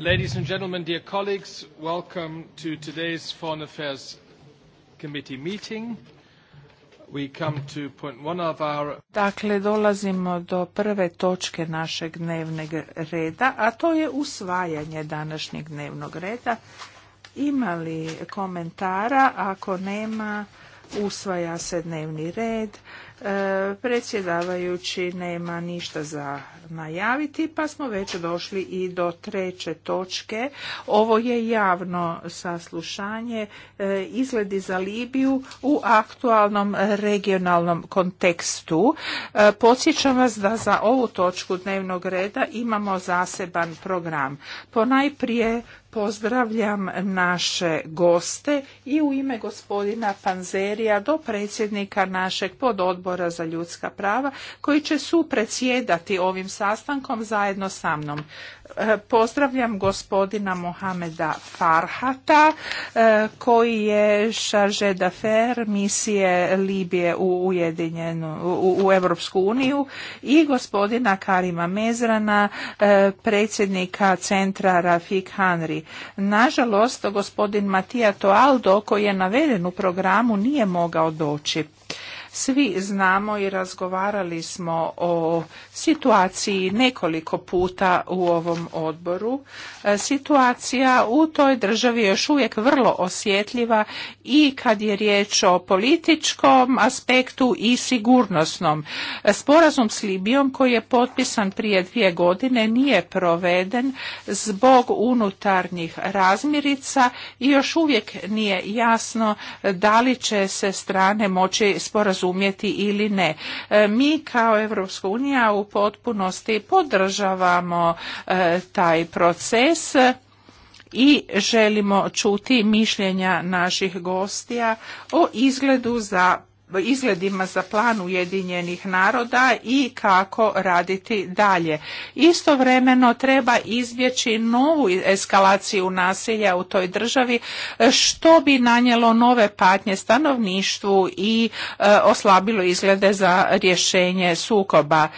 Ladies and gentlemen, dear colleagues, welcome to today's Foreign Affairs Committee meeting. We come to point one of our... Dakle, dolazimo do prve točke našeg dnevnog reda, a to je usvajanje današnjeg dnevnog reda. Ima li komentara? Ako nema, usvaja se dnevni red. E, predsjedavajući nema ništa za najaviti, pa smo već došli i do treće točke. Ovo je javno saslušanje e, izgledi za Libiju u aktualnom regionalnom kontekstu. E, podsjećam vas da za ovu točku dnevnog reda imamo zaseban program. Ponajprije Pozdravljam naše goste i u ime gospodina Panzerija do predsjednika našeg odbora za ljudska prava koji će predsjedati ovim sastankom zajedno sa mnom. E, pozdravljam gospodina Mohameda Farhata e, koji je chargé dafer misije Libije u, Ujedinjenu, u, Europsku uniju i gospodina Karima Mezrana e, predsjednika centra Rafik Hanri. Nažalost, gospodin Matija Toaldo koji je naveden u programu nije mogao doći. Svi znamo i razgovarali smo o situaciji nekoliko puta u ovom odboru. E, situacija u toj državi je još uvijek vrlo osjetljiva i kad je riječ o političkom aspektu i sigurnosnom. Sporazum s Libijom koji je potpisan prije dvije godine nije proveden zbog unutarnjih razmirica i još uvijek nije jasno da li će se strane moći sporazum razumjeti ili ne. E, mi kao Europska unija u potpunosti podržavamo e, taj proces i želimo čuti mišljenja naših gostija o izgledu za izgledima za plan Ujedinjenih naroda i kako raditi dalje. Istovremeno treba izbjeći novu eskalaciju nasilja u toj državi što bi nanjelo nove patnje stanovništvu i e, oslabilo izglede za rješenje sukoba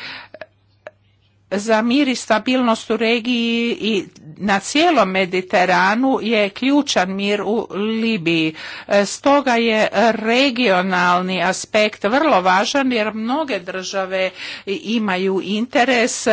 za mir i stabilnost u regiji i na cijelom Mediteranu je ključan mir u Libiji. E, stoga je regionalni aspekt vrlo važan jer mnoge države imaju interes,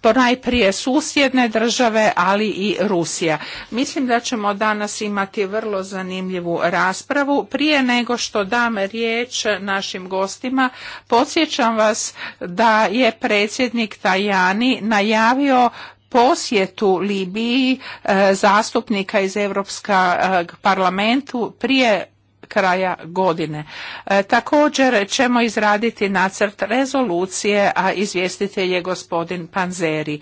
to e, najprije susjedne države, ali i Rusija. Mislim da ćemo danas imati vrlo zanimljivu raspravu. Prije nego što dam riječ našim gostima, podsjećam vas da je predsjednik Tajan lani najavio posjetu Libiji e, zastupnika iz Europskog e, parlamentu prije kraja godine. E, također ćemo izraditi nacrt rezolucije, a izvjestitelj je gospodin Panzeri.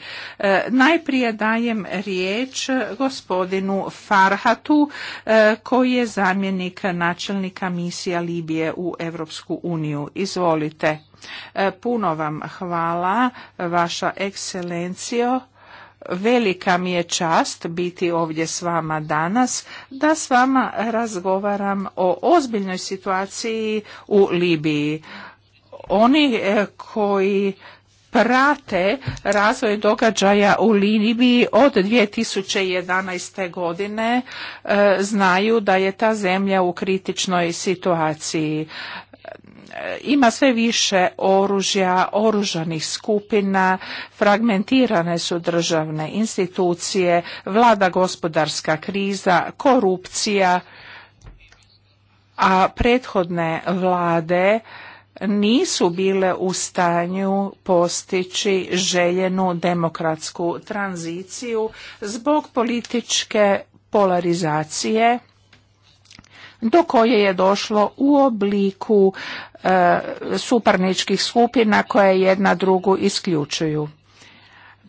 Najprije dajem riječ gospodinu Farhatu koji je zamjenik načelnika misija Libije u Europsku uniju. Izvolite. E, puno vam hvala, vaša ekscelencijo. Velika mi je čast biti ovdje s vama danas da s vama razgovaram o ozbiljnoj situaciji u Libiji. Oni e, koji prate razvoj događaja u Libiji od 2011. godine e, znaju da je ta zemlja u kritičnoj situaciji ima sve više oružja, oružanih skupina, fragmentirane su državne institucije, vlada gospodarska kriza, korupcija, a prethodne vlade nisu bile u stanju postići željenu demokratsku tranziciju zbog političke polarizacije do koje je došlo u obliku E, suparničkih skupina koje jedna drugu isključuju.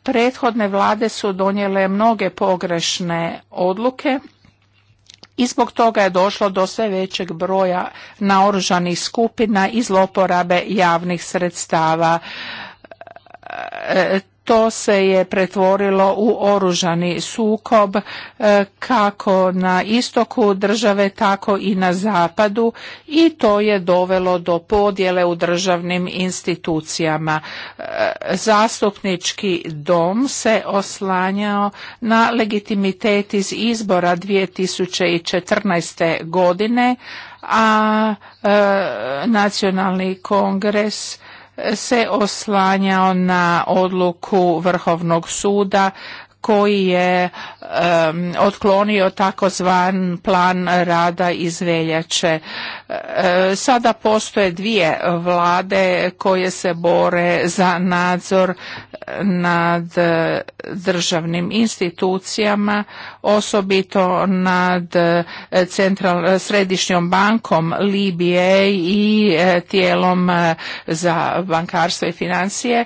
Prethodne vlade su donijele mnoge pogrešne odluke i zbog toga je došlo do sve većeg broja naoružanih skupina i zloporabe javnih sredstava e, to se je pretvorilo u oružani sukob e, kako na istoku države tako i na zapadu i to je dovelo do podjele u državnim institucijama. E, zastupnički dom se oslanjao na legitimitet iz izbora 2014. godine, a e, nacionalni kongres se oslanjao na odluku Vrhovnog suda koji je um, otklonio takozvan plan rada iz veljače. E, sada postoje dvije vlade koje se bore za nadzor nad državnim institucijama, osobito nad e, central, središnjom bankom Libije i e, tijelom za bankarstvo i financije.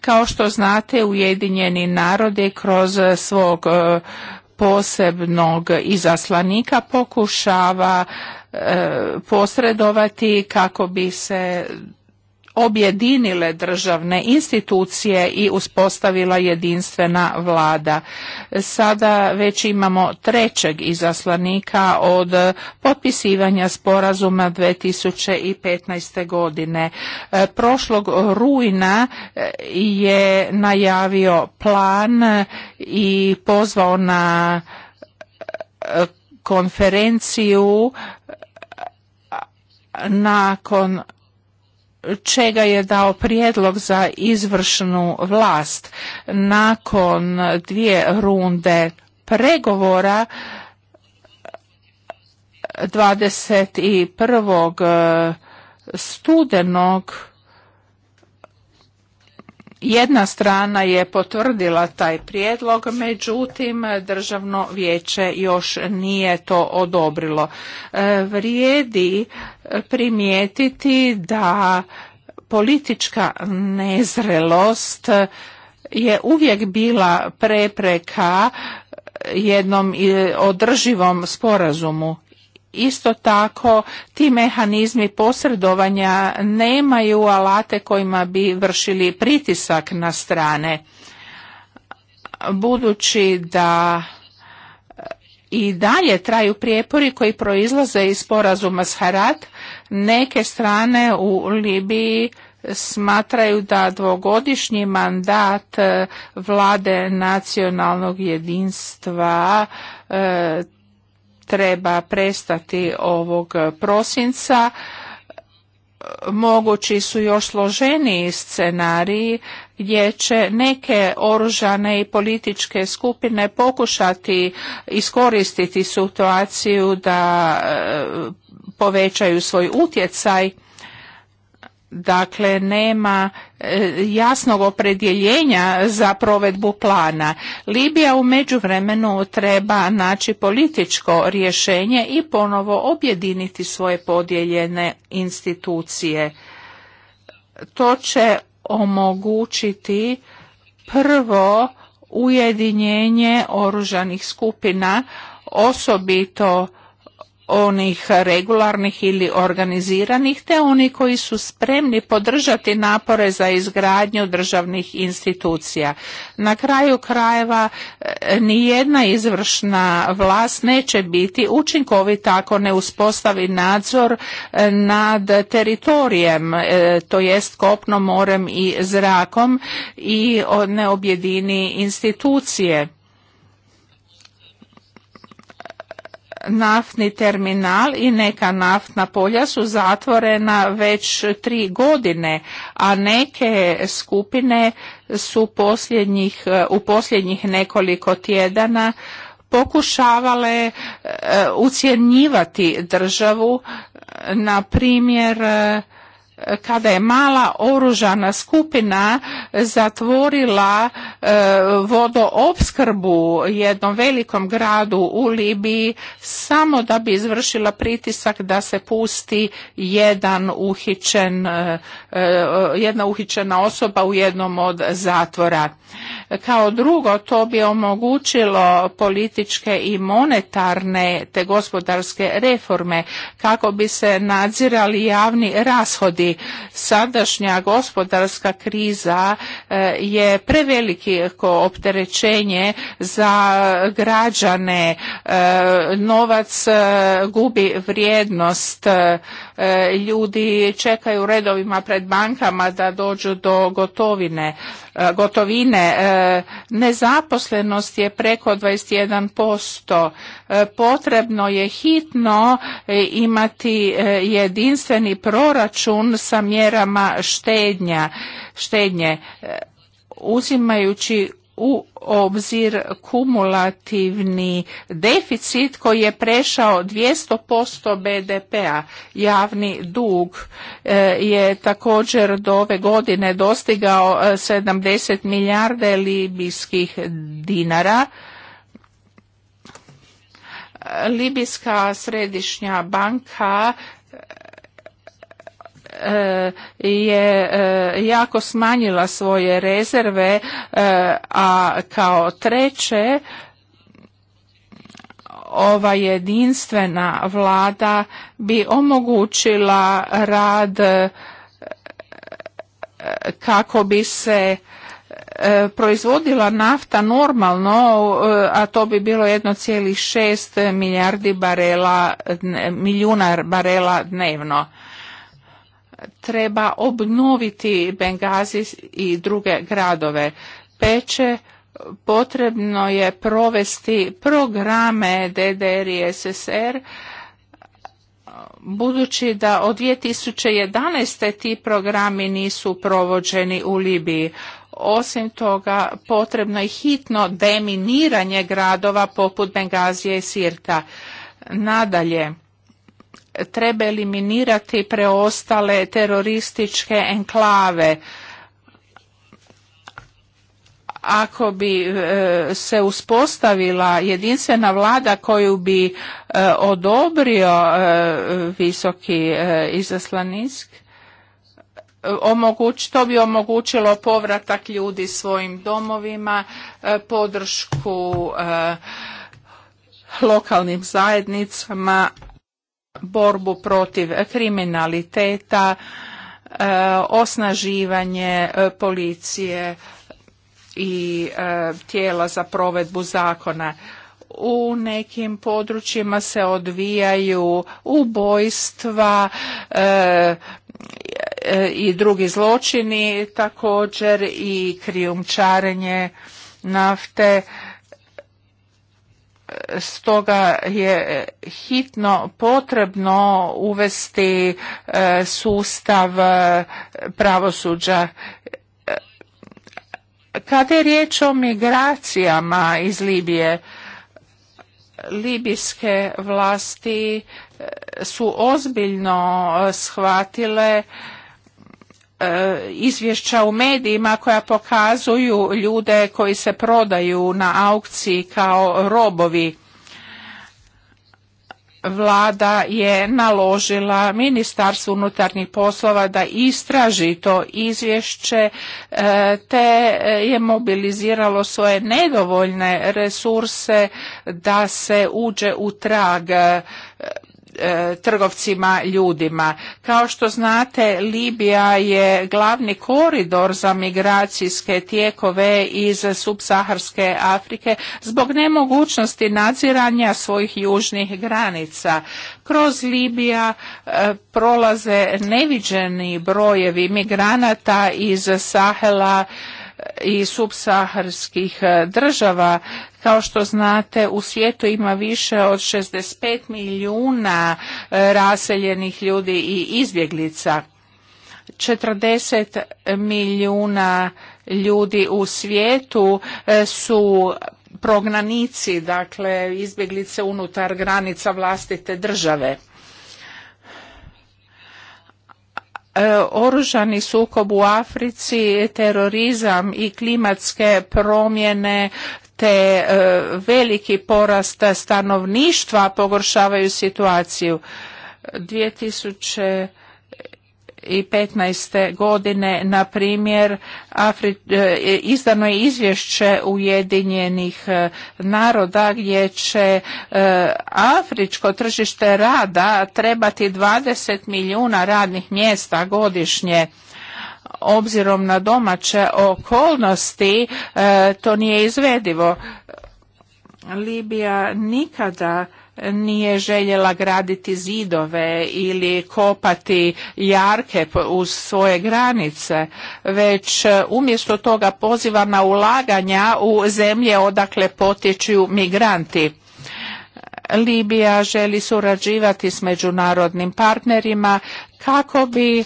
Kao što znate, Ujedinjeni narodi kroz eh, svog eh, posebnog izaslanika pokušava eh, posredovati kako bi se objedinile državne institucije i uspostavila jedinstvena vlada. Sada već imamo trećeg izaslanika od potpisivanja sporazuma 2015. godine. E, prošlog rujna e, je najavio plan i pozvao na e, konferenciju nakon čega je dao prijedlog za izvršnu vlast. Nakon dvije runde pregovora 21. Eh, studenog jedna strana je potvrdila taj prijedlog, međutim državno vijeće još nije to odobrilo. E, vrijedi primijetiti da politička nezrelost je uvijek bila prepreka jednom održivom sporazumu isto tako ti mehanizmi posredovanja nemaju alate kojima bi vršili pritisak na strane budući da e, i dalje traju prijepori koji proizlaze iz sporazuma s Harat, neke strane u Libiji smatraju da dvogodišnji mandat e, vlade nacionalnog jedinstva e, treba prestati ovog prosinca mogući su još složeniji scenariji gdje će neke oružane i političke skupine pokušati iskoristiti situaciju da e, povećaju svoj utjecaj Dakle, nema e, jasnog opredjeljenja za provedbu plana. Libija u međuvremenu treba naći političko rješenje i ponovo objediniti svoje podijeljene institucije. To će omogućiti prvo ujedinjenje oružanih skupina, osobito onih regularnih ili organiziranih, te oni koji su spremni podržati napore za izgradnju državnih institucija. Na kraju krajeva e, nijedna izvršna vlast neće biti učinkovita ako ne uspostavi nadzor e, nad teritorijem, e, to jest kopnom, morem i zrakom i ne objedini institucije naftni terminal i neka naftna polja su zatvorena već tri godine, a neke skupine su posljednjih, u posljednjih nekoliko tjedana pokušavale e, ucjenjivati državu, na primjer kada je mala oružana skupina zatvorila e, vodoopskrbu jednom velikom gradu u Libiji samo da bi izvršila pritisak da se pusti jedan uhićen, e, e, jedna uhičena osoba u jednom od zatvora. Kao drugo, to bi omogućilo političke i monetarne te gospodarske reforme kako bi se nadzirali javni rashodi sadašnja gospodarska kriza e, je preveliki opterećenje za građane. E, novac e, gubi vrijednost. Ljudi čekaju redovima pred bankama da dođu do gotovine E, gotovine. E, nezaposlenost je preko 21%. E, potrebno je hitno imati jedinstveni proračun sa mjerama štednje uzimajući u obzir kumulativni deficit koji je prešao 200% BDP-a. Javni dug e, je također do ove godine dostigao 70 e, milijarde libijskih dinara. E, Libijska središnja banka E, je e, jako smanjila svoje rezerve, e, a kao treće ova jedinstvena vlada bi omogućila rad kako bi se proizvodila nafta normalno, a to bi bilo 1,6 milijardi barela, milijuna barela dnevno treba obnoviti Bengazi i druge gradove. Peče potrebno je provesti programe DDR i SSR budući da od 2011. ti programi nisu provođeni u Libiji. Osim toga, potrebno je hitno deminiranje gradova poput Bengazije i Sirta. Nadalje, treba eliminirati preostale terorističke enklave ako bi e, se uspostavila jedinstvena vlada koju bi e, odobrio e, visoki izaslanisk to bi omogućilo povratak ljudi svojim domovima podršku lokalnim zajednicama borbu protiv kriminaliteta, e, osnaživanje e, policije i e, tijela za provedbu zakona. U nekim područjima se odvijaju ubojstva i drugi zločini, također i krijumčarenje nafte stoga je hitno potrebno uvesti e, sustav e, pravosuđa e, kada je riječ o migracijama iz Libije libijske vlasti su ozbiljno shvatile E, izvješća u medijima koja pokazuju ljude koji se prodaju na aukciji kao robovi. Vlada je naložila Ministarstvu unutarnjih poslova da istraži to izvješće e, te je mobiliziralo svoje nedovoljne resurse da se uđe u trag e, E, trgovcima ljudima. Kao što znate, Libija je glavni koridor za migracijske tijekove iz subsaharske Afrike zbog nemogućnosti nadziranja svojih južnih granica. Kroz Libija e, prolaze neviđeni brojevi migranata iz Sahela i subsaharskih e, država. Kao što znate, u svijetu ima više od 65 milijuna e, raseljenih ljudi i izbjeglica. 40 milijuna ljudi u svijetu e, su prognanici, dakle izbjeglice unutar granica vlastite države. E, oružani sukob u Africi, terorizam i klimatske promjene te e, veliki porast stanovništva pogoršavaju situaciju. 2000 15. godine, na primjer, Afri... Eh, izdano je izvješće Ujedinjenih eh, naroda gdje će eh, afričko tržište rada trebati 20 milijuna radnih mjesta godišnje obzirom na domaće okolnosti to nije izvedivo. Libija nikada nije željela graditi zidove ili kopati jarke uz svoje granice, već e, umjesto toga poziva na ulaganja u zemlje odakle potječu migranti. Libija želi surađivati s međunarodnim partnerima kako bi e,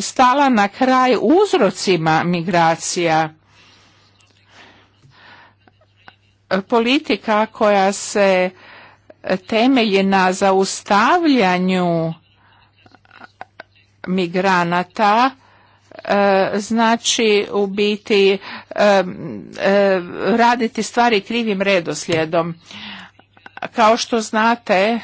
stala na kraj uzrocima migracija politika koja se temelji na zaustavljanju migranata e, znači u biti e, e, raditi stvari krivim redoslijedom. Kao što znate,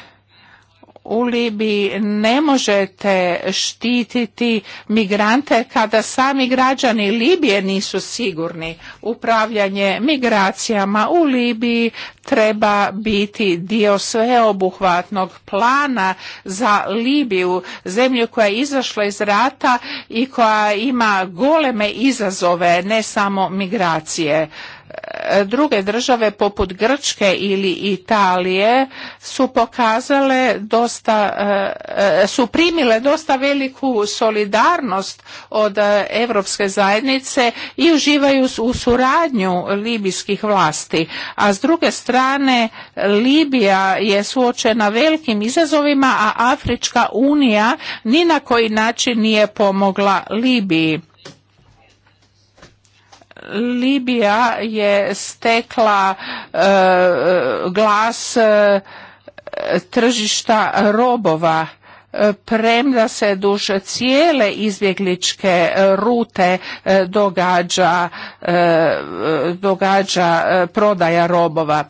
u Libiji ne možete štititi migrante kada sami građani Libije nisu sigurni. Upravljanje migracijama u Libiji treba biti dio sveobuhvatnog plana za Libiju, zemlju koja je izašla iz rata i koja ima goleme izazove, ne samo migracije druge države poput Grčke ili Italije su pokazale dosta, eh, su primile dosta veliku solidarnost od Europske eh, zajednice i uživaju u suradnju libijskih vlasti. A s druge strane Libija je suočena velikim izazovima, a Afrička unija ni na koji način nije pomogla Libiji. Libija je stekla e, glas e, tržišta robova e, premda se duž cijele izbjegličke rute događa, događa prodaja robova.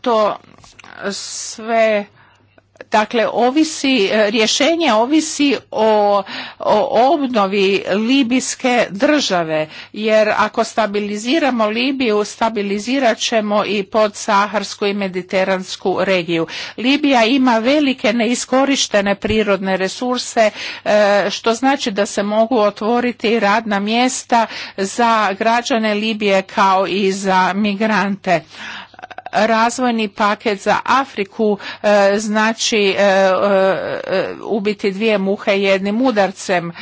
To sve Dakle, ovisi, e, rješenje ovisi o, o obnovi libijske države, jer ako stabiliziramo Libiju, stabilizirat ćemo i podsaharsku i mediteransku regiju. Libija ima velike neiskorištene prirodne resurse, e, što znači da se mogu otvoriti radna mjesta za građane Libije kao i za migrante razvojni paket za Afriku e, znači e, e, ubiti dvije muhe jednim udarcem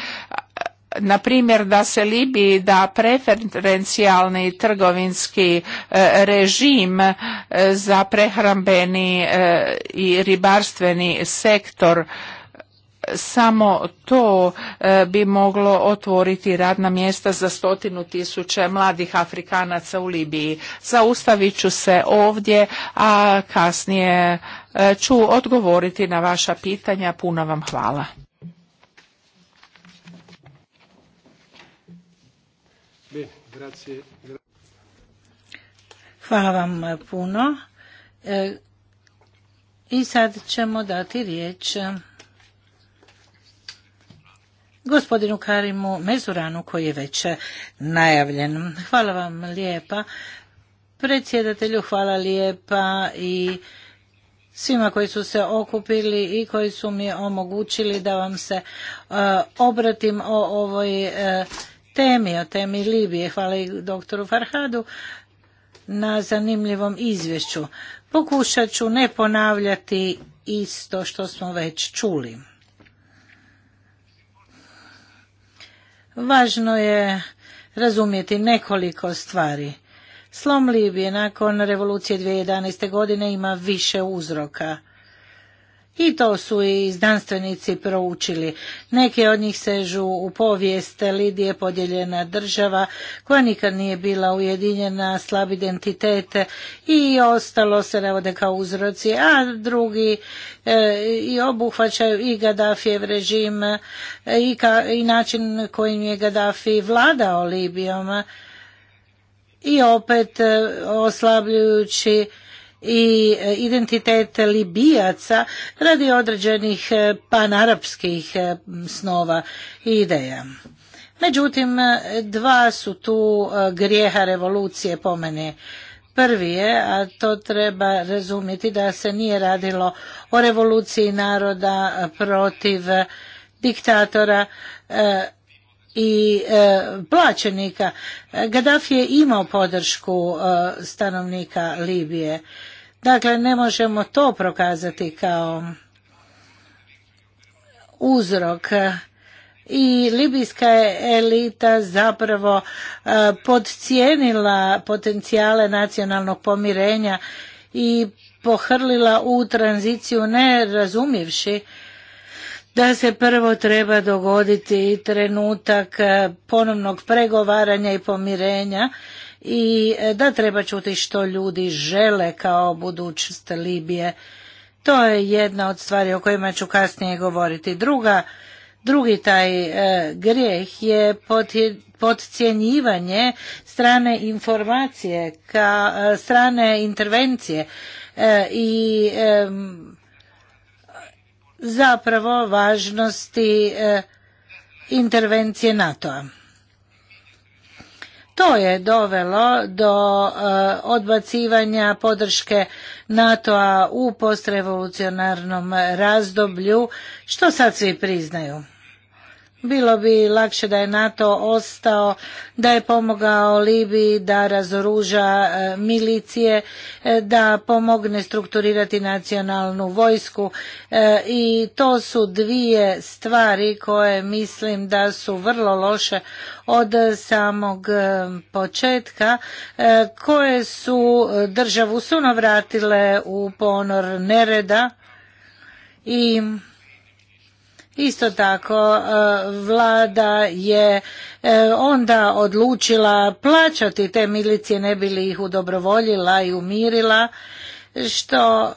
na primjer da se Libiji da preferencijalni trgovinski režim za prehrambeni i ribarstveni sektor samo to e, bi moglo otvoriti radna mjesta za stotinu tisuća mladih Afrikanaca u Libiji. Zaustavit ću se ovdje, a kasnije e, ću odgovoriti na vaša pitanja. Puno vam hvala. Hvala vam puno. E, I sad ćemo dati riječ gospodinu Karimu Mezuranu koji je već najavljen. Hvala vam lijepa. Predsjedatelju hvala lijepa i svima koji su se okupili i koji su mi omogućili da vam se e, obratim o ovoj e, temi, o temi Libije. Hvala i doktoru Farhadu na zanimljivom izvješću. Pokušat ću ne ponavljati isto što smo već čuli. Važno je razumjeti nekoliko stvari. Slom Libije nakon revolucije 2011. godine ima više uzroka i to su i znanstvenici proučili. Neki od njih sežu u povijest Lidije podijeljena država koja nikad nije bila ujedinjena, slab identitete i ostalo se navode kao uzroci, a drugi e, i obuhvaćaju i Gaddafijev režim e, i, način kojim je Gaddafi vladao Libijom i opet e, oslabljujući i e, identitet Libijaca radi određenih e, panarapskih e, snova i ideja. Međutim, dva su tu grijeha revolucije po mene Prvi je, a to treba razumjeti da se nije radilo o revoluciji naroda protiv diktatora i plaćenika. Gaddafi je imao podršku stanovnika Libije Dakle, ne možemo to prokazati kao uzrok i libijska je elita zapravo e, podcijenila potencijale nacionalnog pomirenja i pohrlila u tranziciju ne razumjevši da se prvo treba dogoditi trenutak e, ponovnog pregovaranja i pomirenja i e, da treba čuti što ljudi žele kao budućnost Libije. To je jedna od stvari o kojima ću kasnije govoriti. Druga, drugi taj e, grijeh je podcjenjivanje strane informacije, ka e, strane intervencije e, i zapravo važnosti intervencije NATO-a. To je dovelo do e, odbacivanja podrške NATO-a u postrevolucionarnom razdoblju, što sad svi priznaju bilo bi lakše da je NATO ostao, da je pomogao Libiji da razoruža e, milicije, e, da pomogne strukturirati nacionalnu vojsku e, i to su dvije stvari koje mislim da su vrlo loše od samog početka koje su državu sunovratile u ponor nereda i Isto tako e, vlada je e, onda odlučila plaćati te milicije ne bi li ih udobrovoljila i umirila što e,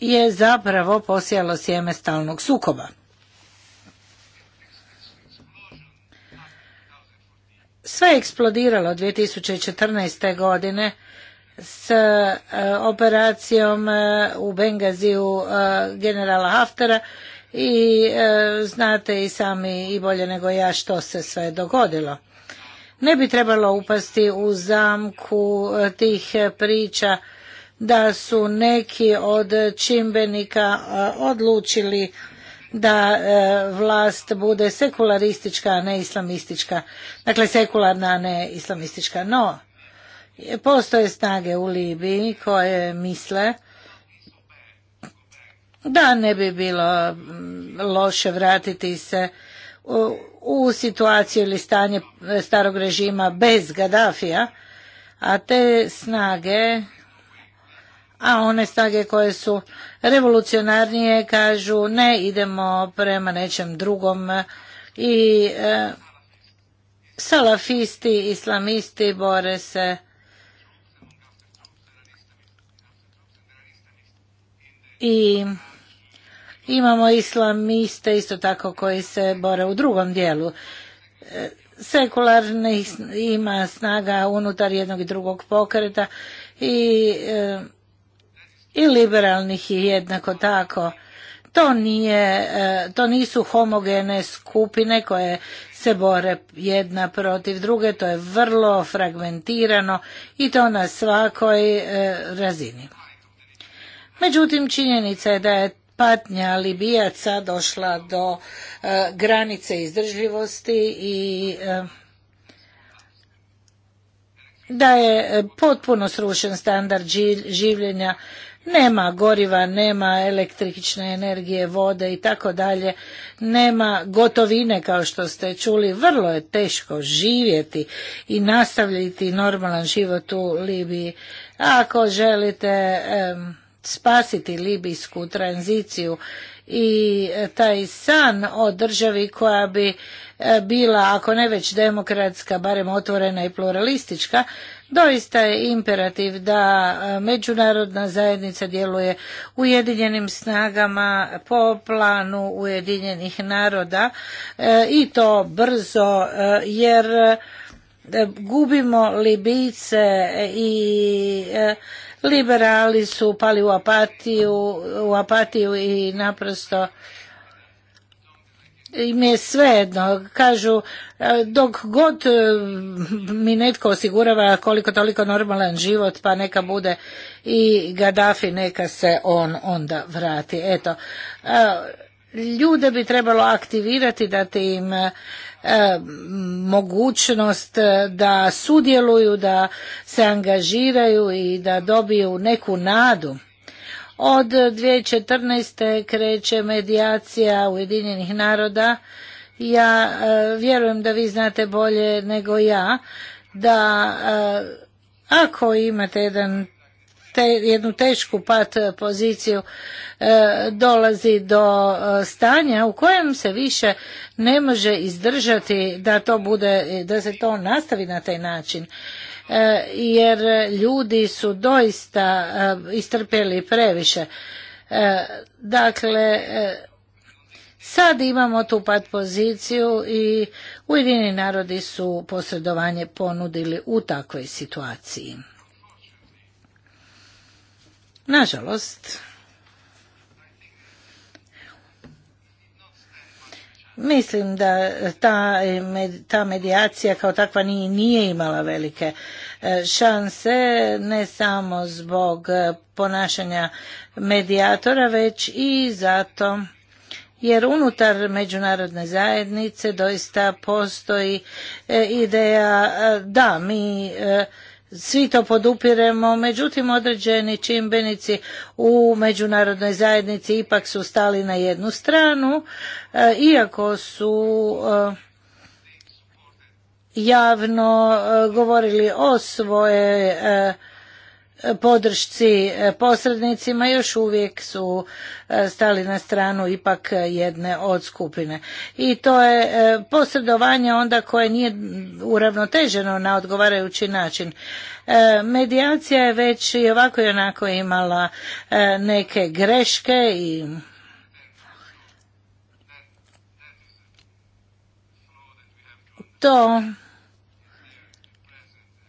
je zapravo posijalo sjeme stalnog sukoba. Sve je eksplodiralo 2014. godine s operacijom u Bengaziju generala Haftara i e, znate i sami i bolje nego ja što se sve dogodilo. Ne bi trebalo upasti u zamku e, tih e, priča da su neki od čimbenika odlučili da vlast bude sekularistička, a ne islamistička. Dakle, sekularna, a ne islamistička. No, postoje snage u Libiji koje misle da ne bi bilo mm, loše vratiti se u, situaciju ili stanje e, starog režima bez Gaddafija, a te snage, a one snage koje su revolucionarnije kažu ne idemo prema nečem drugom e, i e, salafisti, islamisti bore se i imamo islamiste isto tako koji se bore u drugom dijelu. E, Sekularni ima snaga unutar jednog i drugog pokreta i, e, i liberalnih je jednako tako. To, nije, e, to nisu homogene skupine koje se bore jedna protiv druge, to je vrlo fragmentirano i to na svakoj razini. Međutim, činjenica je da je patnja Libijaca došla do e, granice izdržljivosti i e, da je e, potpuno srušen standard življenja, nema goriva, nema električne energije, vode i tako dalje, nema gotovine kao što ste čuli, vrlo je teško živjeti i nastavljati normalan život u Libiji. Ako želite spasiti libijsku tranziciju i e, taj san o državi koja bi e, bila, ako ne već demokratska, barem otvorena i pluralistička, doista je imperativ da e, međunarodna zajednica djeluje ujedinjenim snagama po planu Ujedinjenih naroda i to brzo jer gubimo Libijce i liberali su upali u apatiju, u apatiju i naprosto im je svejedno. Kažu, e, dok god e, mi netko osigurava koliko toliko normalan život, pa neka bude i Gaddafi, neka se on onda vrati. Eto, e, ljude bi trebalo aktivirati, dati im Eh, mogućnost eh, da sudjeluju, da se angažiraju i da dobiju neku nadu. Od 2014. kreće medijacija Ujedinjenih naroda. Ja eh, vjerujem da vi znate bolje nego ja da ako imate jedan jednu tešku pat e, poziciju e, dolazi do e, stanja u kojem se više ne može izdržati da to bude, da se to nastavi na taj način jer ljudi su doista istrpjeli previše. Dakle, sad imamo tu pat poziciju i Ujedini narodi su posredovanje ponudili u takvoj situaciji. Nažalost, Mislim da ta, medijacija kao takva nije, nije imala velike e, šanse, ne samo zbog e, ponašanja medijatora, već i zato jer unutar međunarodne zajednice doista postoji e, ideja da mi svi to podupiremo, međutim određeni čimbenici u međunarodnoj zajednici ipak su stali na jednu stranu, e, iako su e, javno e, govorili o svoje podršci e, posrednicima još uvijek su e, stali na stranu ipak jedne od skupine. I to je e, posredovanje onda koje nije uravnoteženo na odgovarajući način. Medijacija je već i ovako i onako imala neke greške i to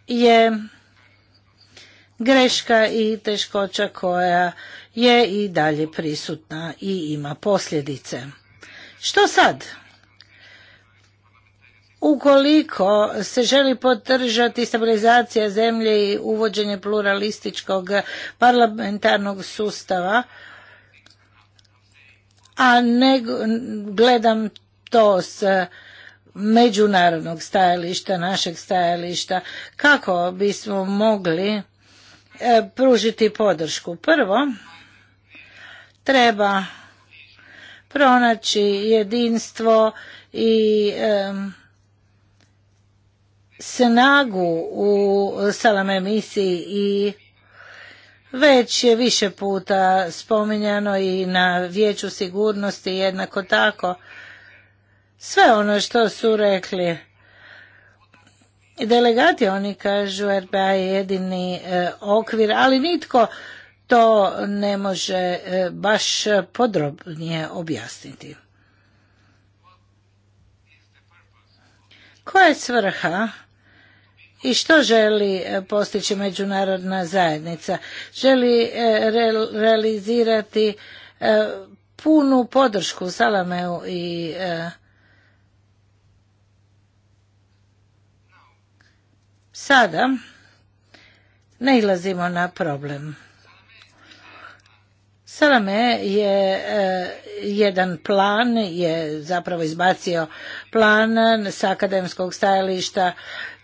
je greška i teškoća koja je i dalje prisutna i ima posljedice. Što sad? Ukoliko se želi podržati stabilizacija zemlje i uvođenje pluralističkog parlamentarnog sustava, a ne gledam to s međunarodnog stajališta, našeg stajališta, kako bismo mogli E, pružiti podršku. Prvo, treba pronaći jedinstvo i snagu u Salame emisiji i već je više puta spominjano i na vijeću sigurnosti jednako tako sve ono što su rekli delegati, oni kažu RPA je jedini e, okvir, ali nitko to ne može e, baš podrobnije objasniti. Koja je svrha i što želi e, postići međunarodna zajednica? Želi realizirati punu podršku Salameu i Sada nailazimo na problem. Salame je e, jedan plan, je zapravo izbacio plan sa akademskog stajališta,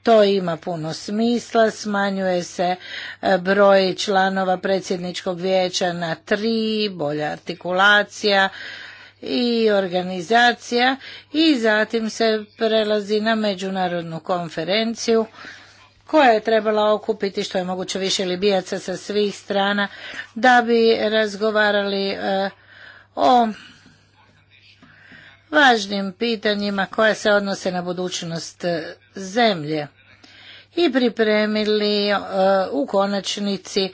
to ima puno smisla, smanjuje se e, broj članova predsjedničkog vijeća na tri, bolja artikulacija i organizacija i zatim se prelazi na međunarodnu konferenciju koja je trebala okupiti što je moguće više Libijaca sa svih strana da bi razgovarali e, o važnim pitanjima koja se odnose na budućnost e, zemlje i pripremili e, u konačnici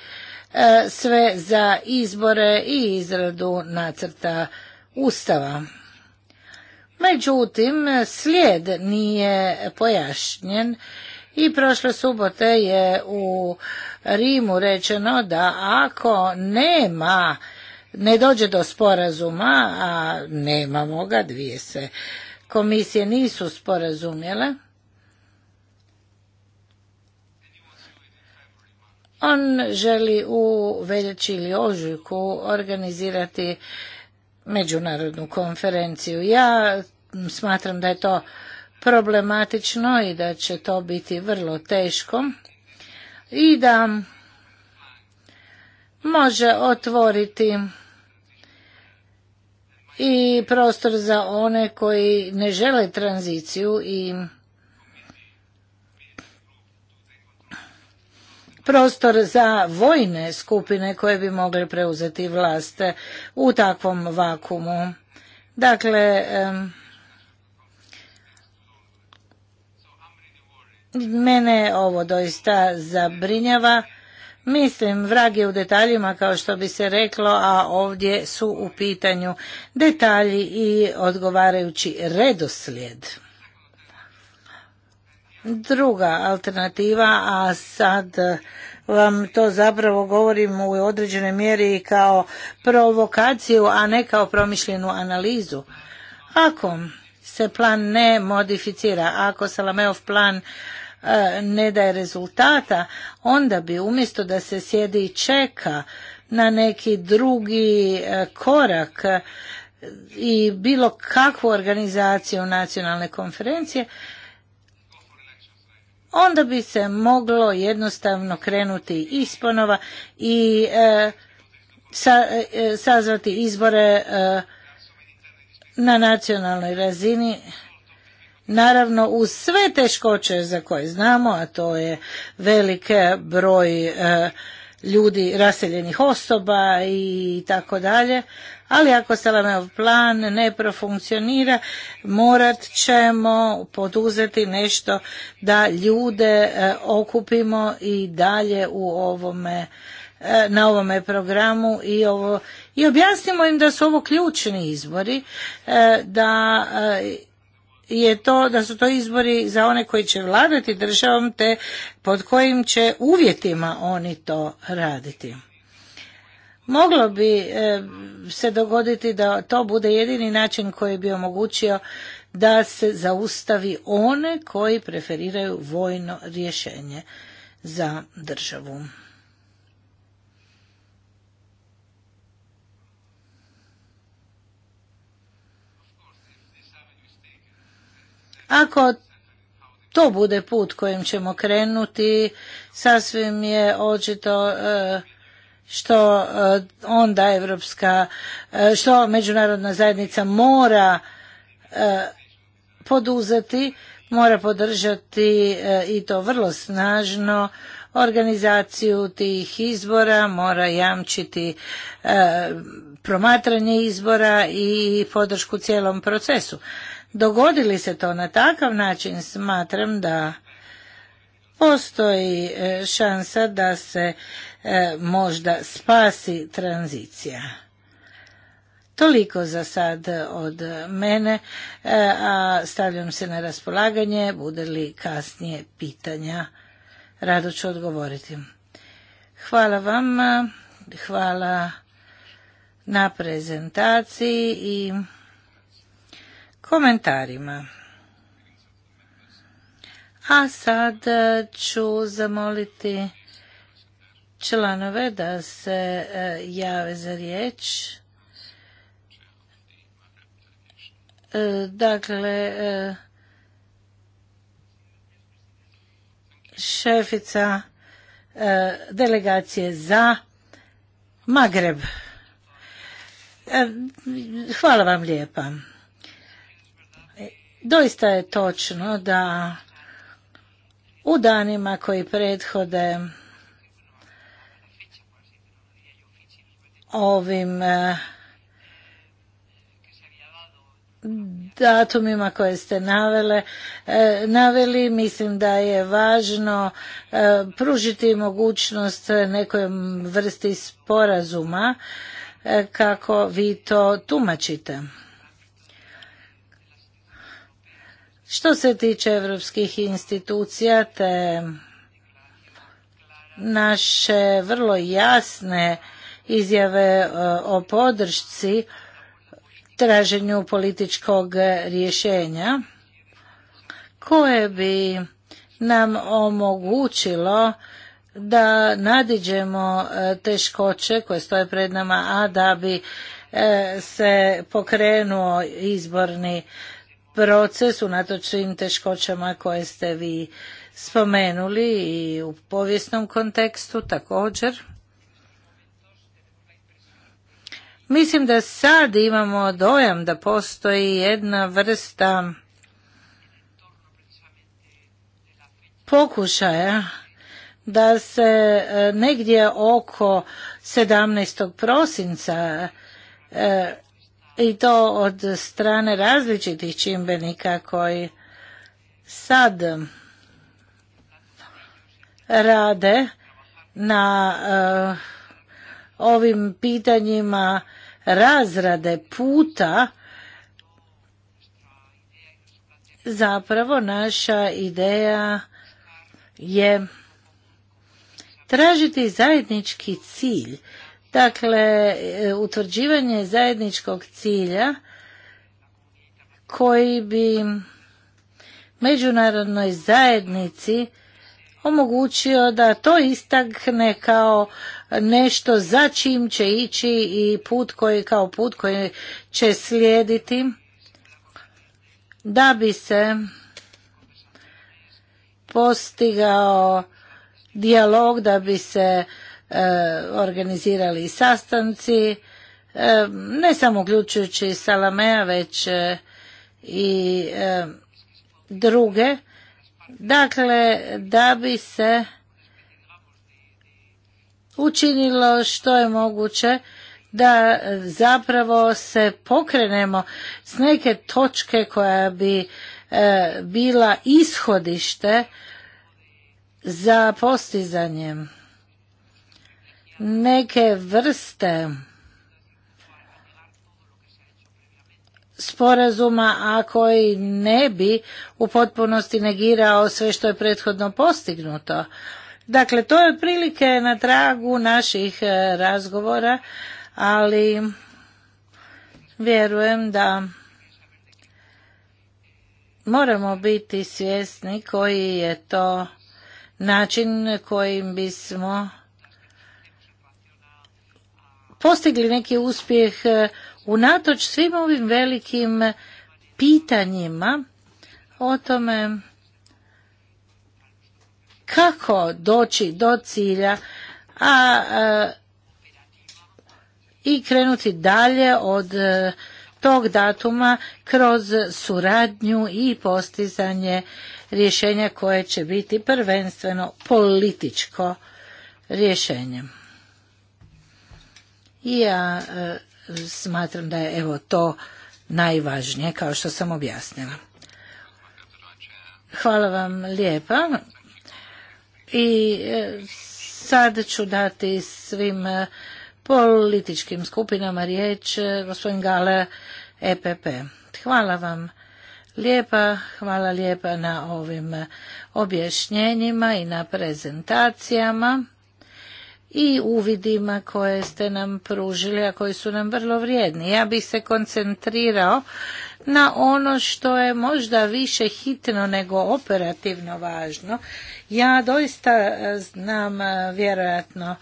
sve za izbore i izradu nacrta ustava. Međutim, slijed nije pojašnjen i prošle subote je u Rimu rečeno da ako nema, ne dođe do sporazuma, a nemamo ga, dvije se komisije nisu sporazumjele, On želi u veljači ili ožujku organizirati međunarodnu konferenciju. Ja smatram da je to problematično i da će to biti vrlo teško i da može otvoriti i prostor za one koji ne žele tranziciju i prostor za vojne skupine koje bi mogle preuzeti vlast u takvom vakumu. Dakle, Mene ovo doista zabrinjava. Mislim, vrag je u detaljima kao što bi se reklo, a ovdje su u pitanju detalji i odgovarajući redoslijed. Druga alternativa, a sad eh, vam to zapravo govorim u određenoj mjeri kao provokaciju, a ne kao promišljenu analizu. Ako se plan ne modificira. Ako Salameov plan e, ne daje rezultata, onda bi umjesto da se sjedi i čeka na neki drugi e, korak e, i bilo kakvu organizaciju nacionalne konferencije, onda bi se moglo jednostavno krenuti isponova i sazvati izbore na nacionalnoj razini naravno uz sve teškoće za koje znamo, a to je velike broj e, ljudi, raseljenih osoba i tako dalje, ali ako Salameov plan ne profunkcionira, morat ćemo poduzeti nešto da ljude e, okupimo i dalje u ovome e, na ovome programu i ovo i objasnimo im da su ovo ključni izbori, e, da e, je to da su to izbori za one koji će vladati državom te pod kojim će uvjetima oni to raditi. Moglo bi e, se dogoditi da to bude jedini način koji bi omogućio da se zaustavi one koji preferiraju vojno rješenje za državu. Ako to bude put kojim ćemo krenuti, sasvim je očito e, što e, onda Evropska, e, što međunarodna zajednica mora poduzeti, mora podržati i to vrlo snažno organizaciju tih izbora, mora jamčiti promatranje izbora i podršku cijelom procesu dogodili se to na takav način, smatram da postoji e, šansa da se e, možda spasi tranzicija. Toliko za sad od mene, e, a stavljam se na raspolaganje, bude li kasnije pitanja, rado ću odgovoriti. Hvala vam, hvala na prezentaciji i komentarima. A sad e, ću zamoliti članove da se e, jave za riječ. E, dakle, šefica delegacije za Magreb. Hvala vam lijepa. Doista je točno da u danima koji prethode ovim eh, datumima koje ste navele, eh, naveli, mislim da je važno eh, pružiti mogućnost nekoj vrsti sporazuma kako vi to tumačite. Što se tiče evropskih institucija te naše vrlo jasne izjave e, o podršci traženju političkog rješenja koje bi nam omogućilo da nadiđemo e, teškoće koje stoje pred nama, a da bi e, se pokrenuo izborni proces unatoč svim teškoćama koje ste vi spomenuli i u povijesnom kontekstu također. Mislim da sad imamo dojam da postoji jedna vrsta pokušaja da se e, negdje oko 17. prosinca e, i to od strane različitih čimbenika koji sad rade na eh, ovim pitanjima razrade puta zapravo naša ideja je tražiti zajednički cilj Dakle, e, utvrđivanje zajedničkog cilja koji bi međunarodnoj zajednici omogućio da to istakne kao nešto za čim će ići i put koji kao put koji će slijediti da bi se postigao dijalog da bi se E, organizirali sastanci, e, ne samo uključujući Salamea, već e, i druge. Dakle, da bi se učinilo što je moguće da zapravo se pokrenemo s neke točke koja bi bila ishodište za postizanjem neke vrste sporazuma, a koji ne bi u potpunosti negirao sve što je prethodno postignuto. Dakle, to je otprilike na tragu naših e, razgovora, ali vjerujem da moramo biti svjesni koji je to način kojim bismo postigli neki uspjeh e, unatoč svim ovim velikim pitanjima o tome kako doći do cilja a, e, i krenuti dalje od e, tog datuma kroz suradnju i postizanje rješenja koje će biti prvenstveno političko rješenje. I ja e, smatram da je evo to najvažnije kao što sam objasnila. Hvala vam lijepa. I e, sad ću dati svim e, političkim skupinama riječ gospodin Gale EPP. Hvala vam lijepa, hvala lijepa na ovim objašnjenjima i na prezentacijama i uvidima koje ste nam pružili, a koji su nam vrlo vrijedni. Ja bih se koncentrirao na ono što je možda više hitno nego operativno važno. Ja doista e, znam e, vjerojatno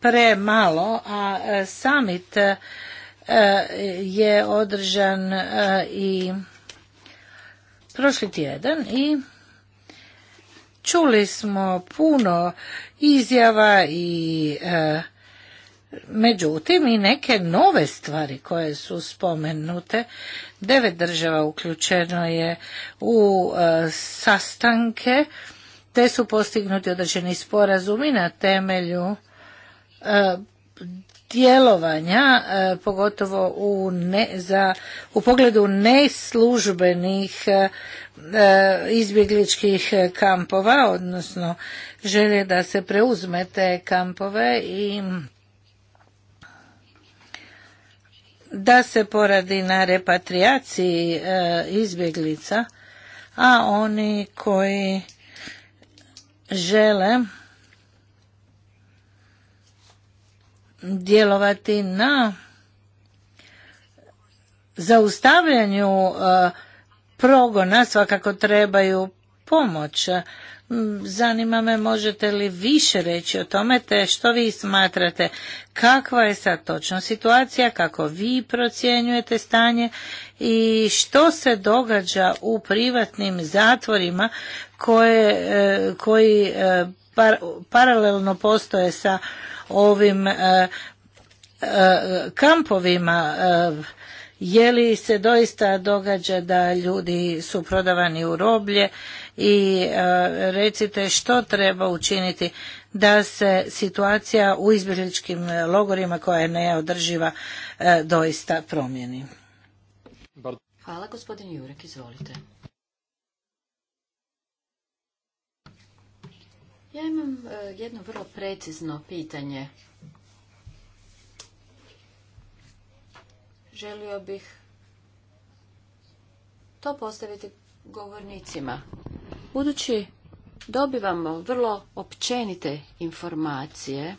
premalo, a e, summit je održan i prošli tjedan i Čuli smo puno izjava i e, međutim i neke nove stvari koje su spomenute. Devet država uključeno je u e, sastanke te su postignuti određeni sporazumi na temelju e, djelovanja, e, pogotovo u, ne, za, u pogledu neslužbenih e, e, izbjegličkih kampova, odnosno želje da se preuzme te kampove i da se poradi na repatriaciji izbjeglica, a oni koji žele djelovati na zaustavljanju e, progona svakako trebaju pomoć. E, zanima me možete li više reći o tome te što vi smatrate kakva je sad točno situacija, kako vi procjenjujete stanje i što se događa u privatnim zatvorima koje, e, koji paralelno postoje sa ovim e, e, kampovima e, je li se doista događa da ljudi su prodavani u roblje i recite što treba učiniti da se situacija u izbjegličkim logorima koja je neodrživa doista promijeni. Hvala gospodin Jurek, izvolite. Ja imam e, jedno vrlo precizno pitanje. Želio bih to postaviti govornicima. Budući dobivamo vrlo općenite informacije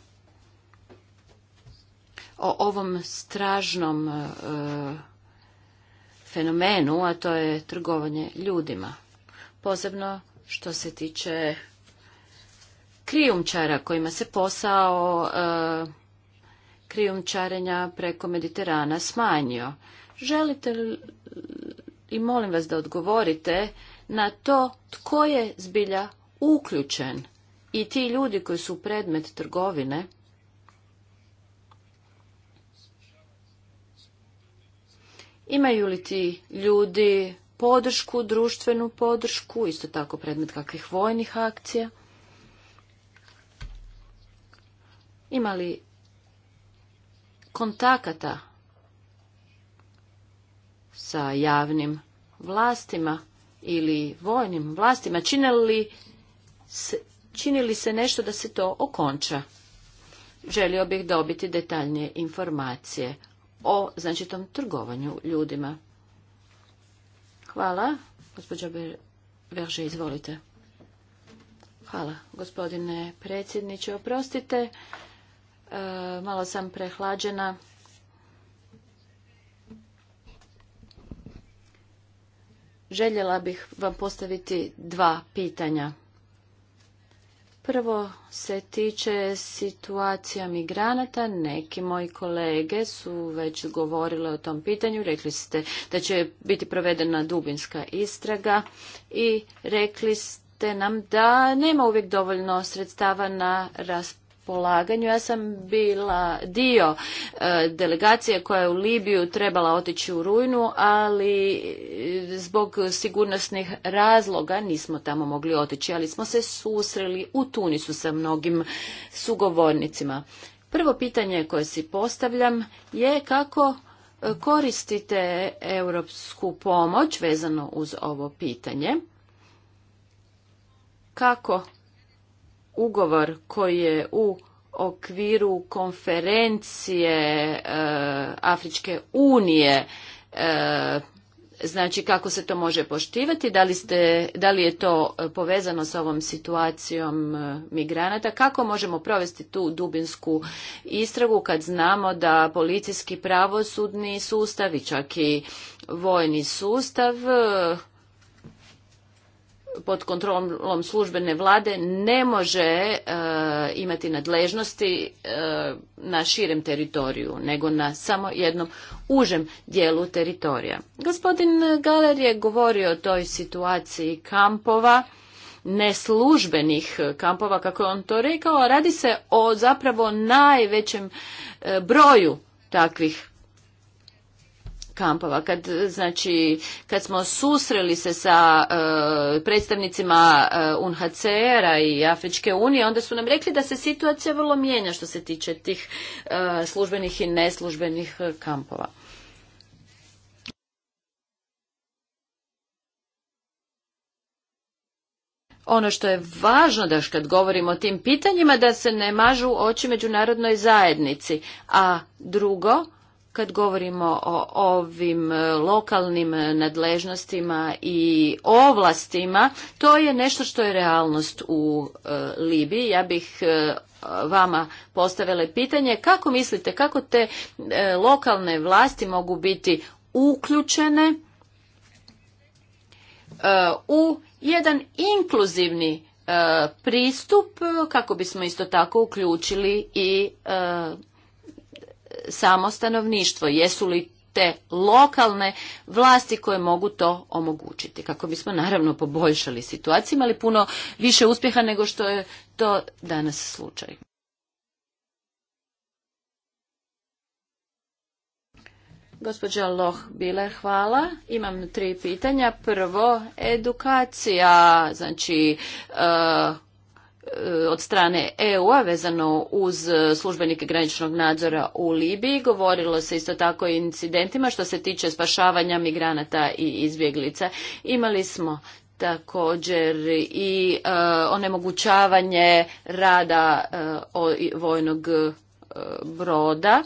o ovom stražnom e, fenomenu, a to je trgovanje ljudima. Posebno što se tiče krijumčara kojima se posao e, krijumčarenja preko Mediterana smanjio. Želite li, i molim vas da odgovorite na to tko je zbilja uključen i ti ljudi koji su predmet trgovine Imaju li ti ljudi podršku, društvenu podršku, isto tako predmet kakvih vojnih akcija? imali kontakata sa javnim vlastima ili vojnim vlastima, činili se, činili se nešto da se to okonča. Želio bih dobiti detaljnije informacije o značitom trgovanju ljudima. Hvala. Gospođa Verže, izvolite. Hvala, gospodine predsjedniče. Oprostite E, malo sam prehlađena. Željela bih vam postaviti dva pitanja. Prvo se tiče situacija migranata. Neki moji kolege su već govorile o tom pitanju. Rekli ste da će biti provedena dubinska istraga i rekli ste nam da nema uvijek dovoljno sredstava na raspolaganju raspolaganju. Ja sam bila dio e, delegacije koja je u Libiju trebala otići u rujnu, ali e, zbog sigurnosnih razloga nismo tamo mogli otići, ali smo se susreli u Tunisu sa mnogim sugovornicima. Prvo pitanje koje si postavljam je kako e, koristite europsku pomoć vezano uz ovo pitanje. Kako ugovor koji je u okviru konferencije eh, Afričke unije eh, znači kako se to može poštivati, da li, ste, da li je to eh, povezano sa ovom situacijom migranata, kako možemo provesti tu dubinsku istragu kad znamo da policijski pravosudni sustav i čak i vojni sustav pod kontrolom službene vlade ne može e, imati nadležnosti e, na širem teritoriju, nego na samo jednom užem dijelu teritorija. Gospodin Galer je govorio o toj situaciji kampova, neslužbenih kampova, kako je on to rekao, a radi se o zapravo najvećem e, broju takvih kampova. Kad, znači, kad smo susreli se sa e, predstavnicima e, UNHCR-a i Afričke unije, onda su nam rekli da se situacija vrlo mijenja što se tiče tih e, službenih i neslužbenih kampova. ono što je važno da kad govorimo o tim pitanjima da se ne mažu oči međunarodnoj zajednici. A drugo, kad govorimo o ovim e, lokalnim e, nadležnostima i ovlastima, to je nešto što je realnost u e, Libiji. Ja bih vama postavila pitanje kako mislite, kako te lokalne vlasti mogu biti uključene u jedan inkluzivni pristup kako bismo isto tako uključili i samo stanovništvo? Jesu li te lokalne vlasti koje mogu to omogućiti? Kako bismo naravno poboljšali situaciju, imali puno više uspjeha nego što je to danas slučaj. Gospođa Loh Bile, hvala. Imam tri pitanja. Prvo, edukacija, znači eh, E, od strane EU-a vezano uz e, službenike graničnog nadzora u Libiji. Govorilo se isto tako o incidentima što se tiče spašavanja migranata i izbjeglica. Imali smo također i e, onemogućavanje rada vojnog broda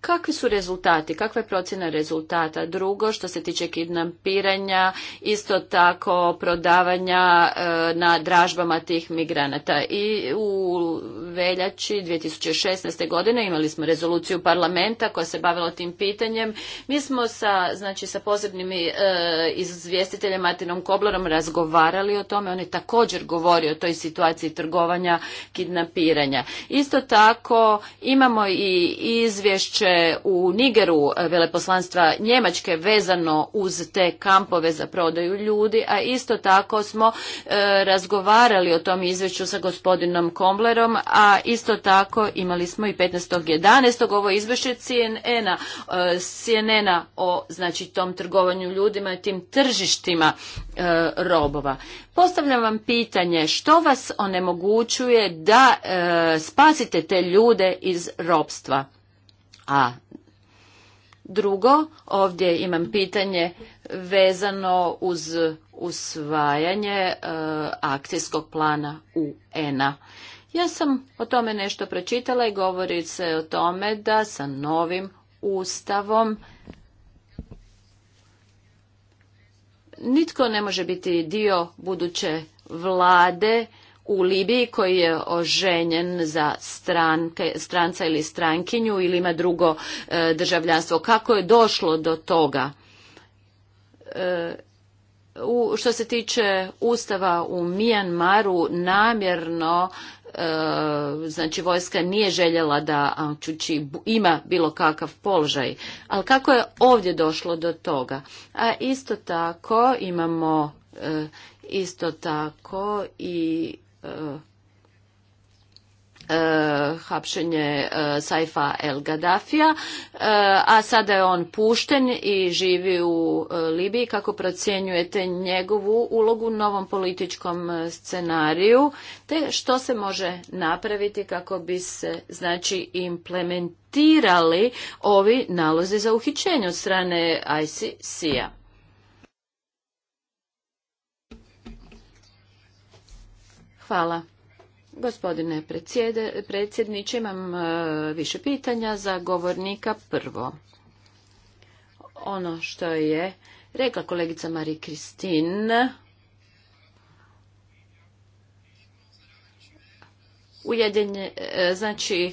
kakvi su rezultati, kakva je procjena rezultata. Drugo, što se tiče kidnampiranja, isto tako prodavanja e, na dražbama tih migranata. I u veljači 2016. godine imali smo rezoluciju parlamenta koja se bavila tim pitanjem. Mi smo sa, znači, sa posebnim e, izvjestiteljem Martinom Koblerom razgovarali o tome. On je također govorio o toj situaciji trgovanja, kidnapiranja Isto tako imamo i izvješće u Nigeru e, veleposlanstva Njemačke vezano uz te kampove za prodaju ljudi, a isto tako smo e, razgovarali o tom izvješću sa gospodinom Komblerom, a isto tako imali smo i 15.11. ovo izvješće CNN-a e, CNN o znači tom trgovanju ljudima i tim tržištima robova. Postavljam vam pitanje što vas onemogućuje da spasite te ljude iz robstva? A drugo, ovdje imam pitanje vezano uz usvajanje e, akcijskog plana UN-a. Ja sam o tome nešto pročitala i govori se o tome da sa novim ustavom nitko ne može biti dio buduće vlade u Libiji koji je oženjen za stranca ili strankinju ili ima drugo e, državljanstvo. Kako je došlo do toga? E, što se tiče ustava u Mijanmaru, namjerno e, znači vojska nije željela da Ančući ima bilo kakav položaj. Ali kako je ovdje došlo do toga? A isto tako imamo isto tako i E, e, hapšenje e, Saifa El Gaddafija, a sada je on pušten i živi u Libiji. Kako procjenjujete njegovu ulogu u novom političkom scenariju, te što se može napraviti kako bi se znači implementirali ovi nalozi za uhićenje od strane ICC-a? Hvala. Gospodine predsjedniče, imam e, više pitanja za govornika prvo. Ono što je rekla kolegica Mari Kristin, ujedinje, e, znači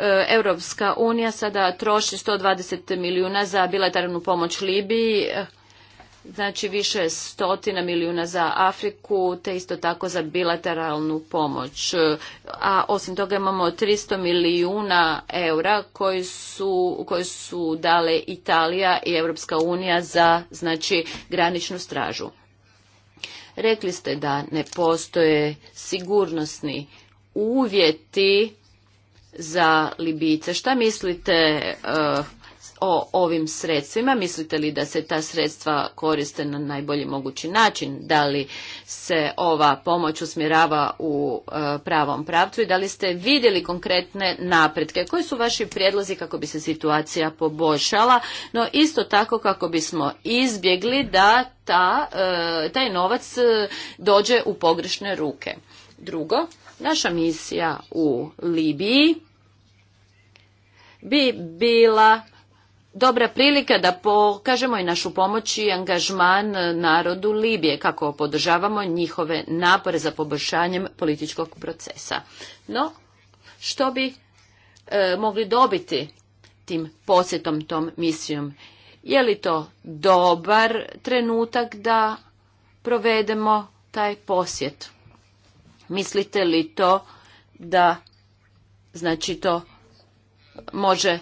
e, Europska unija sada troši 120 milijuna za bilateralnu pomoć Libiji znači više stotina milijuna za Afriku, te isto tako za bilateralnu pomoć. A osim toga imamo 300 milijuna eura koji su, koji su dale Italija i Europska unija za znači graničnu stražu. Rekli ste da ne postoje sigurnosni uvjeti za Libice. Šta mislite eh, o ovim sredstvima? Mislite li da se ta sredstva koriste na najbolji mogući način? Da li se ova pomoć usmjerava u e, pravom pravcu i da li ste vidjeli konkretne napretke? Koji su vaši prijedlozi kako bi se situacija poboljšala? No isto tako kako bismo izbjegli da ta, e, taj novac e, dođe u pogrešne ruke. Drugo, naša misija u Libiji bi bila dobra prilika da pokažemo i našu pomoć i angažman narodu Libije, kako podržavamo njihove napore za poboljšanjem političkog procesa. No, što bi e, mogli dobiti tim posjetom, tom misijom? Je li to dobar trenutak da provedemo taj posjet? Mislite li to da, znači to može...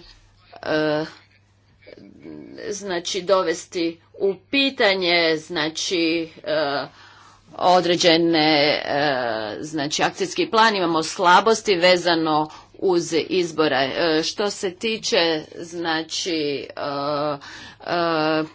E, znači dovesti u pitanje znači eh, određene eh, znači akcijski plan imamo slabosti vezano uz izbora. Eh, što se tiče znači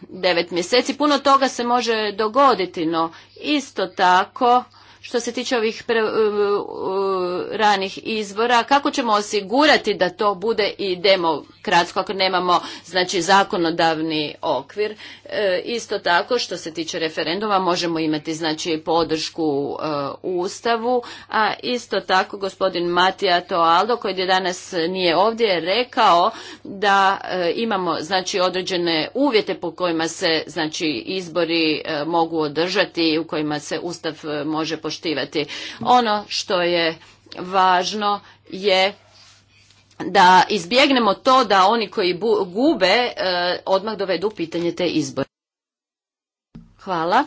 devet mjeseci, puno toga se može dogoditi, no isto tako što se tiče ovih uh, uh, ranih izbora, kako ćemo osigurati da to bude i demokratsko ako nemamo znači zakonodavni okvir. E, isto tako što se tiče referenduma možemo imati znači podršku u uh, Ustavu, a isto tako gospodin Matija Toaldo koji je danas nije ovdje rekao da imamo znači određene uvjete po kojima se znači izbori mogu održati i u kojima se Ustav može poštivati. Ono što je važno je da izbjegnemo to da oni koji gube e, odmah dovedu pitanje te izbore. Hvala.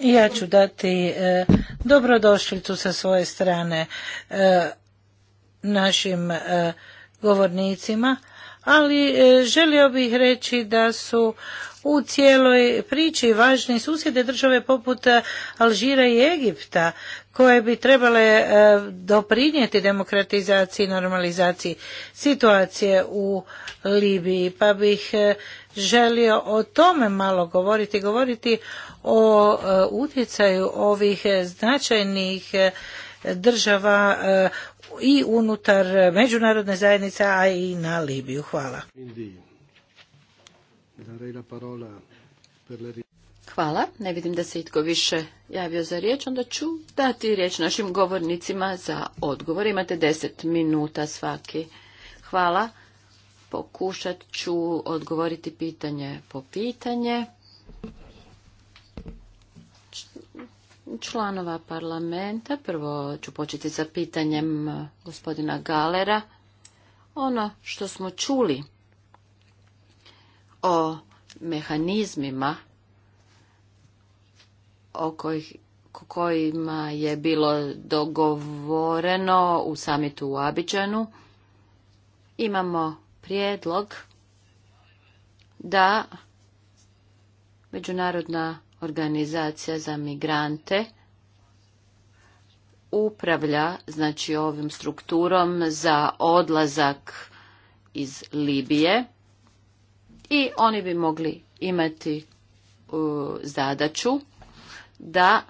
Ja ću dati e, dobrodošlicu sa svoje strane e, našim govornicima ali e, želio bih reći da su u cijeloj priči važni susjede države poput Alžira i Egipta koje bi trebale e, doprinijeti demokratizaciji i normalizaciji situacije u Libiji. Pa bih e, želio o tome malo govoriti, govoriti o utjecaju ovih značajnih država i unutar međunarodne zajednice, a i na Libiju. Hvala. Hvala. Ne vidim da se itko više javio za riječ. Onda ću dati riječ našim govornicima za odgovor. Imate deset minuta svaki. Hvala. Pokušat ću odgovoriti pitanje po pitanje. članova parlamenta. Prvo ću početi sa pitanjem e, gospodina Galera. Ono što smo čuli o mehanizmima o kojima je bilo dogovoreno u samitu u Abidžanu, imamo prijedlog da međunarodna organizacija za migrante upravlja znači ovim strukturom za odlazak iz Libije i oni bi mogli imati uh, zadaću da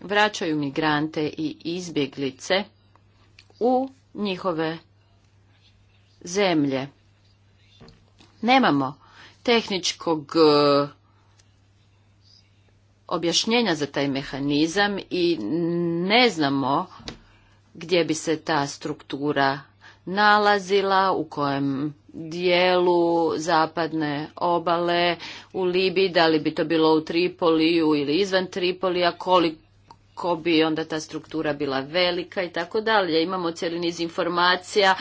vraćaju migrante i izbjeglice u njihove zemlje. Nemamo tehničkog uh, objašnjenja za taj mehanizam i ne znamo gdje bi se ta struktura nalazila, u kojem dijelu zapadne obale u Libiji, da li bi to bilo u Tripoliju ili izvan Tripolija, koliko bi onda ta struktura bila velika i tako dalje. Imamo cijeli niz informacija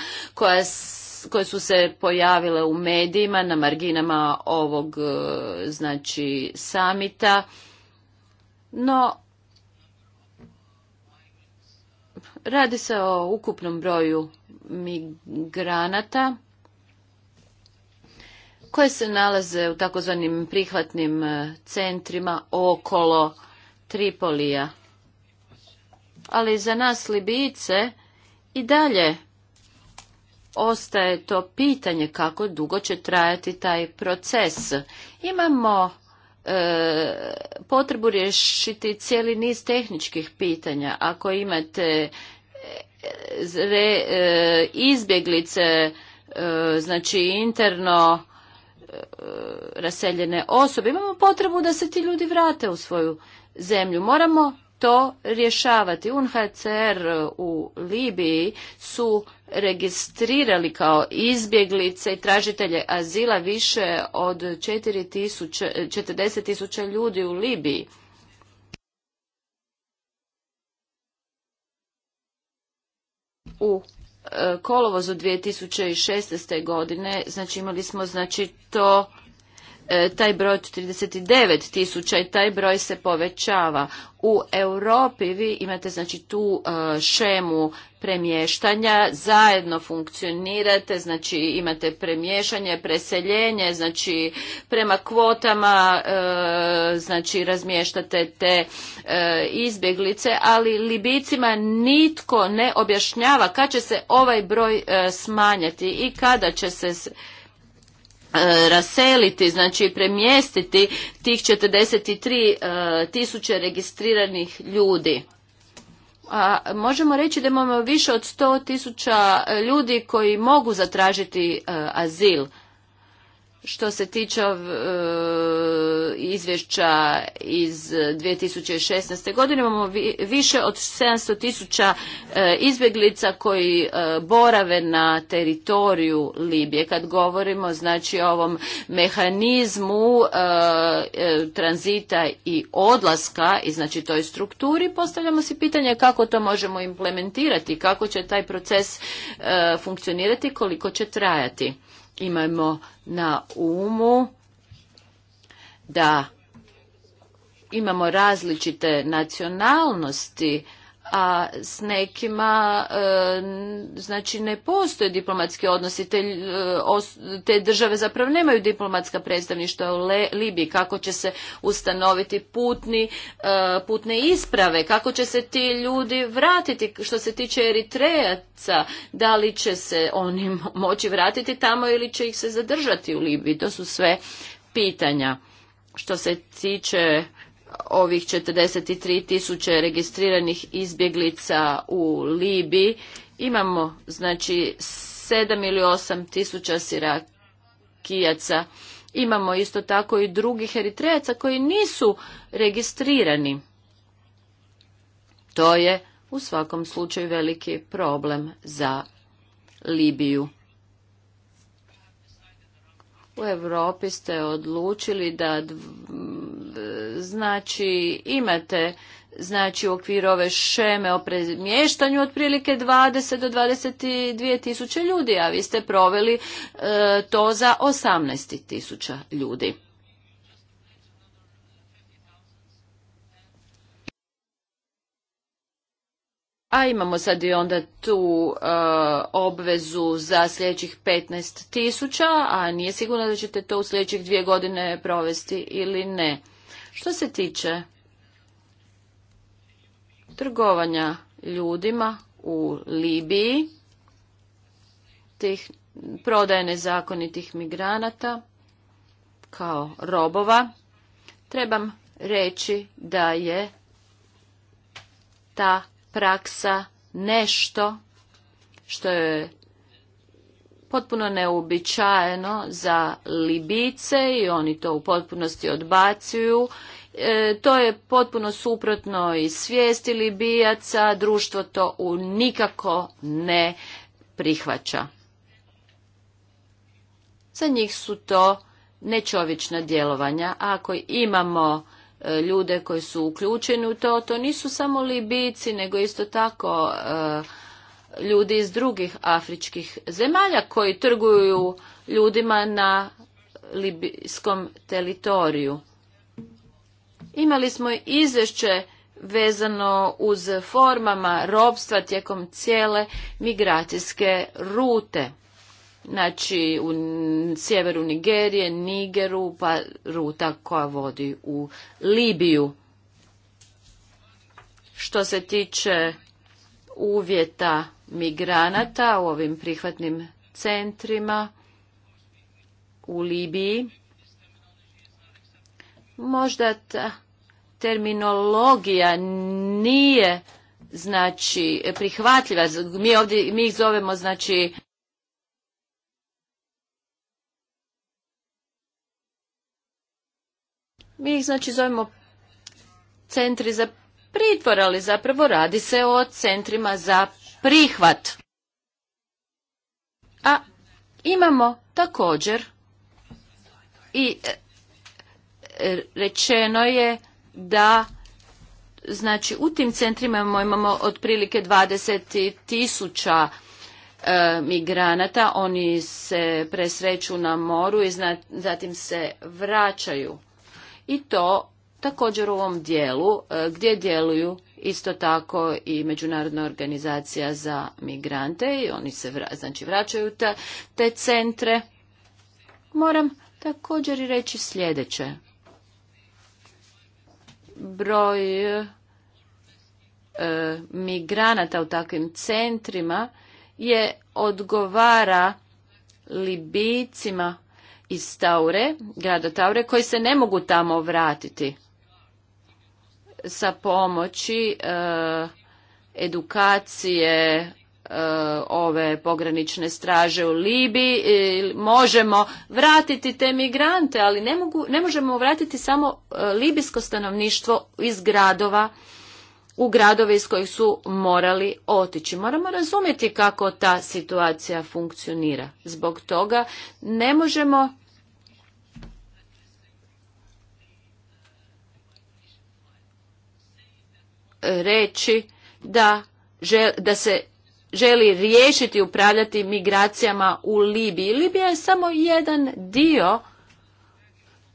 koje su se pojavile u medijima na marginama ovog e, znači samita no, radi se o ukupnom broju migranata koje se nalaze u takozvanim prihvatnim e, centrima okolo Tripolija. Ali za nas Libijice i dalje ostaje to pitanje kako dugo će trajati taj proces. Imamo E, potrebu riješiti cijeli niz tehničkih pitanja. Ako imate e, e, izbjeglice, znači interno raseljene osobe, imamo potrebu da se ti ljudi vrate u svoju zemlju. Moramo to rješavati. UNHCR u Libiji su registrirali kao izbjeglice i tražitelje azila više od 40 tisuća ljudi u Libiji. U e, kolovozu 2016. godine, znači imali smo znači to E, taj broj od 39 tisuća i taj broj se povećava. U Europi vi imate znači tu e, šemu premještanja, zajedno funkcionirate, znači imate premješanje, preseljenje, znači prema kvotama e, znači razmještate te izbjeglice, ali Libicima nitko ne objašnjava kad će se ovaj broj smanjati i kada će se E, raseliti, znači premjestiti tih 43 e, tisuće registriranih ljudi. A možemo reći da imamo više od 100 tisuća ljudi koji mogu zatražiti e, azil. Što se tiče e, izvješća iz 2016. godine, imamo više od 700 tisuća e, izbjeglica koji e, borave na teritoriju Libije. Kad govorimo znači, o ovom mehanizmu tranzita i odlaska i znači toj strukturi, postavljamo si pitanje kako to možemo implementirati, kako će taj proces funkcionirati, koliko će trajati imajmo na umu da imamo različite nacionalnosti a s nekima e, znači ne postoje diplomatski odnosi te, e, te države zapravo nemaju diplomatska predstavništva u Libiji kako će se ustanoviti putni e, putne isprave kako će se ti ljudi vratiti što se tiče eritrejaca da li će se oni moći vratiti tamo ili će ih se zadržati u Libiji to su sve pitanja što se tiče ovih 43 tisuće registriranih izbjeglica u Libiji. Imamo znači 7 ili 8 tisuća sirakijaca. Imamo isto tako i drugih eritrejaca koji nisu registrirani. To je u svakom slučaju veliki problem za Libiju. U Europi ste odlučili da Znači imate znači u okviru ove šeme o premještanju otprilike 20 do 22 tisuće ljudi, a vi ste proveli e, to za 18 tisuća ljudi. A imamo sad i onda tu e, obvezu za sljedećih 15 tisuća, a nije sigurno da ćete to u sljedećih dvije godine provesti ili ne. Što se tiče trgovanja ljudima u Libiji, tih prodaje nezakonitih migranata kao robova, trebam reći da je ta praksa nešto što je potpuno neobičajeno za Libice i oni to u potpunosti odbacuju. E, to je potpuno suprotno i svijesti Libijaca, društvo to u nikako ne prihvaća. Za njih su to nečovična djelovanja. Ako imamo e, ljude koji su uključeni u to, to nisu samo Libici, nego isto tako e, ljudi iz drugih afričkih zemalja koji trguju ljudima na libijskom teritoriju. Imali smo izvješće vezano uz formama robstva tijekom cijele migracijske rute. Znači u sjeveru Nigerije, Nigeru, pa ruta koja vodi u Libiju. Što se tiče uvjeta migranata u ovim prihvatnim centrima u Libiji. Možda ta terminologija nije znači prihvatljiva. Mi ovdje mi ih zovemo znači Mi ih znači zovemo centri za pritvor, ali zapravo radi se o centrima za prihvat. A imamo također i e, e, rečeno je da znači u tim centrima imamo, otprilike 20 tisuća e, migranata, oni se presreću na moru i zatim se vraćaju. I to Također u ovom dijelu e, gdje djeluju isto tako i Međunarodna organizacija za migrante i oni se znači vraćaju te, te centre. Moram također i reći sljedeće. Broj e, migranata u takvim centrima je odgovara Libicima iz Taure, grada Taure, koji se ne mogu tamo vratiti sa pomoći e, edukacije e, ove pogranične straže u Libiji e, možemo vratiti te migrante, ali ne, mogu, ne možemo vratiti samo libijsko stanovništvo iz gradova u gradove iz kojih su morali otići. Moramo razumjeti kako ta situacija funkcionira. Zbog toga ne možemo reći da, da se želi riješiti upravljati migracijama u Libiji. Libija je samo jedan dio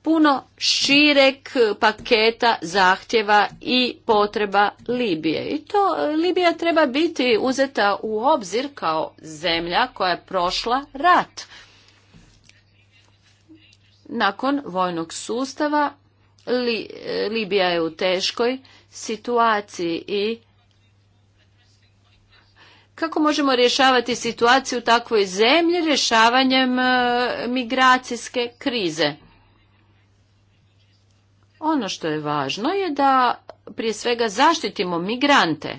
puno šireg paketa zahtjeva i potreba Libije. I to Libija treba biti uzeta u obzir kao zemlja koja je prošla rat. Nakon vojnog sustava Libija je u teškoj situaciji i kako možemo rješavati situaciju u takvoj zemlji rješavanjem e, migracijske krize. Ono što je važno je da prije svega zaštitimo migrante.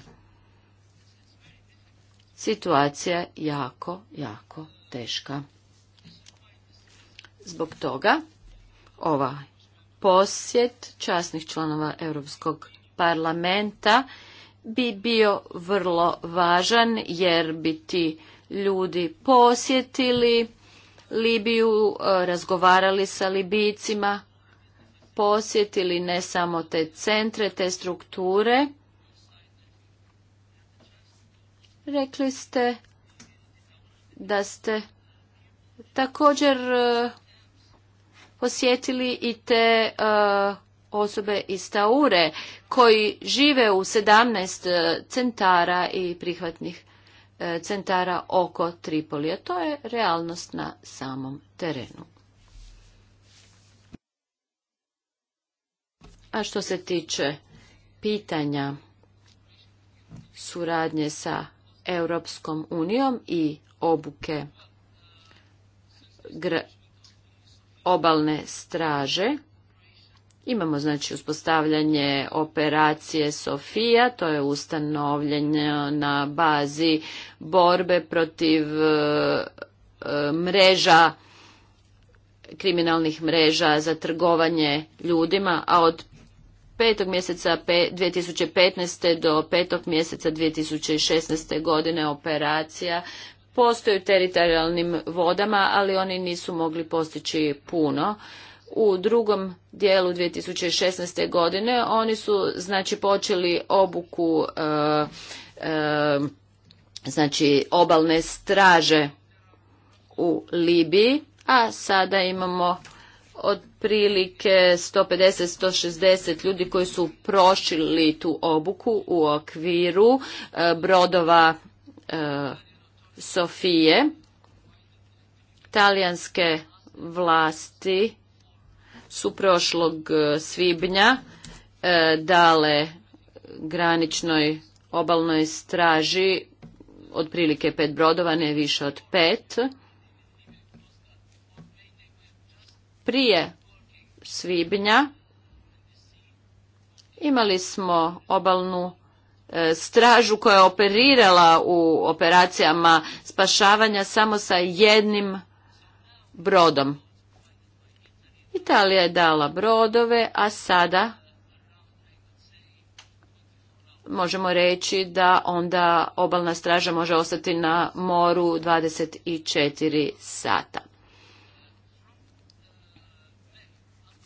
Situacija je jako, jako teška. Zbog toga ova posjet časnih članova Europskog parlamenta bi bio vrlo važan jer bi ti ljudi posjetili Libiju, e, razgovarali sa libijicima posjetili ne samo te centre, te strukture. Rekli ste da ste također e, posjetili i te e, osobe iz Taure koji žive u 17 e, centara i prihvatnih e, centara oko Tripolija. To je realnost na samom terenu. A što se tiče pitanja suradnje sa Europskom unijom i obuke obalne straže, Imamo znači uspostavljanje operacije Sofija, to je ustanovljenje na bazi borbe protiv e, e, mreža kriminalnih mreža za trgovanje ljudima, a od 5. mjeseca 2015. do 5. mjeseca 2016. godine operacija postoji u teritorijalnim vodama, ali oni nisu mogli postići puno u drugom dijelu 2016. godine oni su znači počeli obuku e, e, znači obalne straže u Libiji, a sada imamo otprilike 150-160 ljudi koji su prošili tu obuku u okviru e, brodova Sofije. Talijanske vlasti su prošlog e, svibnja e, dale graničnoj obalnoj straži otprilike pet brodova, ne više od pet. Prije svibnja imali smo obalnu e, stražu koja je operirala u operacijama spašavanja samo sa jednim brodom. Italija je dala brodove, a sada možemo reći da onda obalna straža može ostati na moru 24 sata.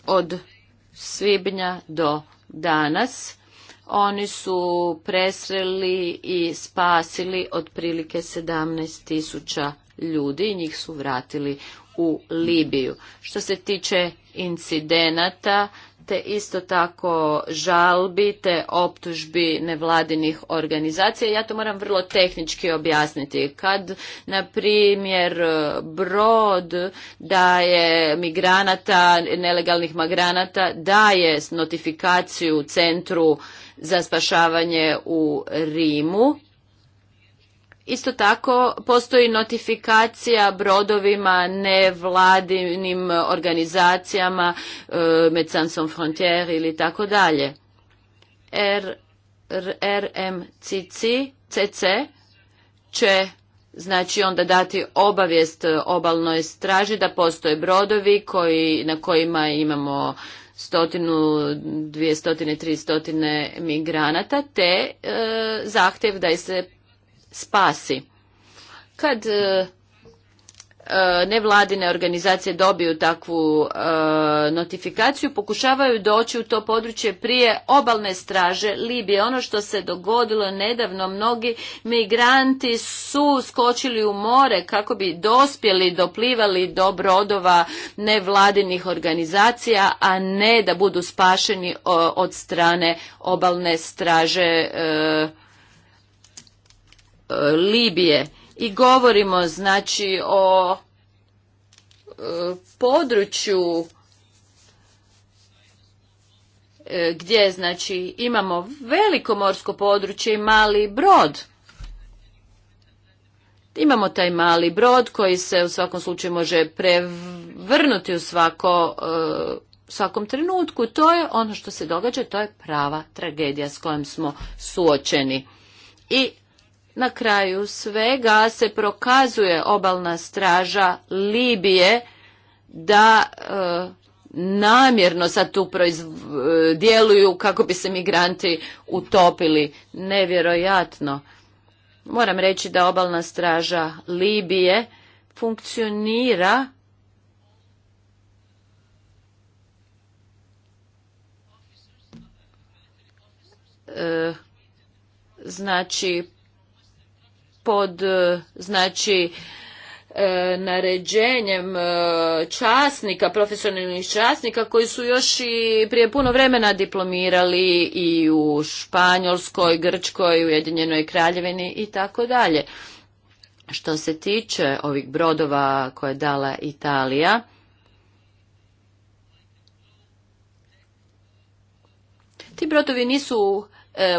Od svibnja do danas oni su presreli i spasili otprilike 17.000 ljudi i njih su vratili u Libiju. Što se tiče incidenata, te isto tako žalbi te optužbi nevladinih organizacija. Ja to moram vrlo tehnički objasniti. Kad, na primjer, brod daje migranata, nelegalnih migranata, daje notifikaciju centru za spašavanje u Rimu, Isto tako postoji notifikacija brodovima, nevladinim organizacijama, e, Médecins Sans Frontières ili tako dalje. RMCC CC će znači onda dati obavijest obalnoj straži da postoje brodovi koji, na kojima imamo stotinu, dvije stotine, migranata, te e, zahtjev da se spasi. Kad e, e, nevladine organizacije dobiju takvu e, notifikaciju, pokušavaju doći u to područje prije obalne straže Libije. Ono što se dogodilo nedavno, mnogi migranti su skočili u more kako bi dospjeli, doplivali do brodova nevladinih organizacija, a ne da budu spašeni od strane obalne straže E, Libije i govorimo znači o e, području e, gdje znači imamo veliko morsko područje i mali brod. Imamo taj mali brod koji se u svakom slučaju može prevrnuti u svako, svakom trenutku. To je ono što se događa, to je prava tragedija s kojom smo suočeni. I na kraju svega se prokazuje obalna straža Libije da e, namjerno sad tu e, djeluju kako bi se migranti utopili. Nevjerojatno. Moram reći da obalna straža Libije funkcionira e, znači pod e, znači e, naređenjem e, časnika, profesionalnih časnika koji su još i prije puno vremena diplomirali i u Španjolskoj, Grčkoj, Ujedinjenoj Kraljevini i tako dalje. Što se tiče ovih brodova koje je dala Italija, ti brodovi nisu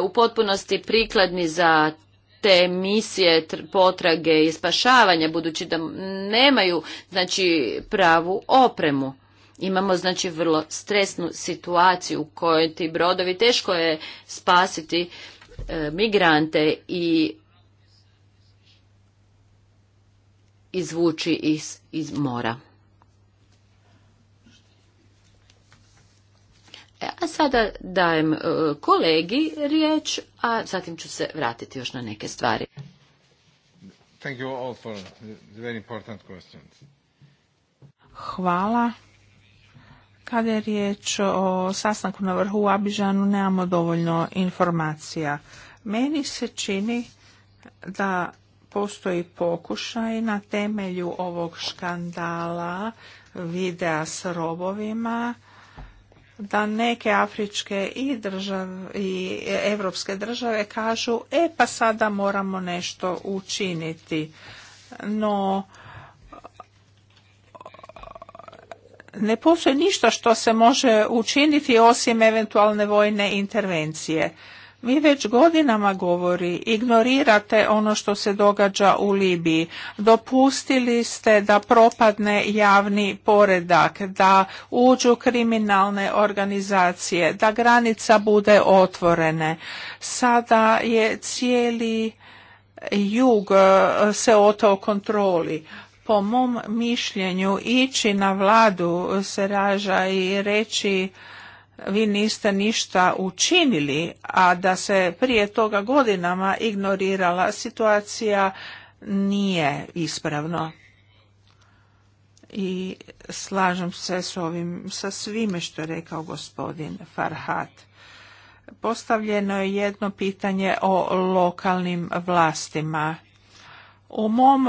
u potpunosti prikladni za te misije potrage i spašavanja budući da nemaju znači pravu opremu. Imamo znači vrlo stresnu situaciju u kojoj ti brodovi teško je spasiti e, migrante i izvući ih iz mora. E, a sada dajem e, kolegi riječ, a zatim ću se vratiti još na neke stvari. Hvala. Kada je riječ o sastanku na vrhu u Abižanu, nemamo dovoljno informacija. Meni se čini da postoji pokušaj na temelju ovog škandala videa s robovima da neke afričke i, držav, i evropske države kažu e pa sada moramo nešto učiniti. No ne postoji ništa što se može učiniti osim eventualne vojne intervencije. Vi već godinama govori, ignorirate ono što se događa u Libiji. Dopustili ste da propadne javni poredak, da uđu kriminalne organizacije, da granica bude otvorene. Sada je cijeli jug e, se otao kontroli po mom mišljenju ići na vladu raža i reći vi niste ništa učinili, a da se prije toga godinama ignorirala situacija nije ispravno. I slažem se s ovim, sa svime što je rekao gospodin Farhat. Postavljeno je jedno pitanje o lokalnim vlastima. U mom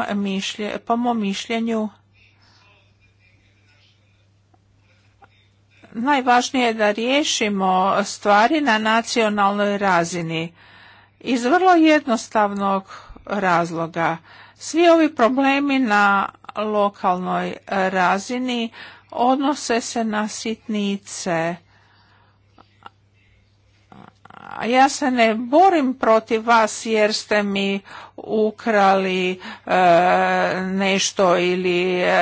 po mom mišljenju najvažnije je da riješimo stvari na nacionalnoj razini iz vrlo jednostavnog razloga. Svi ovi problemi na lokalnoj razini odnose se na sitnice ja se ne borim protiv vas jer ste mi ukrali e, nešto ili e,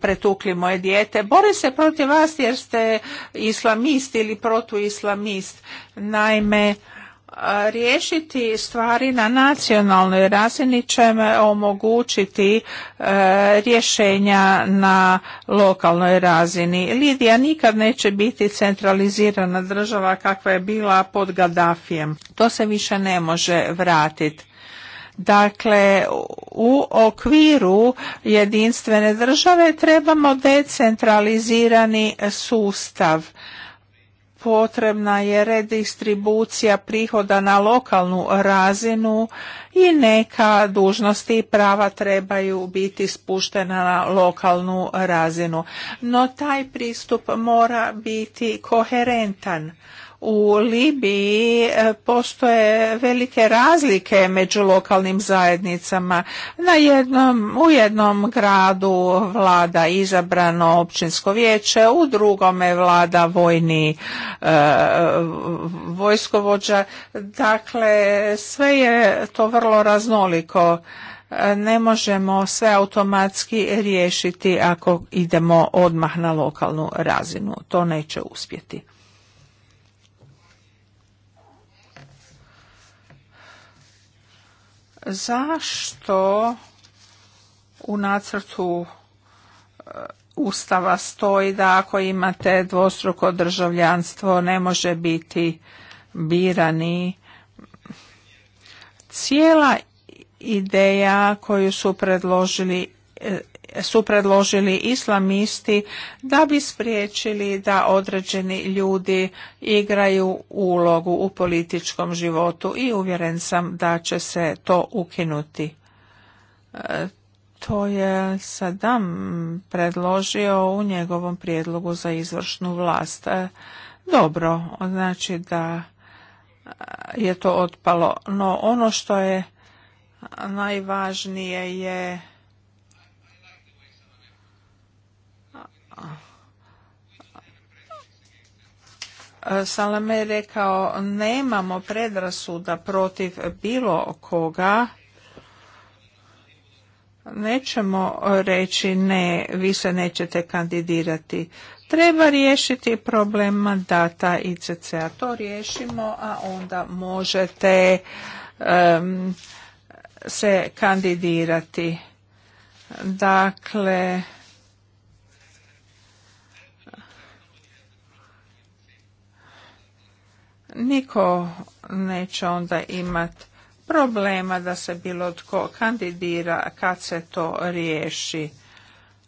pretukli moje dijete. Borim se protiv vas jer ste islamist ili protuislamist. Naime, riješiti stvari na nacionalnoj razini će omogućiti e, rješenja na lokalnoj razini. Lidija nikad neće biti centralizirana država kakva je bila pod Gaddafijem. To se više ne može vratiti. Dakle, u okviru jedinstvene države trebamo decentralizirani sustav potrebna je redistribucija prihoda na lokalnu razinu i neka dužnosti i prava trebaju biti spuštena na lokalnu razinu. No taj pristup mora biti koherentan u Libiji e, postoje velike razlike među lokalnim zajednicama. Na jednom, u jednom gradu vlada izabrano općinsko vijeće, u drugome vlada vojni e, vojskovođa. Dakle, sve je to vrlo raznoliko. Ne možemo sve automatski riješiti ako idemo odmah na lokalnu razinu. To neće uspjeti. zašto u nacrtu e, Ustava stoji da ako imate dvostruko državljanstvo ne može biti birani. Cijela ideja koju su predložili e, su predložili islamisti da bi spriječili da određeni ljudi igraju ulogu u političkom životu i uvjeren sam da će se to ukinuti. E, to je Sadam predložio u njegovom prijedlogu za izvršnu vlast. E, dobro, znači da e, je to otpalo. No ono što je najvažnije je Salame je rekao nemamo predrasuda protiv bilo koga, nećemo reći ne, vi se nećete kandidirati. Treba riješiti problem mandata ICC-a. To riješimo, a onda možete se kandidirati. Dakle, niko neće onda imati problema da se bilo tko kandidira kad se to riješi.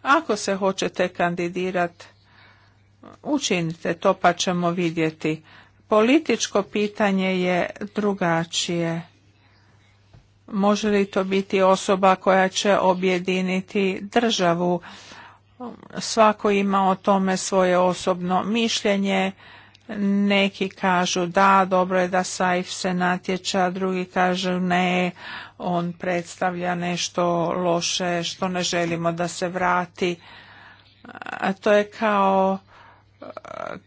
Ako se hoćete kandidirati, učinite to pa ćemo vidjeti. Političko pitanje je drugačije. Može li to biti osoba koja će objediniti državu? Svako ima o tome svoje osobno mišljenje neki kažu da, dobro je da Saif se natječa, drugi kažu ne, on predstavlja nešto loše što ne želimo da se vrati. A to je kao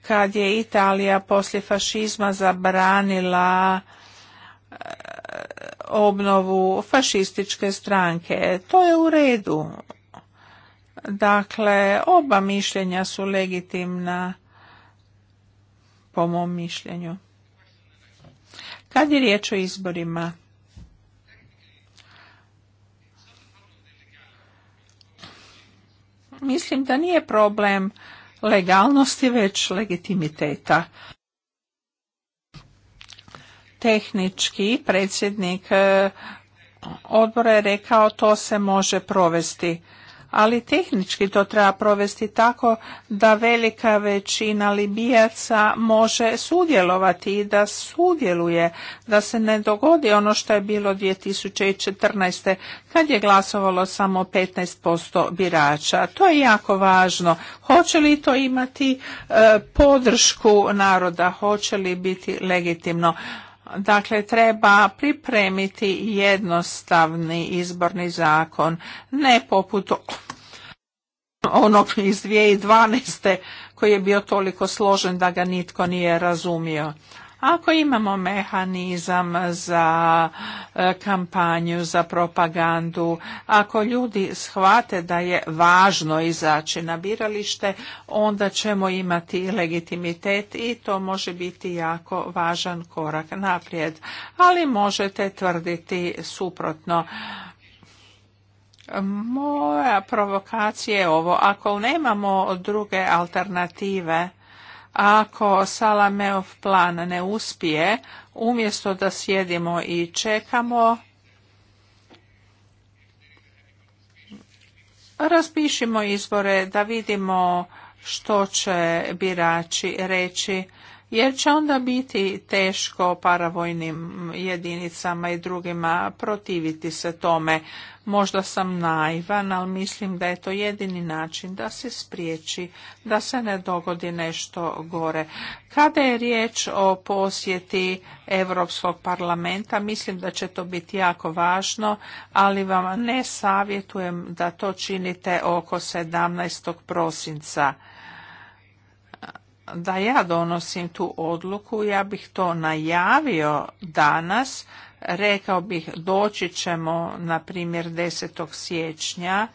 kad je Italija poslije fašizma zabranila obnovu fašističke stranke. To je u redu. Dakle, oba mišljenja su legitimna po mom mišljenju. Kad je riječ o izborima, mislim da nije problem legalnosti, već legitimiteta. Tehnički predsjednik e, odbora je rekao to se može provesti ali tehnički to treba provesti tako da velika većina Libijaca može sudjelovati i da sudjeluje, da se ne dogodi ono što je bilo 2014. kad je glasovalo samo 15% birača. To je jako važno. Hoće li to imati e, podršku naroda? Hoće li biti legitimno? Dakle, treba pripremiti jednostavni izborni zakon, ne poput onog iz 2012. koji je bio toliko složen da ga nitko nije razumio. Ako imamo mehanizam za e, kampanju, za propagandu, ako ljudi shvate da je važno izaći na biralište, onda ćemo imati legitimitet i to može biti jako važan korak naprijed. Ali možete tvrditi suprotno. Moja provokacija je ovo. Ako nemamo druge alternative, ako Salameov plan ne uspije, umjesto da sjedimo i čekamo, raspišimo izbore da vidimo što će birači reći, jer će onda biti teško paravojnim jedinicama i drugima protiviti se tome. Možda sam naivan, ali mislim da je to jedini način da se spriječi, da se ne dogodi nešto gore. Kada je riječ o posjeti Europskog parlamenta, mislim da će to biti jako važno, ali vam ne savjetujem da to činite oko 17. prosinca da ja donosim tu odluku, ja bih to najavio danas rekao bih doći ćemo na primjer 10. siječnja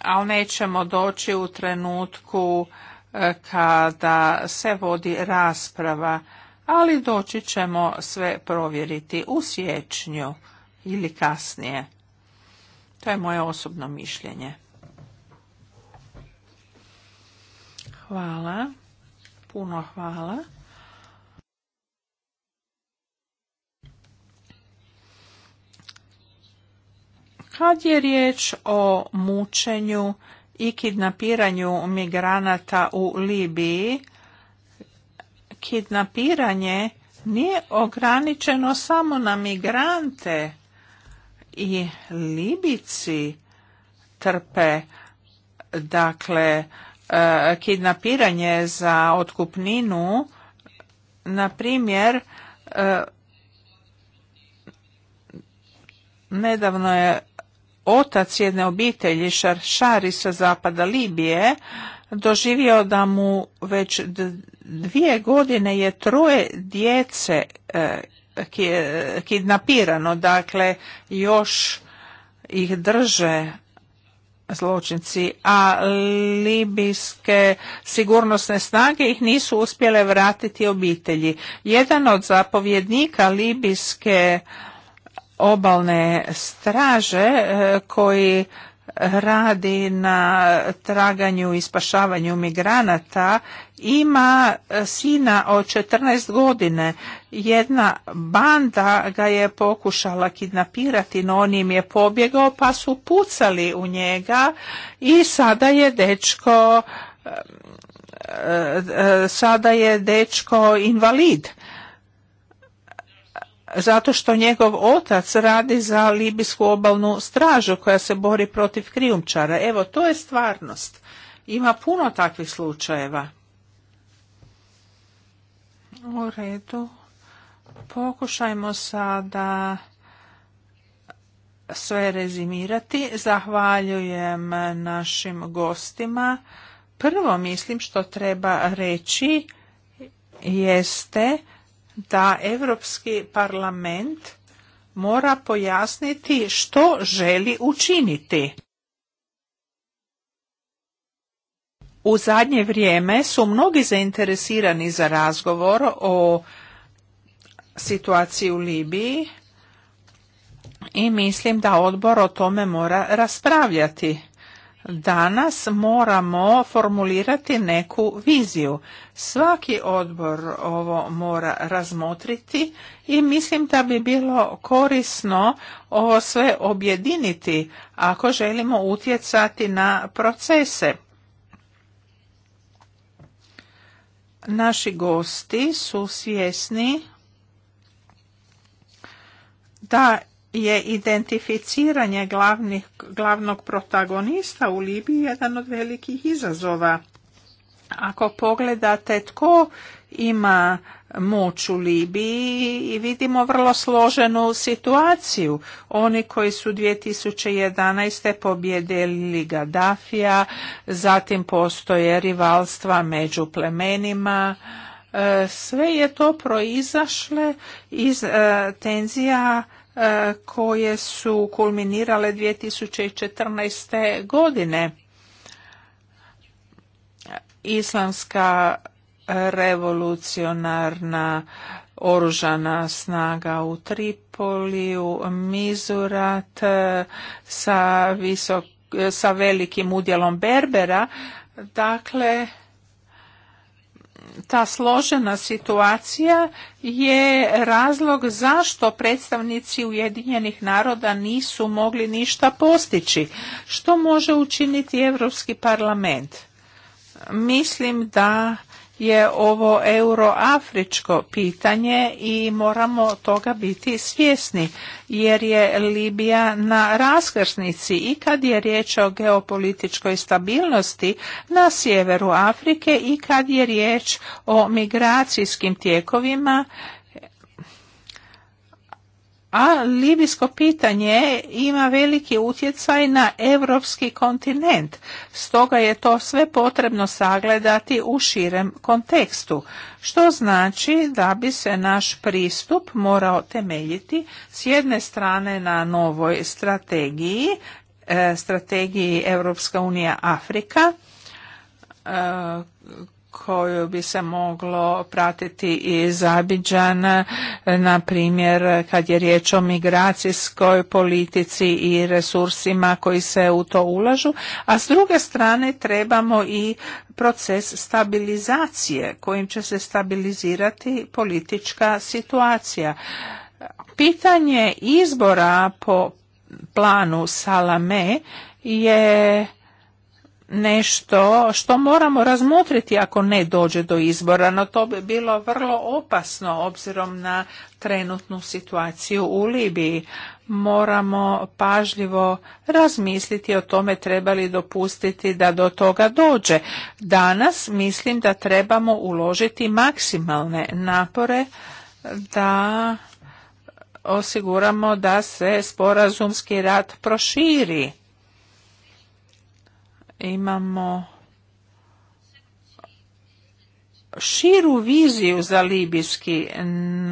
ali nećemo doći u trenutku e, kada se vodi rasprava, ali doći ćemo sve provjeriti u siječnju ili kasnije. To je moje osobno mišljenje. Hvala. Puno hvala. Kad je riječ o mučenju i kidnapiranju migranata u Libiji, kidnapiranje nije ograničeno samo na migrante i Libici trpe dakle e, kidnapiranje za otkupninu na primjer e, nedavno je otac jedne obitelji Šaršari sa zapada Libije doživio da mu već dvije godine je troje djece e, e, kidnapirano, dakle još ih drže zločinci, a libijske sigurnosne snage ih nisu uspjele vratiti obitelji. Jedan od zapovjednika libijske obalne straže e, koji radi na traganju i spašavanju migranata ima sina od 14 godine. Jedna banda ga je pokušala kidnapirati, no on im je pobjegao pa su pucali u njega i sada je dečko e, e, sada je dečko invalid zato što njegov otac radi za libijsku obalnu stražu koja se bori protiv krijumčara. Evo, to je stvarnost. Ima puno takvih slučajeva. U redu. Pokušajmo sada sve rezimirati. Zahvaljujem našim gostima. Prvo mislim što treba reći jeste da Europski parlament mora pojasniti što želi učiniti. U zadnje vrijeme su mnogi zainteresirani za razgovor o situaciji u Libiji i mislim da odbor o tome mora raspravljati danas moramo formulirati neku viziju. Svaki odbor ovo mora razmotriti i mislim da bi bilo korisno ovo sve objediniti ako želimo utjecati na procese. Naši gosti su svjesni da je identificiranje glavnih, glavnog protagonista u Libiji jedan od velikih izazova. Ako pogledate tko ima moć u Libiji i vidimo vrlo složenu situaciju. Oni koji su 2011. pobjedili Gaddafija, zatim postoje rivalstva među plemenima, e, sve je to proizašle iz e, tenzija koje su kulminirale 2014. godine. Islamska revolucionarna oružana snaga u Tripoliju, Mizurat sa, visok, sa velikim udjelom Berbera. Dakle, ta složena situacija je razlog zašto predstavnici Ujedinjenih naroda nisu mogli ništa postići. Što može učiniti Europski parlament? Mislim da je ovo euroafričko pitanje i moramo toga biti svjesni jer je Libija na raskrsnici i kad je riječ o geopolitičkoj stabilnosti na sjeveru Afrike i kad je riječ o migracijskim tijekovima a libijsko pitanje ima veliki utjecaj na europski kontinent. Stoga je to sve potrebno sagledati u širem kontekstu, što znači da bi se naš pristup morao temeljiti s jedne strane na novoj strategiji, e, strategiji Europska unija Afrika, e, koju bi se moglo pratiti iz Abidžana, na primjer kad je riječ o migracijskoj politici i resursima koji se u to ulažu, a s druge strane trebamo i proces stabilizacije kojim će se stabilizirati politička situacija. Pitanje izbora po planu Salame je nešto što moramo razmotriti ako ne dođe do izbora, no to bi bilo vrlo opasno obzirom na trenutnu situaciju u Libiji. Moramo pažljivo razmisliti o tome trebali dopustiti da do toga dođe. Danas mislim da trebamo uložiti maksimalne napore da osiguramo da se sporazumski rad proširi imamo širu viziju za libijski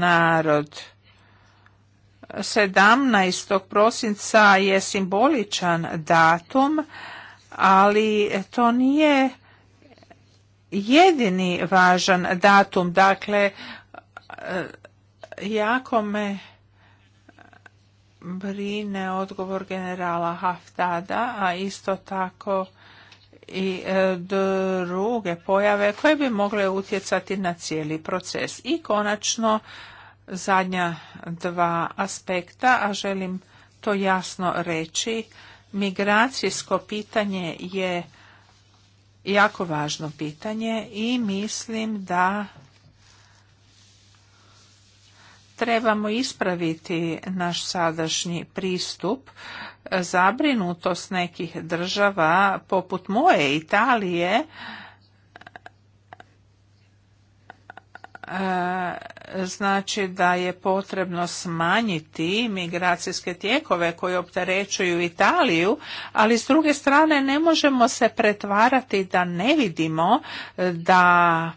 narod. 17. prosinca je simboličan datum, ali to nije jedini važan datum. Dakle, e, jako me brine odgovor generala Haftada, a isto tako i e, druge pojave koje bi mogle utjecati na cijeli proces. I konačno zadnja dva aspekta, a želim to jasno reći, migracijsko pitanje je jako važno pitanje i mislim da trebamo ispraviti naš sadašnji pristup zabrinutost nekih država poput moje Italije e, znači da je potrebno smanjiti migracijske tijekove koje opterećuju Italiju, ali s druge strane ne možemo se pretvarati da ne vidimo da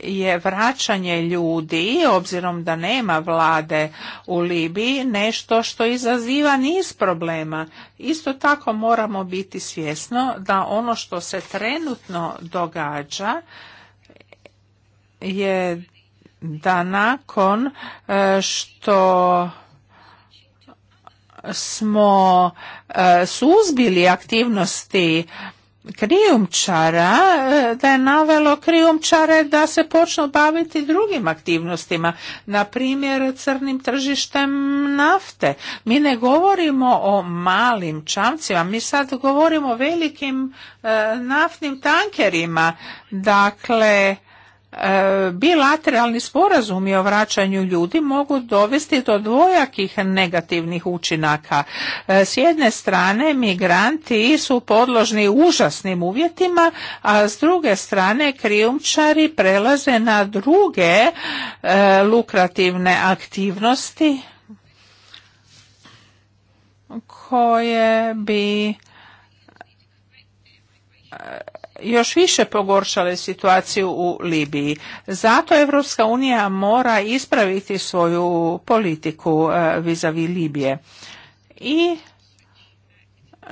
je vraćanje ljudi, obzirom da nema vlade u Libiji, nešto što izaziva niz problema. Isto tako moramo biti svjesno da ono što se trenutno događa je da nakon e, što smo e, suzbili aktivnosti krijumčara, eh, da je navelo krijumčare da se počnu baviti drugim aktivnostima, na primjer crnim tržištem nafte. Mi ne govorimo o malim čamcima, mi sad govorimo o velikim eh, naftnim tankerima. Dakle, E, bilateralni sporazumi o vraćanju ljudi mogu dovesti do dvojakih negativnih učinaka. E, s jedne strane migranti su podložni užasnim uvjetima, a s druge strane krijumčari prelaze na druge e, lukrativne aktivnosti koje bi još više pogoršale situaciju u Libiji. Zato Evropska unija mora ispraviti svoju politiku e, vizavi Libije. I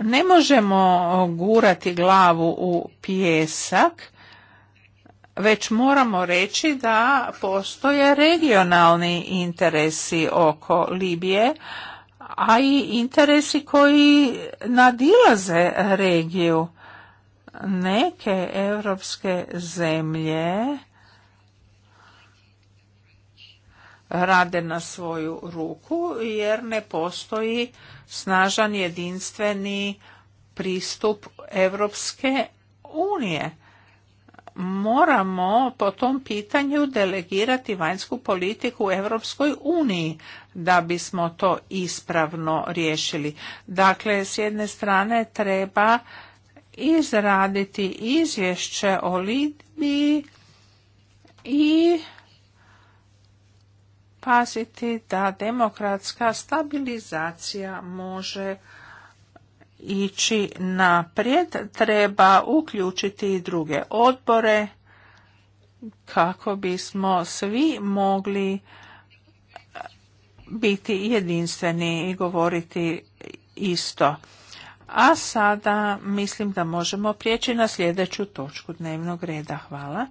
ne možemo gurati glavu u pijesak, već moramo reći da postoje regionalni interesi oko Libije, a i interesi koji nadilaze regiju neke europske zemlje rade na svoju ruku jer ne postoji snažan jedinstveni pristup Europske unije. Moramo po tom pitanju delegirati vanjsku politiku u Evropskoj uniji da bismo to ispravno riješili. Dakle, s jedne strane treba izraditi izvješće o Lidbi i paziti da demokratska stabilizacija može ići naprijed. Treba uključiti i druge odbore kako bismo svi mogli biti jedinstveni i govoriti isto. A sada mislim da možemo prijeći na sljedeću točku dnevnog reda. Hvala.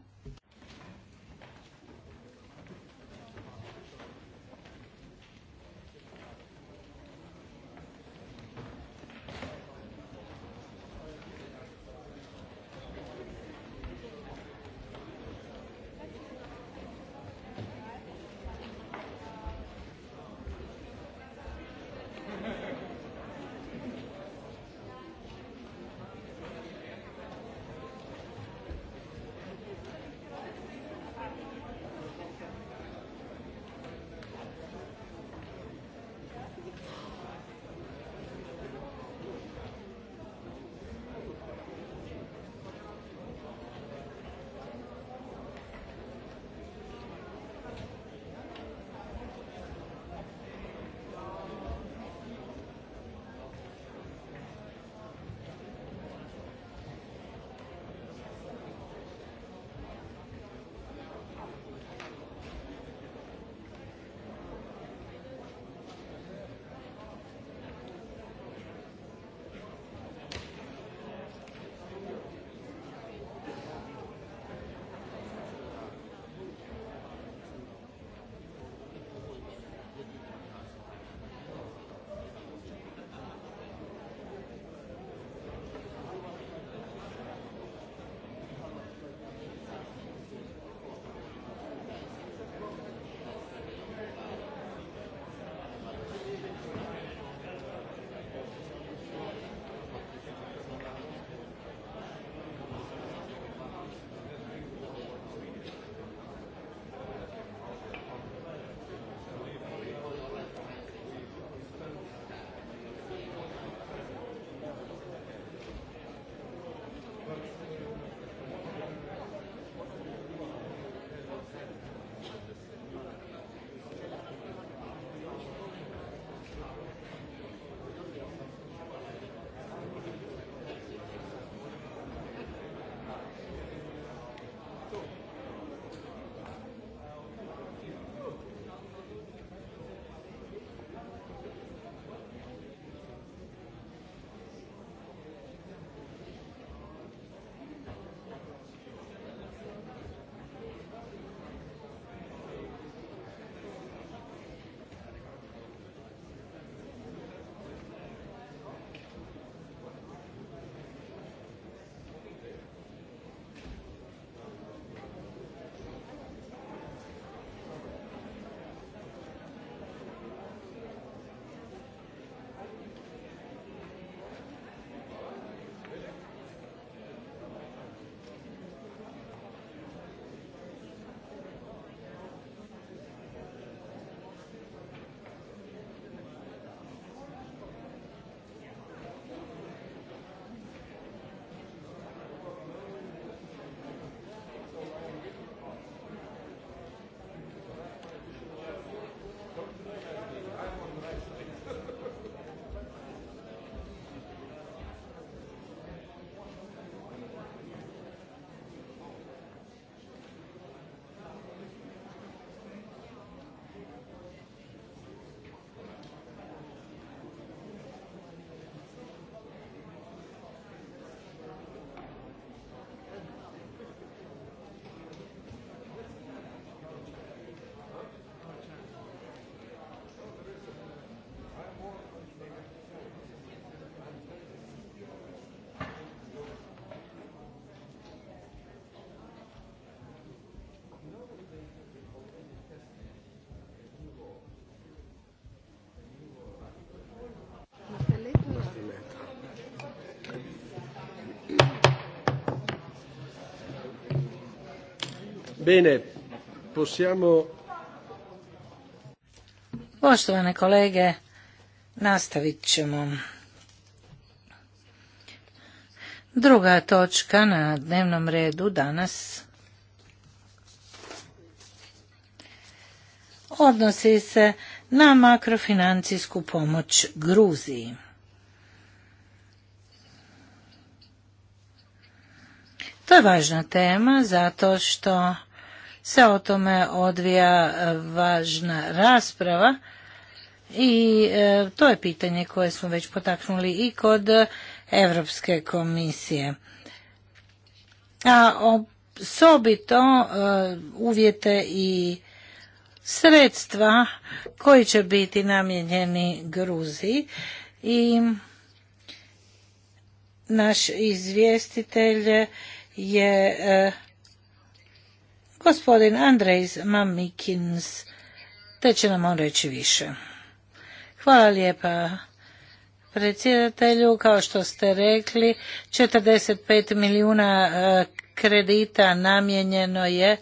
Bene, possiamo... Poštovane kolege, nastavit ćemo. Druga točka na dnevnom redu danas odnosi se na makrofinancijsku pomoć Gruziji. To je važna tema zato što se o tome odvija e, važna rasprava i e, to je pitanje koje smo već potaknuli i kod Europske komisije. A osobito e, uvjete i sredstva koji će biti namijenjeni Gruziji i naš izvjestitelj je gospodin Andrejs Mamikins, te će nam on reći više. Hvala lijepa predsjedatelju, kao što ste rekli, 45 milijuna e, kredita namijenjeno je e,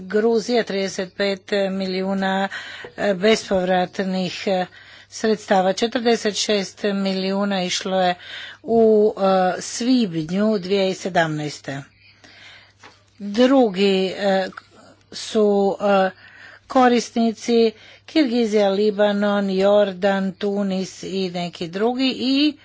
Gruzije, 35 milijuna e, bespovratnih sredstava. 46 milijuna išlo je u svibnju 2017 drugi e, su e, korisnici Kirgizija, Libanon, Jordan, Tunis i neki drugi i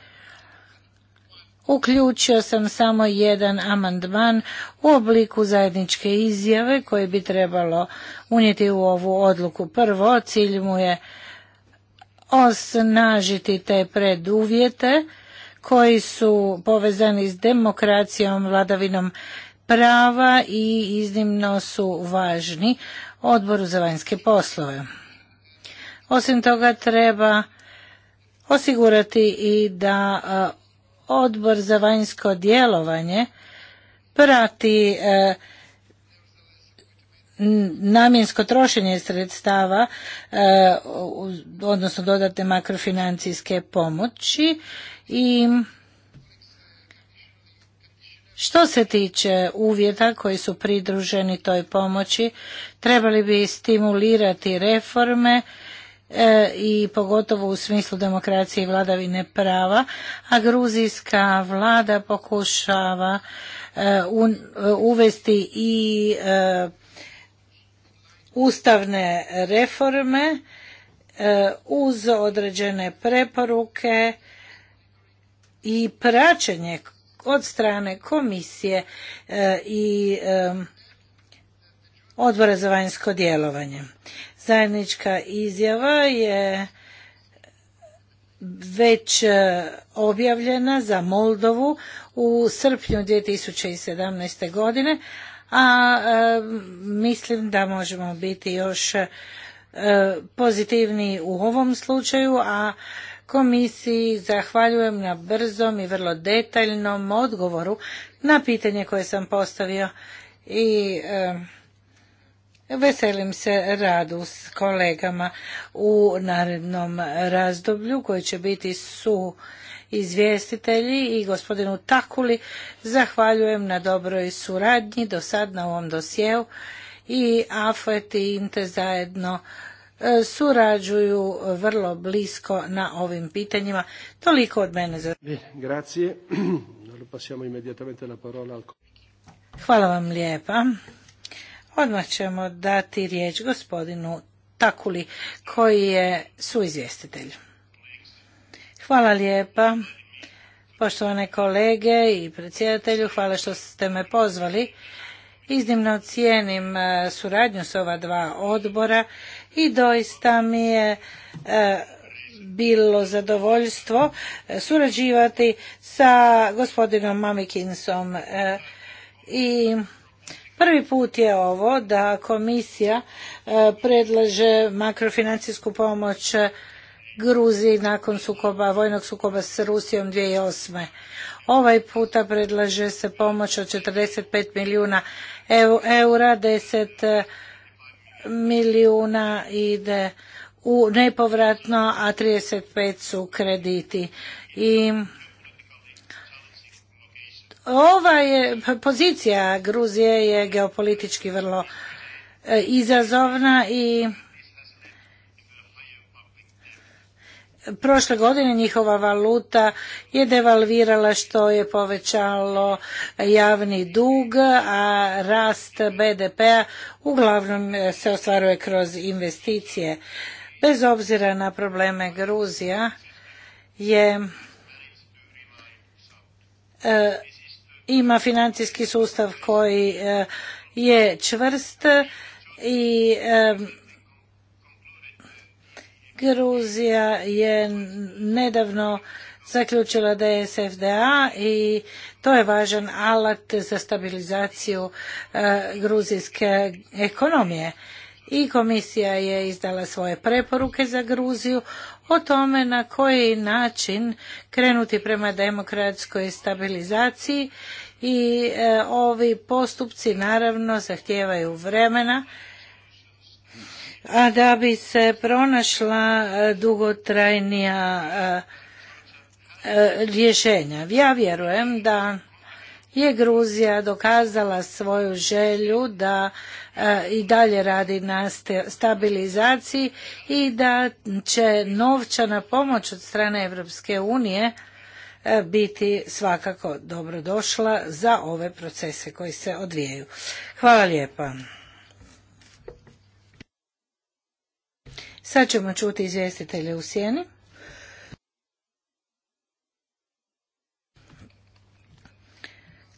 uključio sam samo jedan amandman u obliku zajedničke izjave koje bi trebalo unijeti u ovu odluku. Prvo, cilj mu je osnažiti te preduvjete koji su povezani s demokracijom, vladavinom prava i iznimno su važni odboru za vanjske poslove. Osim toga treba osigurati i da e, odbor za vanjsko djelovanje prati e, namjensko trošenje sredstava, e, odnosno dodate makrofinancijske pomoći i što se tiče uvjeta koji su pridruženi toj pomoći, trebali bi stimulirati reforme e, i pogotovo u smislu demokracije i vladavine prava, a gruzijska vlada pokušava e, e, uvesti i ustavne reforme uz određene preporuke i praćenje od strane komisije e, i e, odbora za vanjsko djelovanje. Zajednička izjava je već e, objavljena za Moldovu u srpnju 2017. godine, a mislim da možemo biti još pozitivniji u ovom slučaju, a komisiji zahvaljujem na brzom i vrlo detaljnom odgovoru na pitanje koje sam postavio i veselim se radu s kolegama u narednom razdoblju koji će biti su izvjestitelji i gospodinu Takuli zahvaljujem na dobroj suradnji do sad na ovom dosjeu i AFET i INTE zajedno E, surađuju vrlo blisko na ovim pitanjima. Toliko od mene za... Grazie. Passiamo immediatamente la parola al... Hvala vam lijepa. Odmah ćemo dati riječ gospodinu Takuli, koji je suizvjestitelj. Hvala lijepa. Poštovane kolege i predsjedatelju, hvala što ste me pozvali. Iznimno cijenim e, suradnju s ova dva odbora i doista mi je e, bilo zadovoljstvo e, surađivati sa gospodinom Mamikinsom e, i Prvi put je ovo da komisija predlaže makrofinancijsku pomoć Gruziji nakon sukoba, vojnog sukoba s Rusijom 2008. Ovaj puta predlaže se pomoć od 45 milijuna eura, 10 milijuna ide u nepovratno, a 35 su krediti. I ova je pozicija Gruzije je geopolitički vrlo e, izazovna i prošle godine njihova valuta je devalvirala što je povećalo javni dug, a rast BDP-a uglavnom se ostvaruje kroz investicije. Bez obzira na probleme Gruzija je e, ima financijski sustav koji e, je čvrst i e, Gruzija je nedavno zaključila da je SFDA i to je važan alat za stabilizaciju e, gruzijske ekonomije. I komisija je izdala svoje preporuke za Gruziju o tome na koji način krenuti prema demokratskoj stabilizaciji i e, ovi postupci naravno zahtijevaju vremena a da bi se pronašla e, dugotrajnija e, e, rješenja. Ja vjerujem da je Gruzija dokazala svoju želju da i dalje radi na stabilizaciji i da će novčana pomoć od strane Europske unije biti svakako dobrodošla za ove procese koji se odvijaju. Hvala lijepa. Sad ćemo čuti izvjestitelje u sjeni.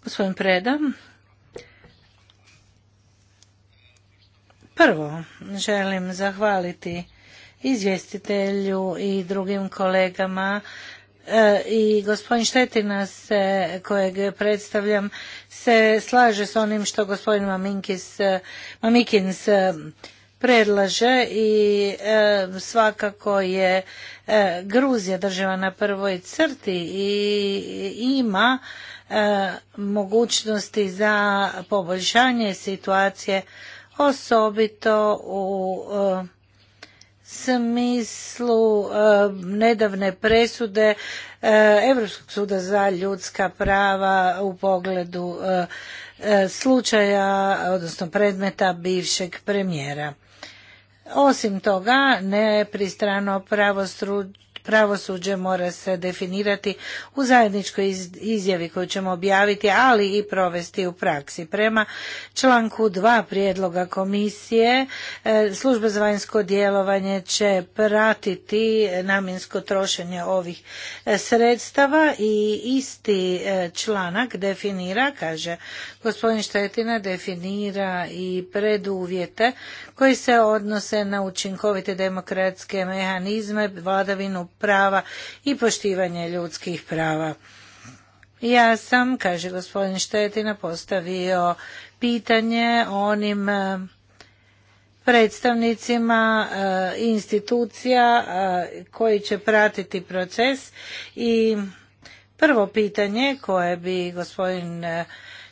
Gospodin Preda. Prvo želim zahvaliti izvjestitelju i drugim kolegama e, i gospodin Štetina se, kojeg predstavljam se slaže s onim što gospodin Mamikins predlaže i e, svakako je e, Gruzija država na prvoj crti i ima e, mogućnosti za poboljšanje situacije osobito u smislu nedavne presude Europskog suda za ljudska prava u pogledu slučaja odnosno predmeta bivšeg premijera. Osim toga, nepristrano pravosuđe pravosuđe mora se definirati u zajedničkoj izjavi koju ćemo objaviti, ali i provesti u praksi. Prema članku dva prijedloga komisije, e, služba za vanjsko djelovanje će pratiti namjensko trošenje ovih e, sredstava i isti e, članak definira, kaže gospodin Štetina, definira i preduvjete koji se odnose na učinkovite demokratske mehanizme, vladavinu prava i poštivanje ljudskih prava. Ja sam, kaže gospodin Štetina, postavio pitanje onim e, predstavnicima e, institucija e, koji će pratiti proces i prvo pitanje koje bi gospodin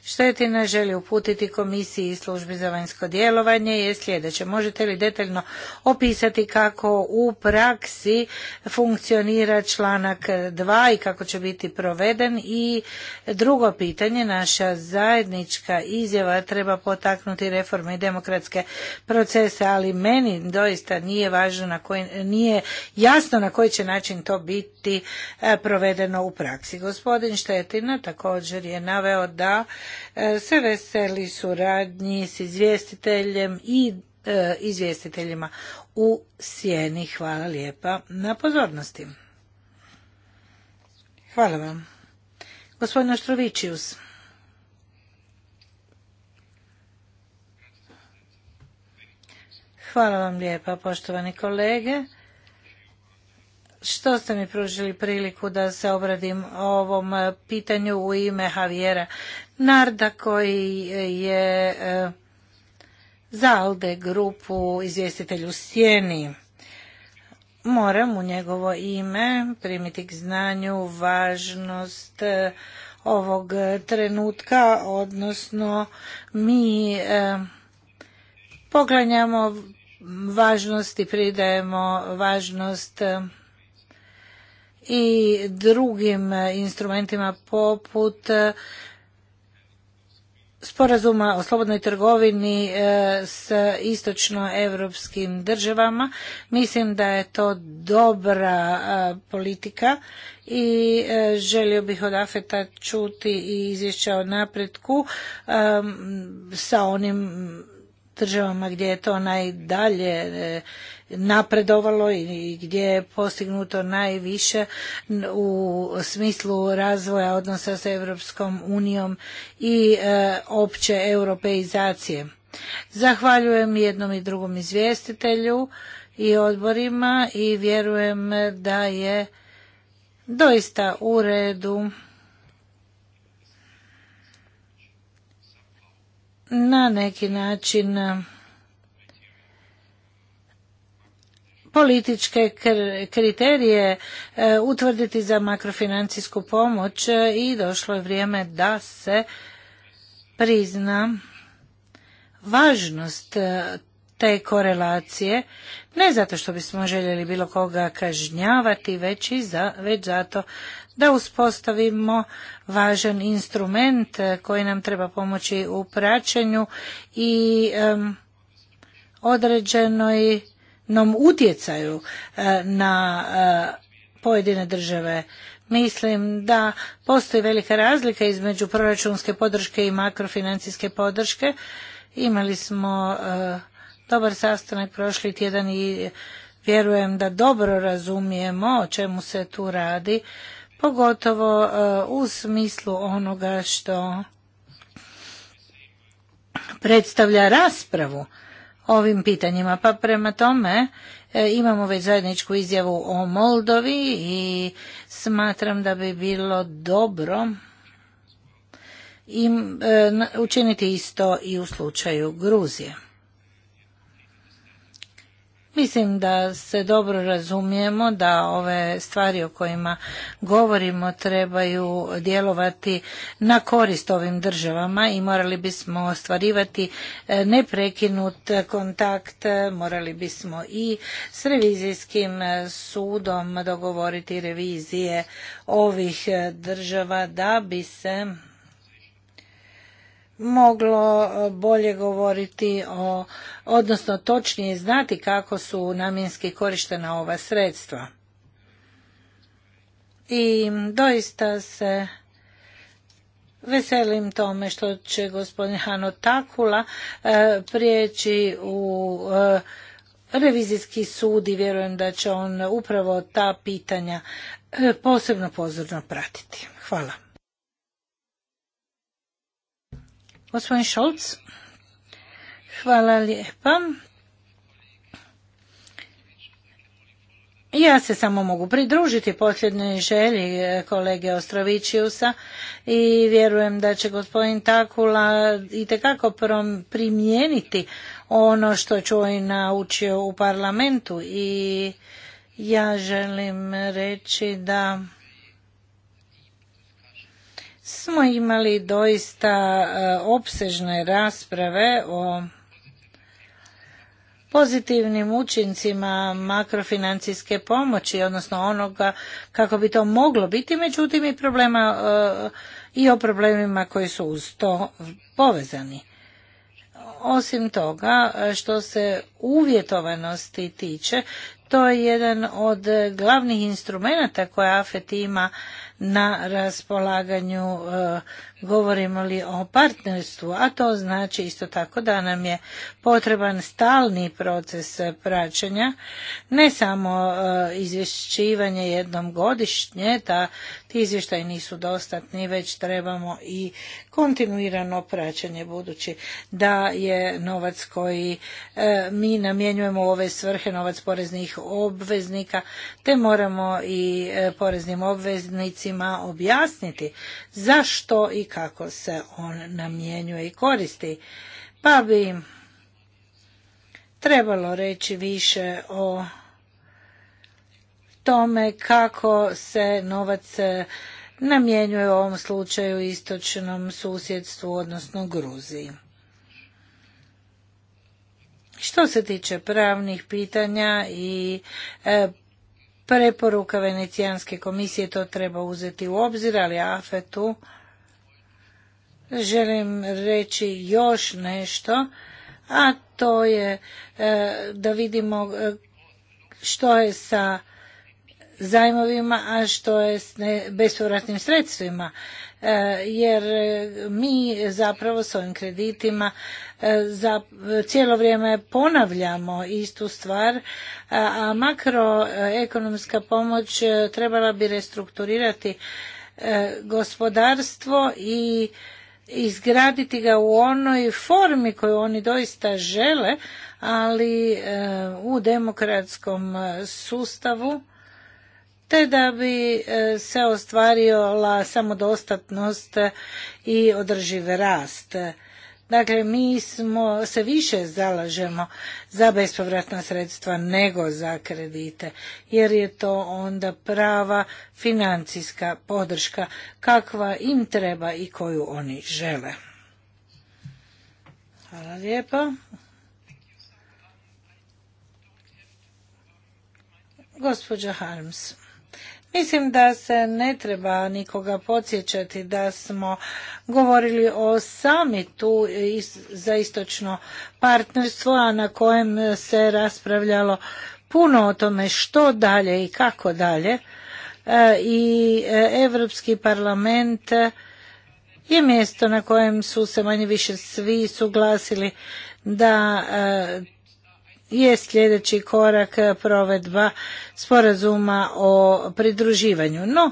štetina želi uputiti komisiji i službi za vanjsko djelovanje je sljedeće. Možete li detaljno opisati kako u praksi funkcionira članak 2 i kako će biti proveden i drugo pitanje, naša zajednička izjava treba potaknuti reforme i demokratske procese, ali meni doista nije važno na koji, nije jasno na koji će način to biti e, provedeno u praksi. Gospodin Štetina također je naveo da se veseli suradnji s izvjestiteljem i e, izvjestiteljima u sjeni. Hvala lijepa na pozornosti. Hvala vam. Gospodin Oštrovićius. Hvala vam lijepa, poštovani kolege što ste mi pružili priliku da se obradim ovom pitanju u ime Javijera Narda koji je e, za Alde grupu izvjestitelju Sjeni. Moram u njegovo ime primiti k znanju važnost e, ovog trenutka, odnosno mi e, poklanjamo važnost i pridajemo važnost i drugim instrumentima poput sporazuma o slobodnoj trgovini e, s istočnoevropskim državama. Mislim da je to dobra e, politika i e, želio bih od Afeta čuti i izvješća o napretku sa onim državama gdje je to najdalje napredovalo i gdje je postignuto najviše u smislu razvoja odnosa sa Europskom unijom i e, opće europeizacije. Zahvaljujem jednom i drugom izvjestitelju i odborima i vjerujem da je doista u redu na neki način političke kriterije e, utvrditi za makrofinancijsku pomoć e, i došlo je vrijeme da se prizna važnost e, te korelacije, ne zato što bismo željeli bilo koga kažnjavati, već, za, već zato da uspostavimo važan instrument koji nam treba pomoći u praćenju i određenoj nam utjecaju e, na e, pojedine države. Mislim da postoji velika razlika između proračunske podrške i makrofinancijske podrške. Imali smo e, dobar sastanak prošli tjedan i vjerujem da dobro razumijemo o čemu se tu radi, pogotovo u smislu onoga što predstavlja raspravu ovim pitanjima. Pa prema tome e, imamo već zajedničku izjavu o Moldovi i smatram da bi bilo dobro e, učiniti isto i u slučaju Gruzije. Mislim da se dobro razumijemo da ove stvari o kojima govorimo trebaju djelovati na korist ovim državama i morali bismo ostvarivati e, neprekinut kontakt, morali bismo i s revizijskim e, sudom dogovoriti revizije ovih e, država da bi se moglo e, bolje govoriti o, odnosno točnije znati kako su namjenski korištena ova sredstva. I doista se veselim tome što će gospodin Hano Takula e, prijeći u e, revizijski sud i vjerujem da će on upravo ta pitanja posebno pozorno pratiti. Hvala. Gospodin Šolc, hvala lijepa. Ja se samo mogu pridružiti posljednoj želji e, kolege Ostrovićiusa i vjerujem da će gospodin Takula itekako primijeniti ono što čuo i naučio u parlamentu i ja želim reći da smo imali doista e, opsežne rasprave o pozitivnim učincima makrofinancijske pomoći, odnosno onoga kako bi to moglo biti, međutim i problema e, i o problemima koji su uz to povezani. Osim toga, što se uvjetovanosti tiče, to je jedan od glavnih instrumenata koje AFET ima na raspolaganju e, govorimo li o partnerstvu, a to znači isto tako da nam je potreban stalni proces e, praćenja, ne samo e, izvješćivanje jednom godišnje, da ti izvještaji nisu dostatni, već trebamo i kontinuirano praćenje budući da je novac koji e, mi namjenjujemo u ove svrhe, novac poreznih obveznika, te moramo i poreznim obveznicima objasniti zašto i kako se on namjenjuje i koristi. Pa bi trebalo reći više o tome kako se novac namjenjuje u ovom slučaju istočnom susjedstvu, odnosno Gruziji. Što se tiče pravnih pitanja i e, preporuka Venecijanske komisije, to treba uzeti u obzir, ali AFET-u želim reći još nešto, a to je e, da vidimo e, što je sa zajmovima, a što je s bespovratnim sredstvima. E, jer mi zapravo s ovim kreditima za cijelo vrijeme ponavljamo istu stvar, a makroekonomska pomoć trebala bi restrukturirati gospodarstvo i izgraditi ga u onoj formi koju oni doista žele, ali e, u demokratskom e, sustavu, te da bi e, se ostvarila samodostatnost i održiv rast. Dakle, mi se više zalažemo za bespovratna sredstva nego za kredite, jer je to onda prava financijska podrška kakva im treba i koju oni žele. Hvala lijepa. Gospođa Harms. Mislim da se ne treba nikoga podsjećati da smo govorili o samitu za istočno partnerstvo, a na kojem se raspravljalo puno o tome što dalje i kako dalje. E, I Europski parlament je mjesto na kojem su se manje više svi suglasili da e, je sljedeći korak provedba sporazuma o pridruživanju. No,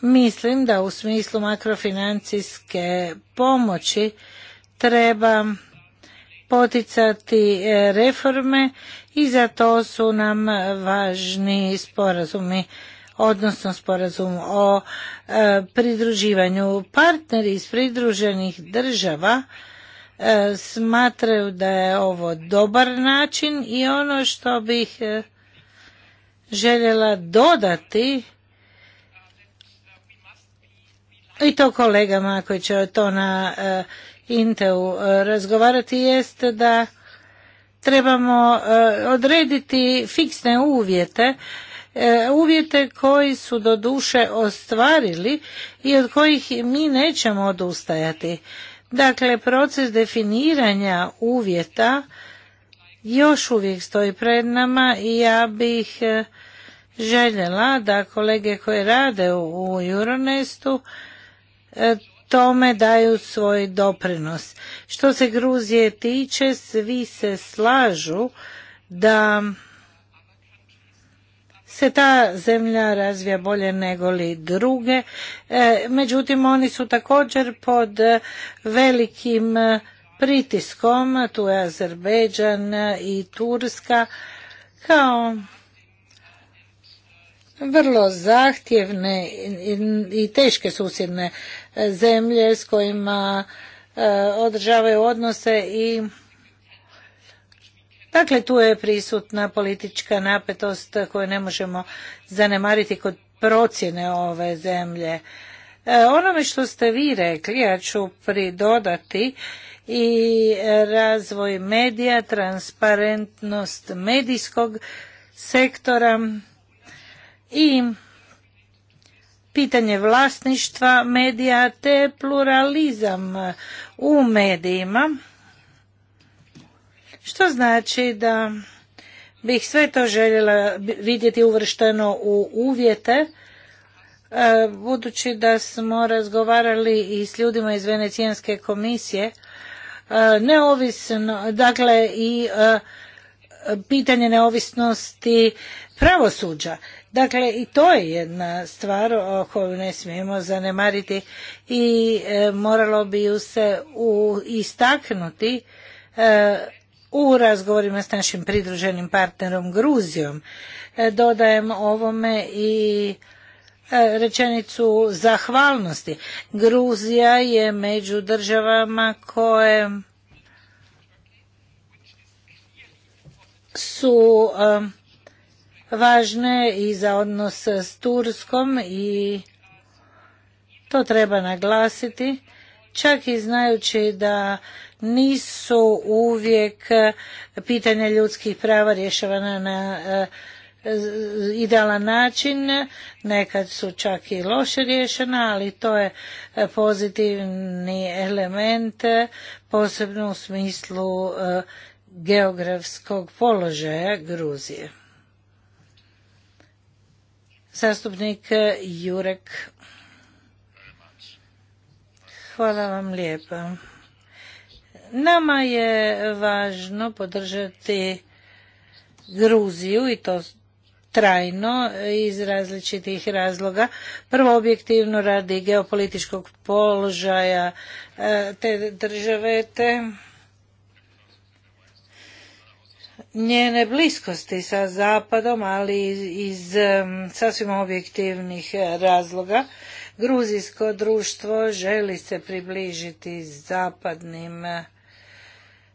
mislim da u smislu makrofinancijske pomoći treba poticati e, reforme i za to su nam važni sporazumi odnosno sporazum o e, pridruživanju partneri iz pridruženih država E, smatraju da je ovo dobar način i ono što bih e, željela dodati i to kolegama koji će to na e, intel razgovarati jest da trebamo odrediti fiksne uvjete uvjete koji su doduše ostvarili i od kojih mi nećemo odustajati Dakle, proces definiranja uvjeta još uvijek stoji pred nama i ja bih e, željela da kolege koje rade u Euronestu e, tome daju svoj doprinos. Što se Gruzije tiče, svi se slažu da se ta zemlja razvija bolje nego li druge. E, međutim, oni su također pod e, velikim e, pritiskom, tu je Azerbejdžan i Turska, kao vrlo zahtjevne i teške susjedne zemlje s kojima održavaju odnose i Dakle, tu je prisutna politička napetost koju ne možemo zanemariti kod procjene ove zemlje. E, onome što ste vi rekli, ja ću pridodati i razvoj medija, transparentnost medijskog sektora i pitanje vlasništva medija te pluralizam u medijima što znači da bih sve to željela vidjeti uvršteno u uvjete e, budući da smo razgovarali i s ljudima iz Venecijanske komisije e, neovisno dakle i e, pitanje neovisnosti pravosuđa Dakle, i to je jedna stvar o kojoj ne smijemo zanemariti i moralo bi ju se istaknuti u razgovorima s našim pridruženim partnerom Gruzijom. E, dodajem ovome i e, rečenicu zahvalnosti. Gruzija je među državama koje su e, važne i za odnos s Turskom i to treba naglasiti, čak i znajući da nisu uvijek e, pitanja ljudskih prava rješavana na e, idealan način, nekad su čak i loše riješena, ali to je e, pozitivni element, posebno u smislu geografskog položaja Gruzije. Zastupnik Jurek. Hvala vam lijepa. Nama je važno podržati Gruziju i to trajno iz različitih razloga. Prvo objektivno radi geopolitičkog položaja e, te države te njene bliskosti sa zapadom, ali iz e, sasvim objektivnih razloga. Gruzijsko društvo želi se približiti zapadnim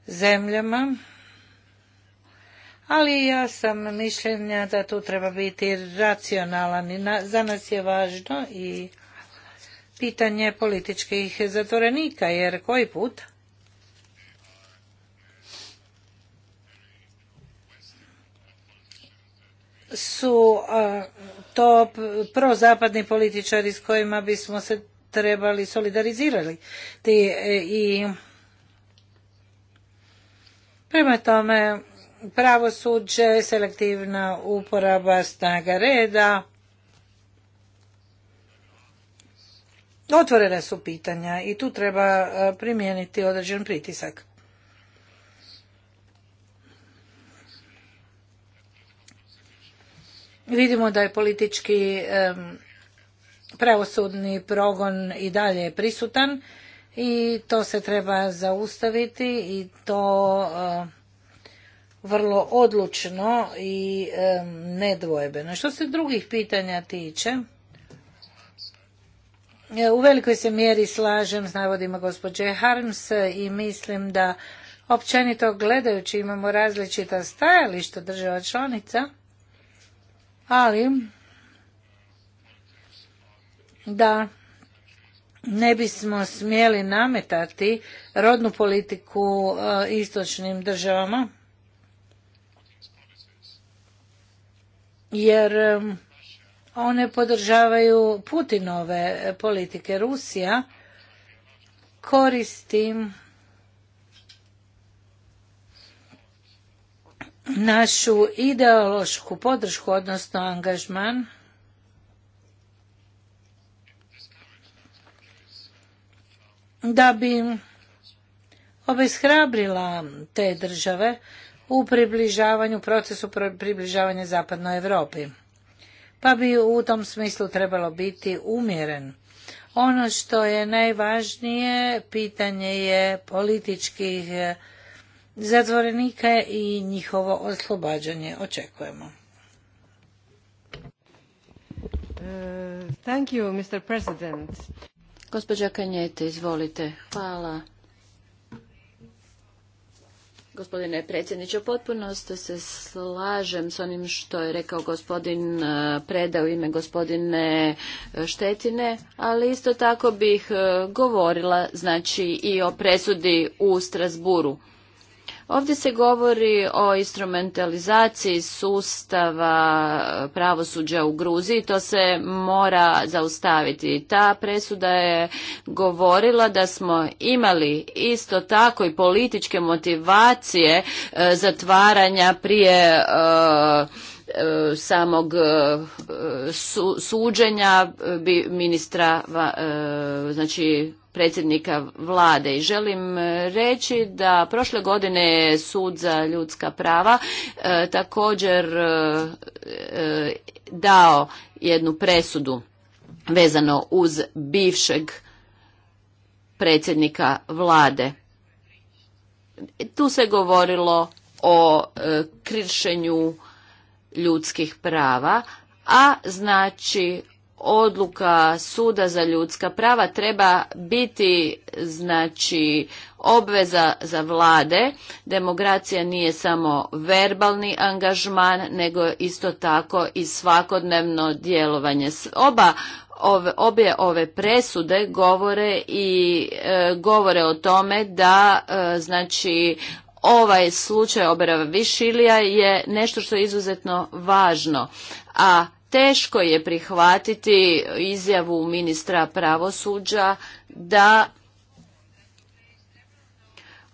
zemljama. Ali ja sam mišljenja da tu treba biti racionalan. Za nas je važno i pitanje političkih zatvorenika, jer koji put su to prozapadni političari s kojima bismo se trebali solidarizirati i Prema tome, pravosuđe, selektivna uporaba snaga reda, otvorena su pitanja i tu treba e, primijeniti određen pritisak. Vidimo da je politički pravosudni progon i dalje prisutan i to se treba zaustaviti i to e, vrlo odlučno i e, nedvojbeno. Što se drugih pitanja tiče, e, u velikoj se mjeri slažem s navodima gospođe Harms i mislim da općenito gledajući imamo različita stajališta država članica, ali da ne bismo smjeli nametati rodnu politiku e, istočnim državama jer e, one podržavaju Putinove politike Rusija koristi našu ideološku podršku odnosno angažman da bi obeshrabrila te države u približavanju, procesu približavanja zapadnoj Europi. Pa bi u tom smislu trebalo biti umjeren. Ono što je najvažnije pitanje je političkih eh, zatvorenika i njihovo oslobađanje. Očekujemo. Uh, thank you, Mr. President. Gospođa Kanjete, izvolite. Hvala. Gospodine predsjedniče, potpuno se slažem s onim što je rekao gospodin e, Preda u ime gospodine e, Štetine, ali isto tako bih e, govorila znači i o presudi u Strasburu. Ovdje se govori o instrumentalizaciji sustava pravosuđa u Gruziji, to se mora zaustaviti. Ta presuda je govorila da smo imali isto tako i političke motivacije e, zatvaranja prije e, e, samog suđenja ministra znači predsjednika vlade i želim e, reći da prošle godine je sud za ljudska prava e, također e, dao jednu presudu vezano uz bivšeg predsjednika vlade. Tu se govorilo o e, kršenju ljudskih prava, a znači odluka suda za ljudska prava treba biti znači obveza za vlade. Demokracija nije samo verbalni angažman, nego isto tako i svakodnevno djelovanje. Oba obje ove presude govore i e, govore o tome da e, znači ovaj slučaj Oberava Višilija je nešto što je izuzetno važno, a teško je prihvatiti izjavu ministra pravosuđa da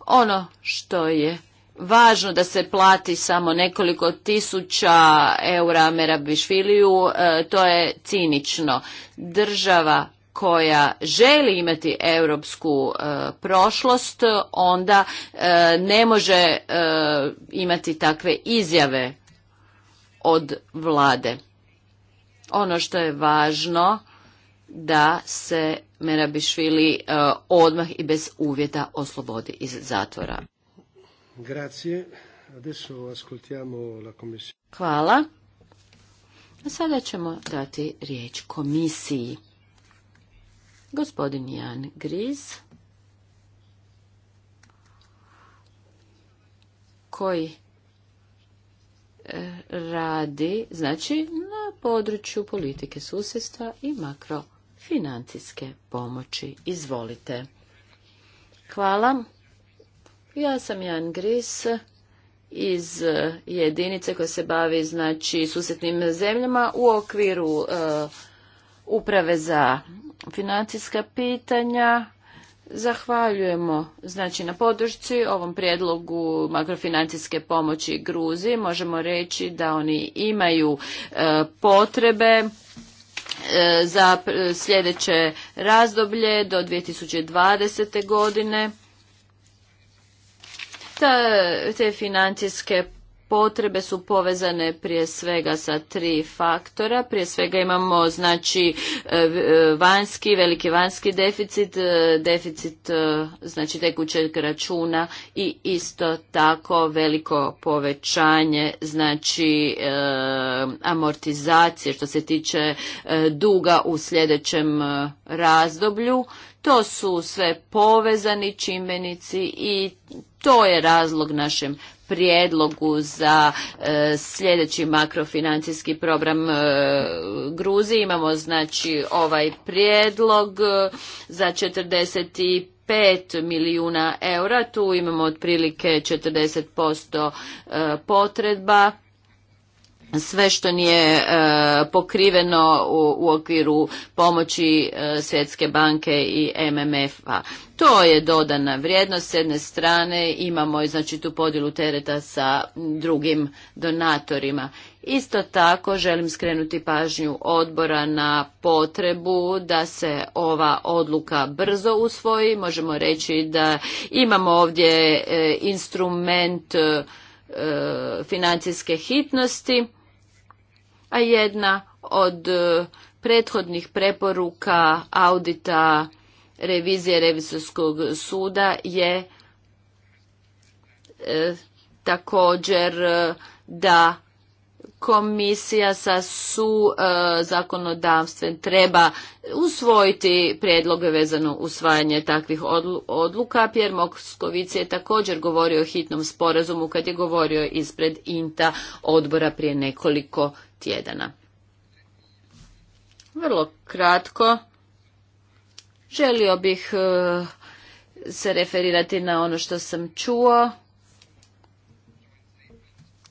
ono što je važno da se plati samo nekoliko tisuća eura Merabišviliju, e, to je cinično. Država koja želi imati europsku e, prošlost onda e, ne može imati takve izjave od vlade ono što je važno da se Merabišvili e, odmah i bez uvjeta oslobodi iz zatvora. Hvala. A sada ćemo dati riječ komisiji. Gospodin Jan Griz, koji radi znači na području politike susjedstva i makrofinancijske pomoći. Izvolite. Hvala. Ja sam Jan Gris iz jedinice koja se bavi znači susjetnim zemljama u okviru e, uprave za financijska pitanja Zahvaljujemo znači na podršci ovom prijedlogu makrofinancijske pomoći Gruzi. Možemo reći da oni imaju e, potrebe e, za sljedeće razdoblje do 2020. godine. Ta, te financijske potrebe su povezane prije svega sa tri faktora. Prije svega imamo znači e, e, vanjski, veliki vanjski deficit, e, deficit znači tekućeg računa i isto tako veliko povećanje znači amortizacije što se tiče duga u sljedećem razdoblju. To su sve povezani čimbenici i to je razlog našem prijedlogu za e, sljedeći makrofinancijski program e, Gruzije. Imamo znači ovaj prijedlog e, za 45 milijuna eura, tu imamo otprilike 40% potreba sve što nije e, pokriveno u, okviru pomoći e, Svjetske banke i MMF-a. To je dodana vrijednost. S jedne strane imamo znači, tu podjelu tereta sa drugim donatorima. Isto tako želim skrenuti pažnju odbora na potrebu da se ova odluka brzo usvoji. Možemo reći da imamo ovdje e, instrument financijske hitnosti a jedna od e, prethodnih preporuka audita revizije revizorskog suda je e, također e, da komisija sa su treba usvojiti prijedloge vezano usvajanje takvih odluka. Pjer Moskovic je također govorio o hitnom sporazumu kad je govorio ispred INTA odbora prije nekoliko tjedana. Vrlo kratko, želio bih e, se referirati na ono što sam čuo.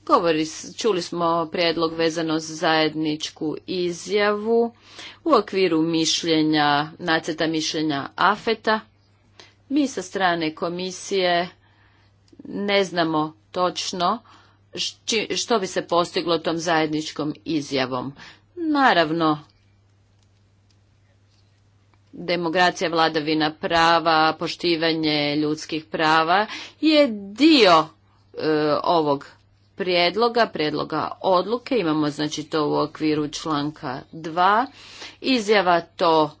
Govori, čuli smo prijedlog vezano za zajedničku izjavu u okviru mišljenja, naceta mišljenja AFETA. Mi sa strane komisije ne znamo točno što bi se postiglo tom zajedničkom izjavom. Naravno, demokracija, vladavina prava, poštivanje ljudskih prava je dio e, ovog prijedloga, prijedloga odluke. Imamo znači to u okviru članka 2. Izjava to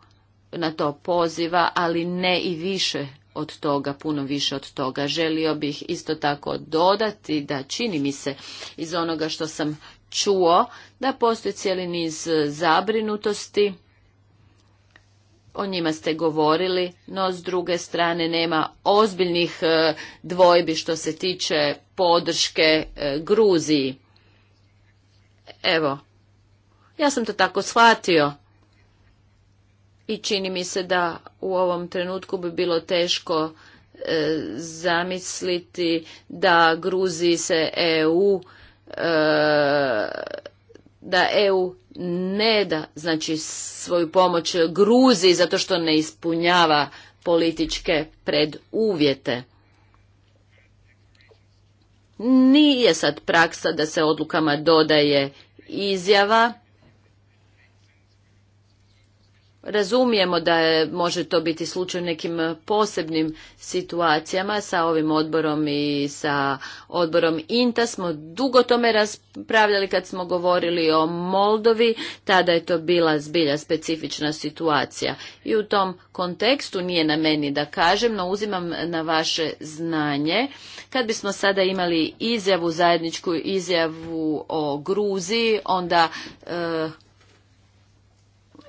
na to poziva, ali ne i više od toga, puno više od toga. Želio bih isto tako dodati da čini mi se iz onoga što sam čuo da postoji cijeli niz zabrinutosti o njima ste govorili, no s druge strane nema ozbiljnih e, dvojbi što se tiče podrške e, Gruziji. Evo, ja sam to tako shvatio i čini mi se da u ovom trenutku bi bilo teško e, zamisliti da Gruziji se EU e, da EU ne da znači svoju pomoć Gruzi zato što ne ispunjava političke preduvjete. Nije sad praksa da se odlukama dodaje izjava Razumijemo da je, može to biti slučaj u nekim posebnim situacijama sa ovim odborom i sa odborom INTA. Smo dugo tome raspravljali kad smo govorili o Moldovi, tada je to bila zbilja specifična situacija. I u tom kontekstu nije na meni da kažem, no uzimam na vaše znanje. Kad bismo sada imali izjavu, zajedničku izjavu o Gruziji, onda... Eh,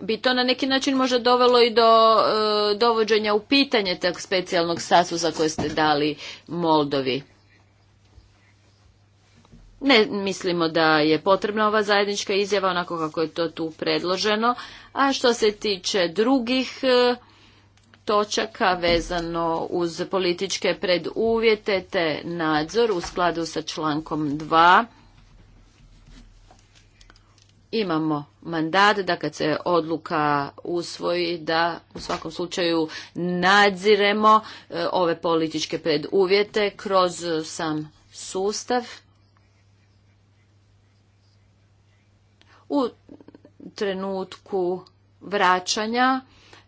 bi to na neki način možda dovelo i do e, dovođenja u pitanje tog specijalnog statusa koje ste dali Moldovi. Ne mislimo da je potrebna ova zajednička izjava onako kako je to tu predloženo, a što se tiče drugih e, točaka vezano uz političke preduvjete te nadzor u skladu sa člankom 2 imamo mandat da kad se odluka usvoji da u svakom slučaju nadziremo e, ove političke preduvjete kroz e, sam sustav. U trenutku vraćanja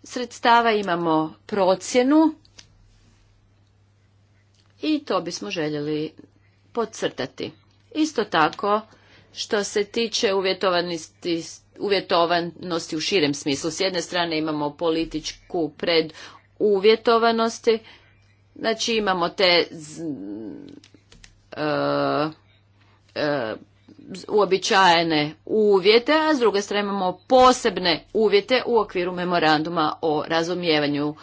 sredstava imamo procjenu i to bismo željeli podcrtati. Isto tako što se tiče uvjetovanosti uvjetovanosti u širem smislu. S jedne strane imamo političku pred uvjetovanosti, znači imamo te e, e, uobičajene uvjete, a s druge strane imamo posebne uvjete u okviru memoranduma o razumijevanju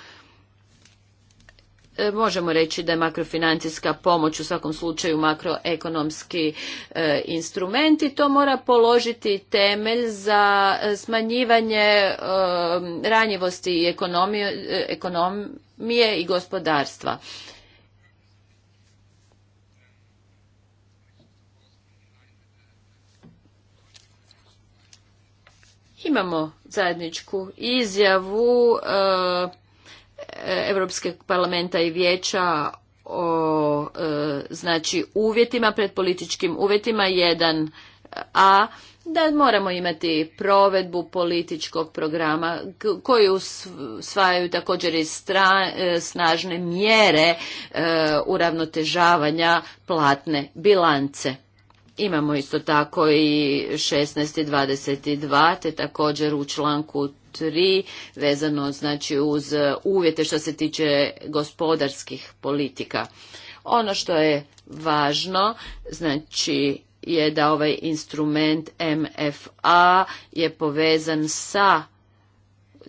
E, možemo reći da je makrofinancijska pomoć u svakom slučaju makroekonomski e, instrument i to mora položiti temelj za e, smanjivanje e, ranjivosti i ekonomije i gospodarstva. Imamo zajedničku izjavu Europskog parlamenta i vijeća o e, znači uvjetima pred političkim uvjetima 1a da moramo imati provedbu političkog programa koji usvajaju također i e, snažne mjere e, uravnotežavanja platne bilance Imamo isto tako i 16.22. te također u članku 3 vezano znači uz uvjete što se tiče gospodarskih politika. Ono što je važno, znači je da ovaj instrument MFA je povezan sa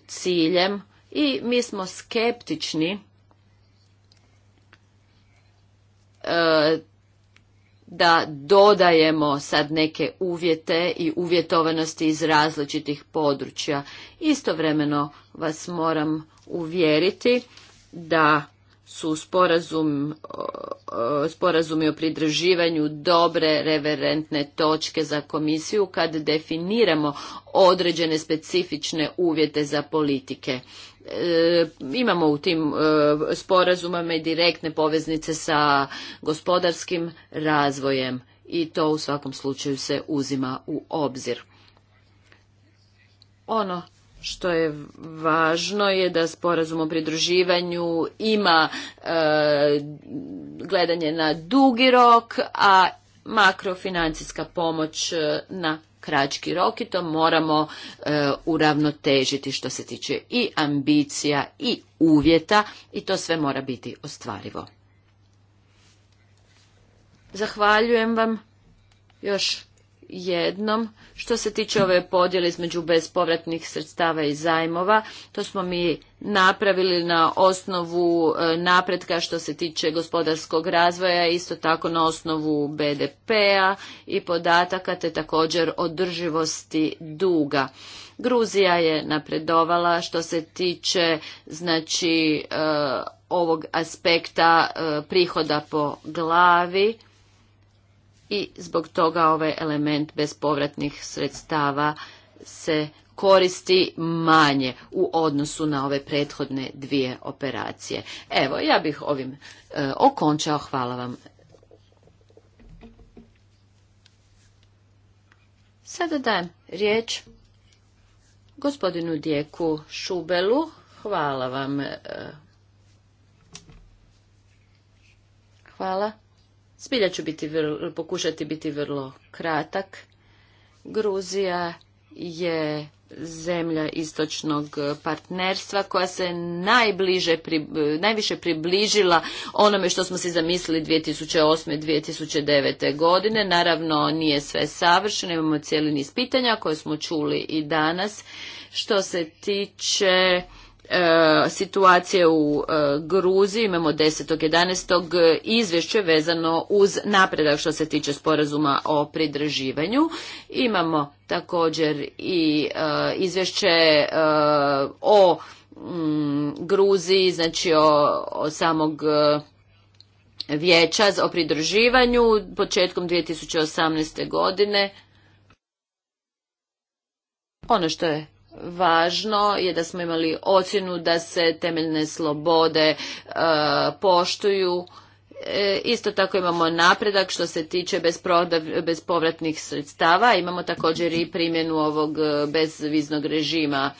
ciljem i mi smo skeptični e, da dodajemo sad neke uvjete i uvjetovanosti iz različitih područja. Istovremeno vas moram uvjeriti da su sporazum, sporazumi o pridrživanju dobre reverentne točke za komisiju kad definiramo određene specifične uvjete za politike. E, imamo u tim e, sporazumama i direktne poveznice sa gospodarskim razvojem i to u svakom slučaju se uzima u obzir. Ono što je važno je da sporazum o pridruživanju ima e, gledanje na dugi rok, a makrofinancijska pomoć na krački rok i to moramo e, uravnotežiti što se tiče i ambicija i uvjeta i to sve mora biti ostvarivo. Zahvaljujem vam još jednom što se tiče ove podjele između bezpovratnih sredstava i zajmova, to smo mi napravili na osnovu e, napretka što se tiče gospodarskog razvoja, isto tako na osnovu BDP-a i podataka te također održivosti duga. Gruzija je napredovala što se tiče znači e, ovog aspekta e, prihoda po glavi i zbog toga ovaj element bezpovratnih sredstava se koristi manje u odnosu na ove prethodne dvije operacije. Evo, ja bih ovim e, okončao. Hvala vam. Sada dajem riječ gospodinu Dijeku Šubelu. Hvala vam. E, hvala. Zbilja ću biti pokušati biti vrlo kratak. Gruzija je zemlja istočnog partnerstva koja se najbliže, najviše približila onome što smo si zamislili 2008. i 2009. godine. Naravno nije sve savršeno, imamo cijeli niz pitanja koje smo čuli i danas. Što se tiče E, situacije u e, Gruziji, imamo 10.11. izvješće vezano uz napredak što se tiče sporazuma o pridrživanju. Imamo također i e, izvješće o Gruziji, znači o, samog vijeća o pridruživanju početkom 2018. godine. Ono što je važno je da smo imali ocjenu da se temeljne slobode e, poštuju. E, isto tako imamo napredak što se tiče bezpovratnih sredstava. Imamo također i primjenu ovog e, bezviznog režima.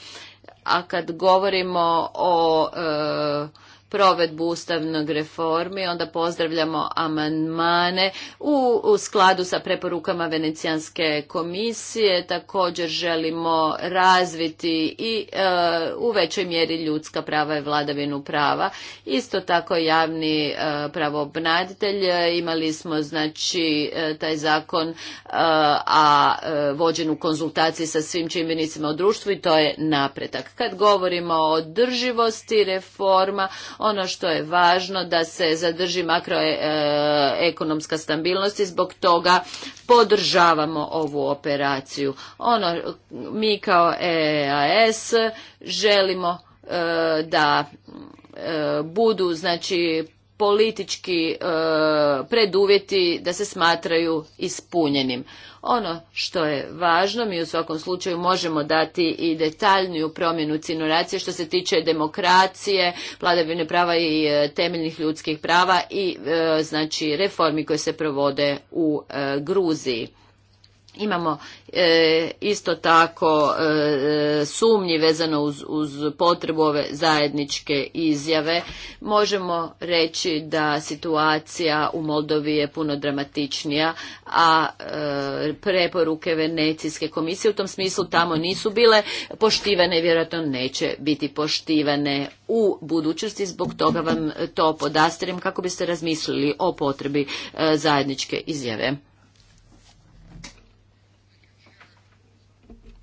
A kad govorimo o provedbu ustavnog reformi, onda pozdravljamo amandmane u, u skladu sa preporukama Venecijanske komisije, također želimo razviti i e, u većoj mjeri ljudska prava i vladavinu prava. Isto tako javni e, pravobnaditelj, e, imali smo znači taj zakon, a vođen u konzultaciji sa svim čimbenicima u društvu i to je napredak. Kad govorimo o održivosti reforma, ono što je važno da se zadrži makroekonomska e, stabilnost i zbog toga podržavamo ovu operaciju. Ono, mi kao EAS želimo e, da e, budu znači politički e, preduvjeti da se smatraju ispunjenim. Ono što je važno, mi u svakom slučaju možemo dati i detaljniju promjenu cinoracije što se tiče demokracije, vladavine prava i e, temeljnih ljudskih prava i e, znači reformi koje se provode u Gruziji. Imamo e, isto tako e, sumnji vezano uz, uz potrebu ove zajedničke izjave. Možemo reći da situacija u Moldovi je puno dramatičnija, a e, preporuke Venecijske komisije u tom smislu tamo nisu bile poštivane i vjerojatno neće biti poštivane u budućnosti. Zbog toga vam to podastrem kako biste razmislili o potrebi zajedničke izjave.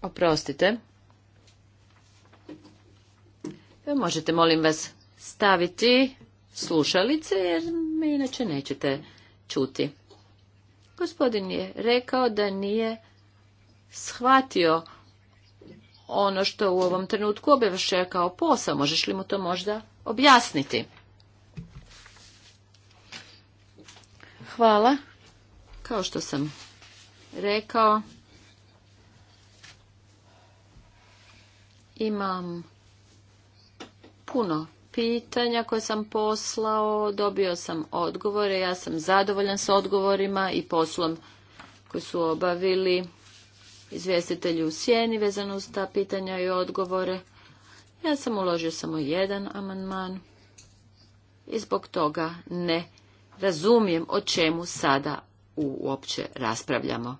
Oprostite. E, možete, molim vas, staviti slušalice, jer me inače nećete čuti. Gospodin je rekao da nije shvatio ono što u ovom trenutku objašća kao posao. Možeš li mu to možda objasniti? Hvala. Kao što sam rekao, Imam puno pitanja koje sam poslao, dobio sam odgovore, ja sam zadovoljan s odgovorima i poslom koji su obavili izvjestitelji u sjeni vezano uz ta pitanja i odgovore. Ja sam uložio samo jedan amandman i zbog toga ne razumijem o čemu sada uopće raspravljamo.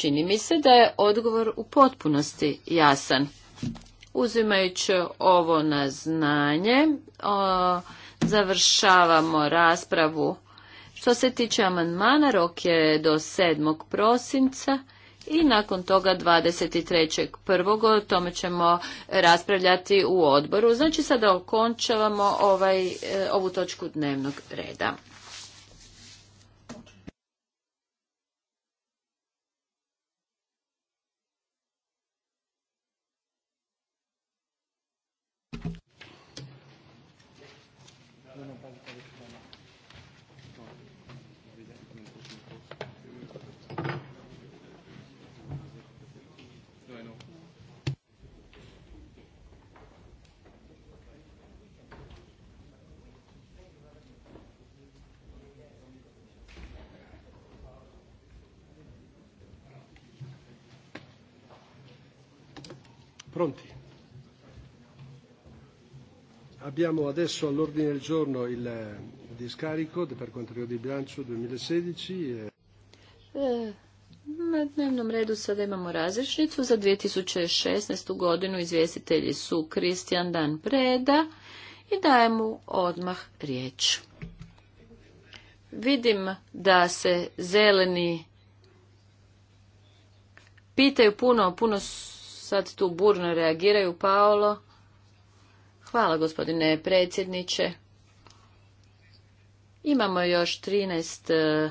Čini mi se da je odgovor u potpunosti jasan. Uzimajući ovo na znanje, završavamo raspravu. Što se tiče amandmana, rok je do 7. prosinca i nakon toga 23.1. o tome ćemo raspravljati u odboru. Znači sada okončavamo ovaj, e, ovu točku dnevnog reda. Pronti? Abbiamo adesso all'ordine del giorno il eh, discarico per quanto riguarda il bilancio 2016. E... Eh. Eh, na dnevnom redu sada imamo razrešnicu za 2016. godinu. Izvjestitelji su Kristijan Dan Preda i dajem mu odmah riječ. Vidim da se zeleni pitaju puno, puno sad tu burno reagiraju. Paolo. Hvala gospodine predsjedniče. Imamo još 13 e,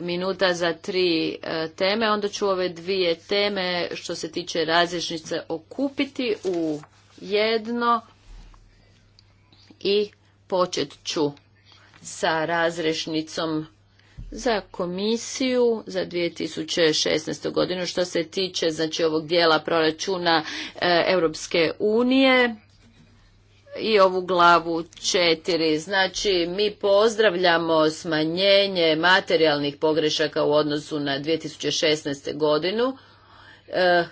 minuta za tri e, teme. Onda ću ove dvije teme što se tiče različnice okupiti u jedno i počet ću sa razrešnicom za komisiju za 2016. godinu što se tiče znači ovog dijela proračuna e, Europske unije i ovu glavu četiri. Znači, mi pozdravljamo smanjenje materijalnih pogrešaka u odnosu na 2016. godinu. E,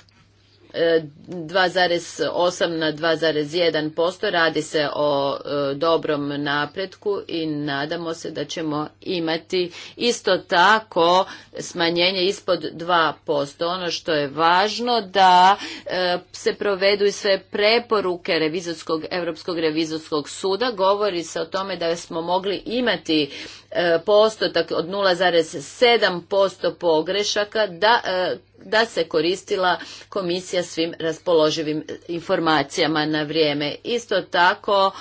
2,8 na 2,1 posto. Radi se o e, dobrom napretku i nadamo se da ćemo imati isto tako smanjenje ispod 2 posto. Ono što je važno da e, se provedu sve preporuke revizorskog, Europskog revizorskog suda. Govori se o tome da smo mogli imati E, postotak od 0,7% pogrešaka da, e, da se koristila komisija svim raspoloživim informacijama na vrijeme. Isto tako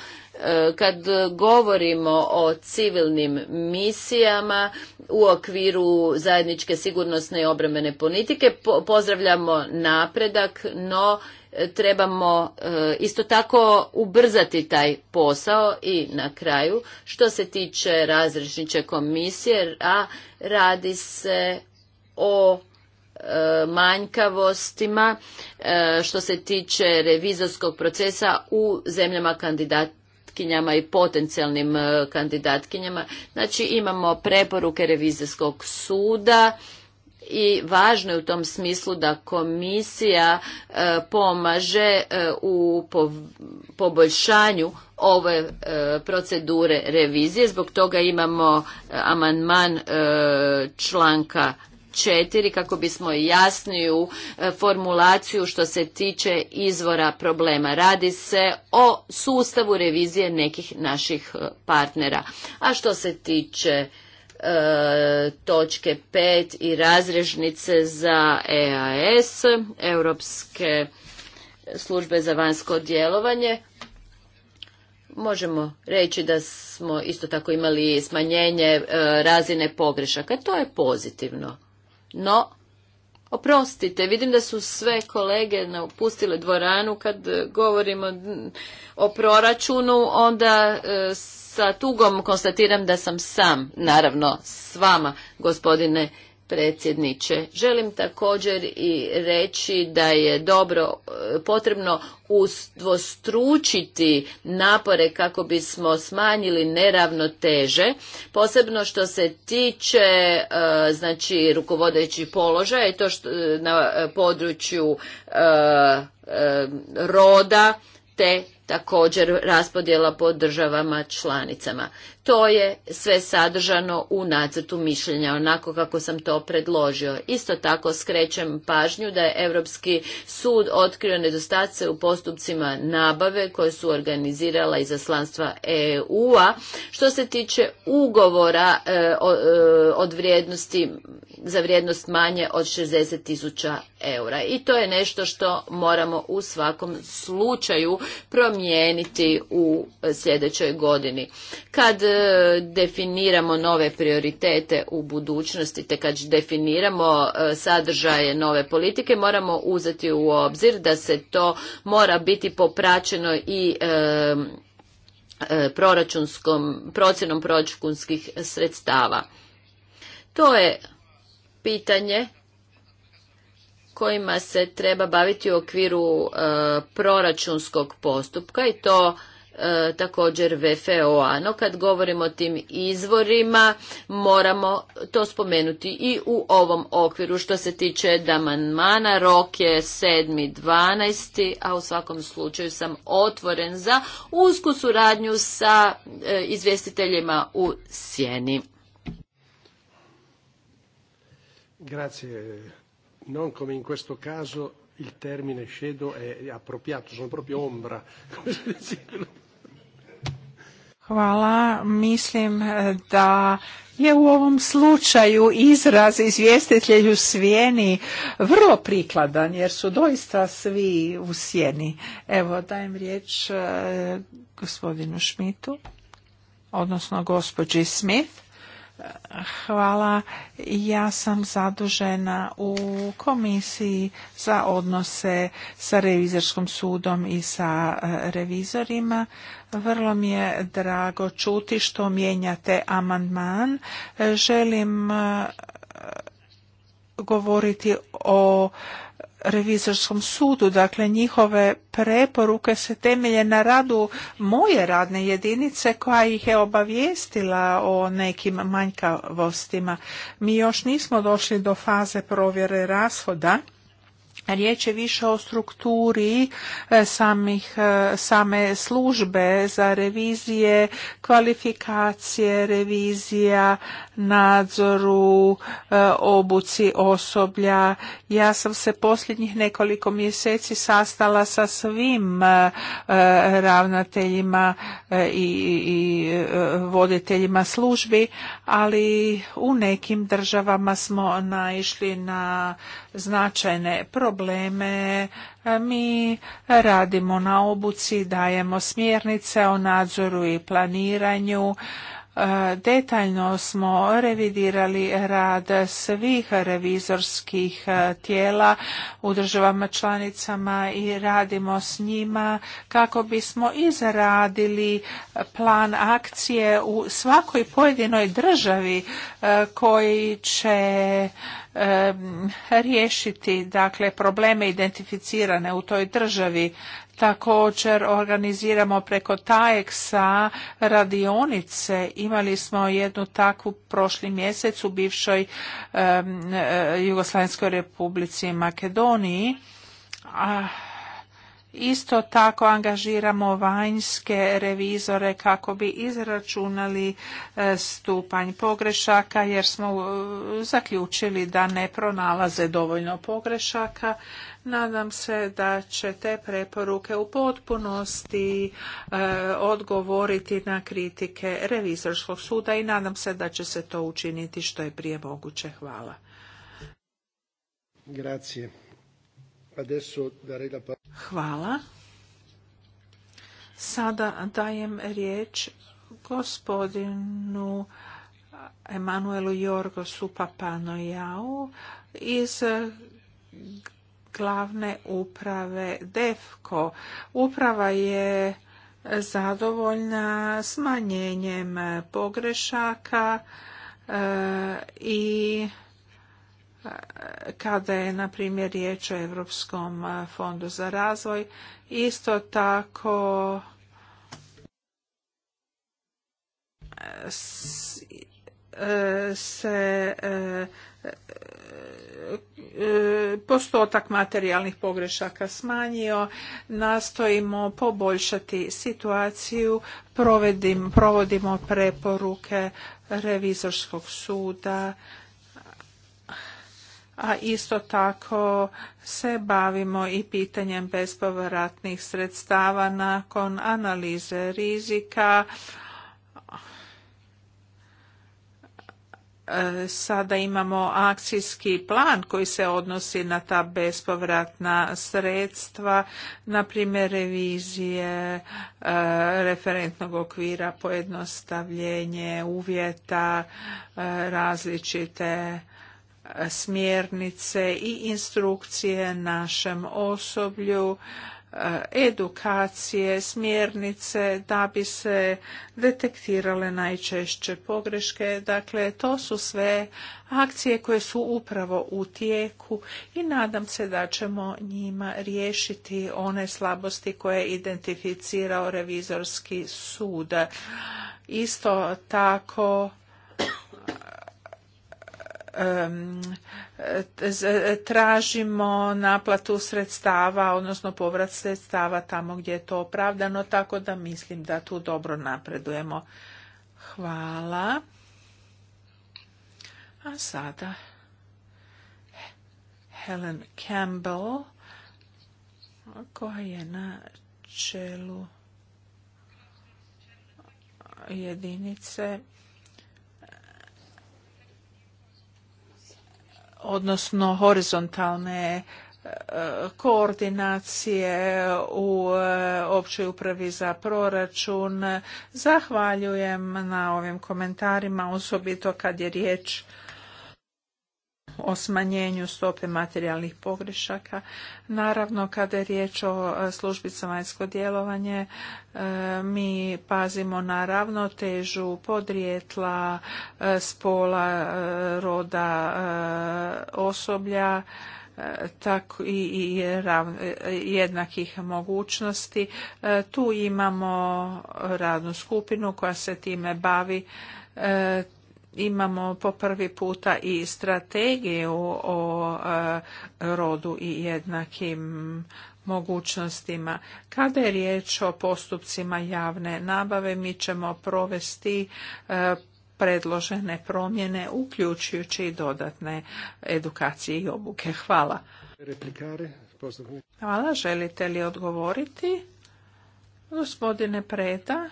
e, kad govorimo o civilnim misijama u okviru zajedničke sigurnosne i obrambene politike pozdravljamo napredak, no trebamo e, isto tako ubrzati taj posao i na kraju što se tiče razrešniče komisije, a radi se o e, manjkavostima e, što se tiče revizorskog procesa u zemljama kandidatkinjama i potencijalnim kandidatkinjama. Znači imamo preporuke revizorskog suda i važno je u tom smislu da komisija e, pomaže e, u poboljšanju ove e, procedure revizije. Zbog toga imamo amandman članka četiri kako bismo jasniju formulaciju što se tiče izvora problema. Radi se o sustavu revizije nekih naših partnera. A što se tiče E, točke 5 i razrežnice za EAS, Europske službe za vanjsko djelovanje. Možemo reći da smo isto tako imali smanjenje e, razine pogrešaka. To je pozitivno. No, oprostite, vidim da su sve kolege napustile dvoranu kad govorimo o proračunu, onda e, sa tugom konstatiram da sam sam, naravno s vama, gospodine predsjedniče. Želim također i reći da je dobro e, potrebno udvostručiti napore kako bismo smanjili neravnoteže, posebno što se tiče e, znači rukovodećih položaja i to što, e, na području roda te također raspodjela po državama članicama. To je sve sadržano u nacrtu mišljenja, onako kako sam to predložio. Isto tako skrećem pažnju da je Europski sud otkrio nedostatke u postupcima nabave koje su organizirala izaslanstva EU-a što se tiče ugovora e, e, od vrijednosti za vrijednost manje od 60 tisuća eura. I to je nešto što moramo u svakom slučaju promijeniti promijeniti u e, sljedećoj godini. Kad e, definiramo nove prioritete u budućnosti, te kad definiramo e, sadržaje nove politike, moramo uzeti u obzir da se to mora biti popraćeno i procjenom proračunskih sredstava. To je pitanje kojima se treba baviti u okviru e, proračunskog postupka i to e, također vfo No kad govorimo o tim izvorima moramo to spomenuti i u ovom okviru što se tiče Damanmana. Rok je 7.12. a u svakom slučaju sam otvoren za usku suradnju sa e, izvjestiteljima u Sjeni. Grazie non come in questo caso il termine shadow è appropriato, sono proprio ombra. Hvala, mislim eh, da je u ovom slučaju izraz izvjestitelju u vrlo prikladan jer su doista svi u sjeni. Evo dajem riječ eh, gospodinu Šmitu, odnosno gospođi Smith. Hvala. Ja sam zadužena u komisiji za odnose sa revizorskom sudom i sa e, revizorima. Vrlo mi je drago čuti što mijenjate amandman. Želim e, govoriti o revizorskom sudu. Dakle, njihove preporuke se temelje na radu moje radne jedinice koja ih je obavijestila o nekim manjkavostima. Mi još nismo došli do faze provjere rashoda Riječ je više o strukturi e, samih, e, same službe za revizije, kvalifikacije, revizija, nadzoru, e, obuci osoblja. Ja sam se posljednjih nekoliko mjeseci sastala sa svim ravnateljima i, i voditeljima službi, ali u nekim državama smo naišli na značajne probleme probleme. Mi radimo na obuci, dajemo smjernice o nadzoru i planiranju Detaljno smo revidirali rad svih revizorskih e, tijela u državama članicama i radimo s njima kako bismo izradili plan akcije u svakoj pojedinoj državi e, koji će e, riješiti dakle probleme identificirane u toj državi Također organiziramo preko TAEX-a radionice. Imali smo jednu takvu prošli mjesec u bivšoj e, Jugoslavenskoj republici Makedoniji. A Isto tako angažiramo vanjske revizore kako bi izračunali e, stupanj pogrešaka jer smo e, zaključili da ne pronalaze dovoljno pogrešaka. Nadam se da će te preporuke u potpunosti e, odgovoriti na kritike revizorskog suda i nadam se da će se to učiniti što je prije moguće. Hvala. Hvala. Sada dajem riječ gospodinu Emanuelu Jorgosu Papanojau iz glavne uprave DEFKO. Uprava je zadovoljna smanjenjem pogrešaka e, i kada je na primjer riječ o Europskom fondu za razvoj. Isto tako se e, e, postotak materijalnih pogrešaka smanjio, nastojimo poboljšati situaciju, provodimo preporuke revizorskog suda a isto tako se bavimo i pitanjem bespovratnih sredstava nakon analize rizika. E, sada imamo akcijski plan koji se odnosi na ta bespovratna sredstva, na primjer revizije e, referentnog okvira, pojednostavljenje uvjeta, e, različite smjernice i instrukcije našem osoblju, eh, edukacije, smjernice da bi se detektirale najčešće pogreške. Dakle, to su sve akcije koje su upravo u tijeku i nadam se da ćemo njima riješiti one slabosti koje je identificirao revizorski sud. Isto tako, tražimo naplatu sredstava, odnosno povrat sredstava tamo gdje je to opravdano, tako da mislim da tu dobro napredujemo. Hvala. A sada Helen Campbell koja je na čelu jedinice odnosno horizontalne e, koordinacije u e, općoj upravi za proračun. Zahvaljujem na ovim komentarima, osobito kad je riječ o smanjenju stope materijalnih pogrešaka. Naravno, kada je riječ o e, službi za vanjsko djelovanje, e, mi pazimo na ravnotežu podrijetla, e, spola, roda, osoblja, tako i jednakih mogućnosti. Tu imamo radnu skupinu koja se time bavi imamo po prvi puta i strategiju o e, rodu i jednakim mogućnostima. Kada je riječ o postupcima javne nabave, mi ćemo provesti e, predložene promjene, uključujući i dodatne edukacije i obuke. Hvala. Hvala. Želite li odgovoriti? Gospodine Preda,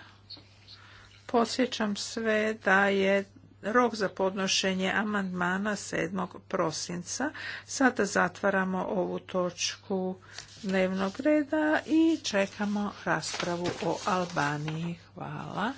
posjećam sve da je rok za podnošenje amandmana 7. prosinca. Sada zatvaramo ovu točku dnevnog reda i čekamo raspravu o Albaniji. Hvala.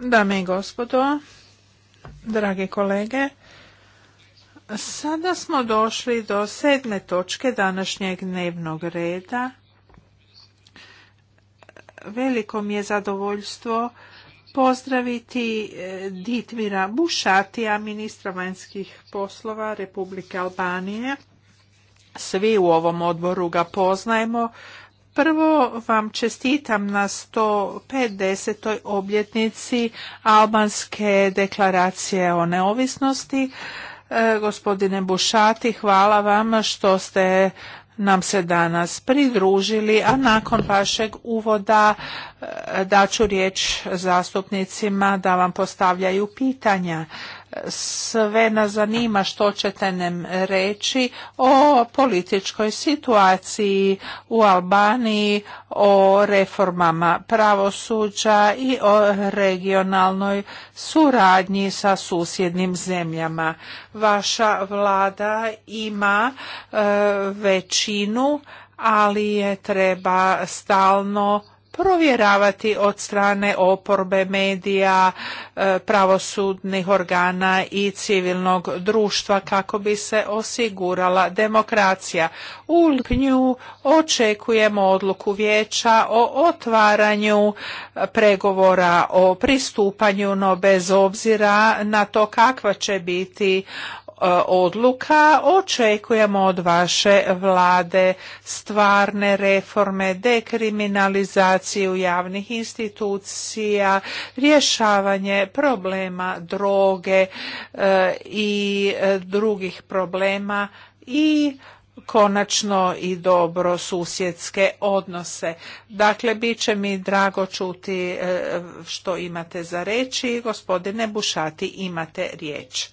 Dame i gospodo, drage kolege, sada smo došli do sedme točke današnjeg dnevnog reda. Veliko mi je zadovoljstvo pozdraviti e, Ditvira Bušatija, ministra vanjskih poslova Republike Albanije. Svi u ovom odboru ga poznajemo, Prvo vam čestitam na 150. obljetnici Albanske deklaracije o neovisnosti. E, gospodine Bušati, hvala vam što ste nam se danas pridružili, a nakon vašeg uvoda e, daću riječ zastupnicima da vam postavljaju pitanja sve nas zanima što ćete nam reći o političkoj situaciji u Albaniji, o reformama pravosuđa i o regionalnoj suradnji sa susjednim zemljama. Vaša vlada ima e, većinu, ali je treba stalno provjeravati od strane oporbe, medija, e, pravosudnih organa i civilnog društva kako bi se osigurala demokracija. U lipnju očekujemo odluku vijeća o otvaranju pregovora o pristupanju, no bez obzira na to kakva će biti E, odluka očekujemo od vaše vlade stvarne reforme, dekriminalizaciju javnih institucija, rješavanje problema droge e, i e, drugih problema i konačno i dobro susjedske odnose. Dakle, bit će mi drago čuti što imate za reći. Gospodine Bušati, imate riječ.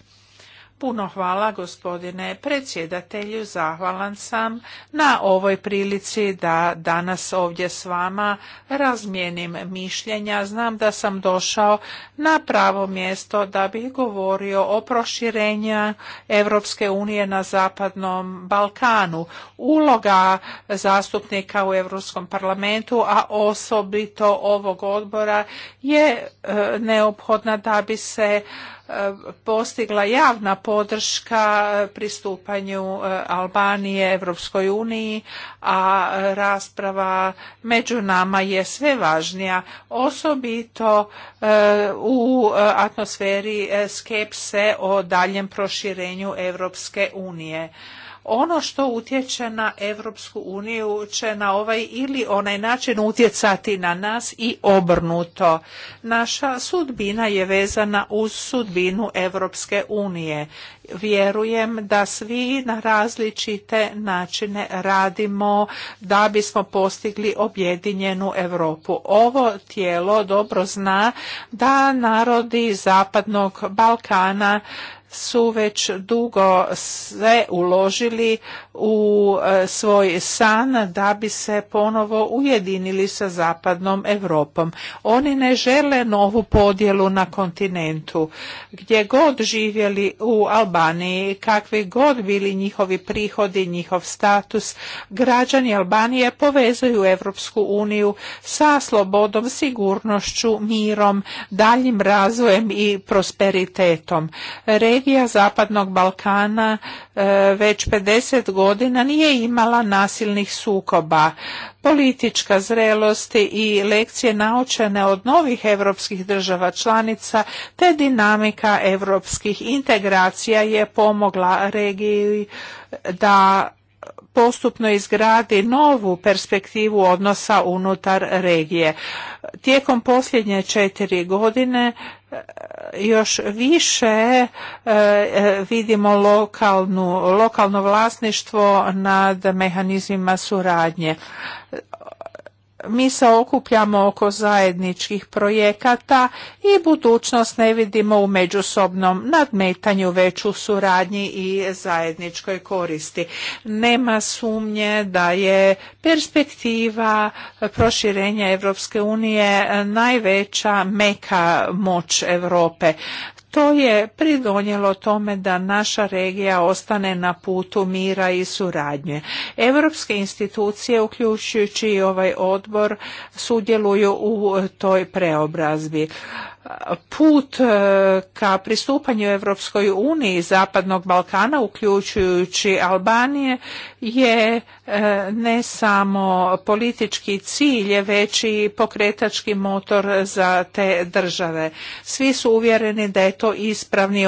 Puno hvala gospodine predsjedatelju, zahvalan sam na ovoj prilici da danas ovdje s vama razmijenim mišljenja. Znam da sam došao na pravo mjesto da bih govorio o proširenju Europske unije na Zapadnom Balkanu. Uloga zastupnika u Europskom parlamentu, a osobito ovog odbora je e, neophodna da bi se postigla javna podrška pristupanju e, Albanije Evropskoj uniji, a rasprava među nama je sve važnija, osobito e, u atmosferi e, skepse o daljem proširenju Evropske unije ono što utječe na Europsku uniju će na ovaj ili onaj način utjecati na nas i obrnuto. Naša sudbina je vezana uz sudbinu Europske unije. Vjerujem da svi na različite načine radimo da bismo postigli objedinjenu Europu. Ovo tijelo dobro zna da narodi Zapadnog Balkana su već dugo sve uložili u e, svoj san da bi se ponovo ujedinili sa zapadnom Europom. Oni ne žele novu podjelu na kontinentu. Gdje god živjeli u Albaniji, kakvi god bili njihovi prihodi, njihov status, građani Albanije povezuju Europsku uniju sa slobodom, sigurnošću, mirom, daljim razvojem i prosperitetom. Regija Zapadnog Balkana E, već 50 godina nije imala nasilnih sukoba. Politička zrelost i lekcije naučene od novih europskih država članica te dinamika europskih integracija je pomogla regiji da postupno izgradi novu perspektivu odnosa unutar regije. Tijekom posljednje četiri godine još više e, e, vidimo lokalnu, lokalno vlasništvo nad mehanizmima suradnje mi se okupljamo oko zajedničkih projekata i budućnost ne vidimo u međusobnom nadmetanju već u suradnji i zajedničkoj koristi. Nema sumnje da je perspektiva proširenja Europske unije najveća meka moć Europe. To je pridonjelo tome da naša regija ostane na putu mira i suradnje. Europske institucije, uključujući i ovaj odbor, sudjeluju u toj preobrazbi put e, ka pristupanju Europskoj uniji Zapadnog Balkana, uključujući Albanije, je e, ne samo politički cilj, već i pokretački motor za te države. Svi su uvjereni da je to ispravni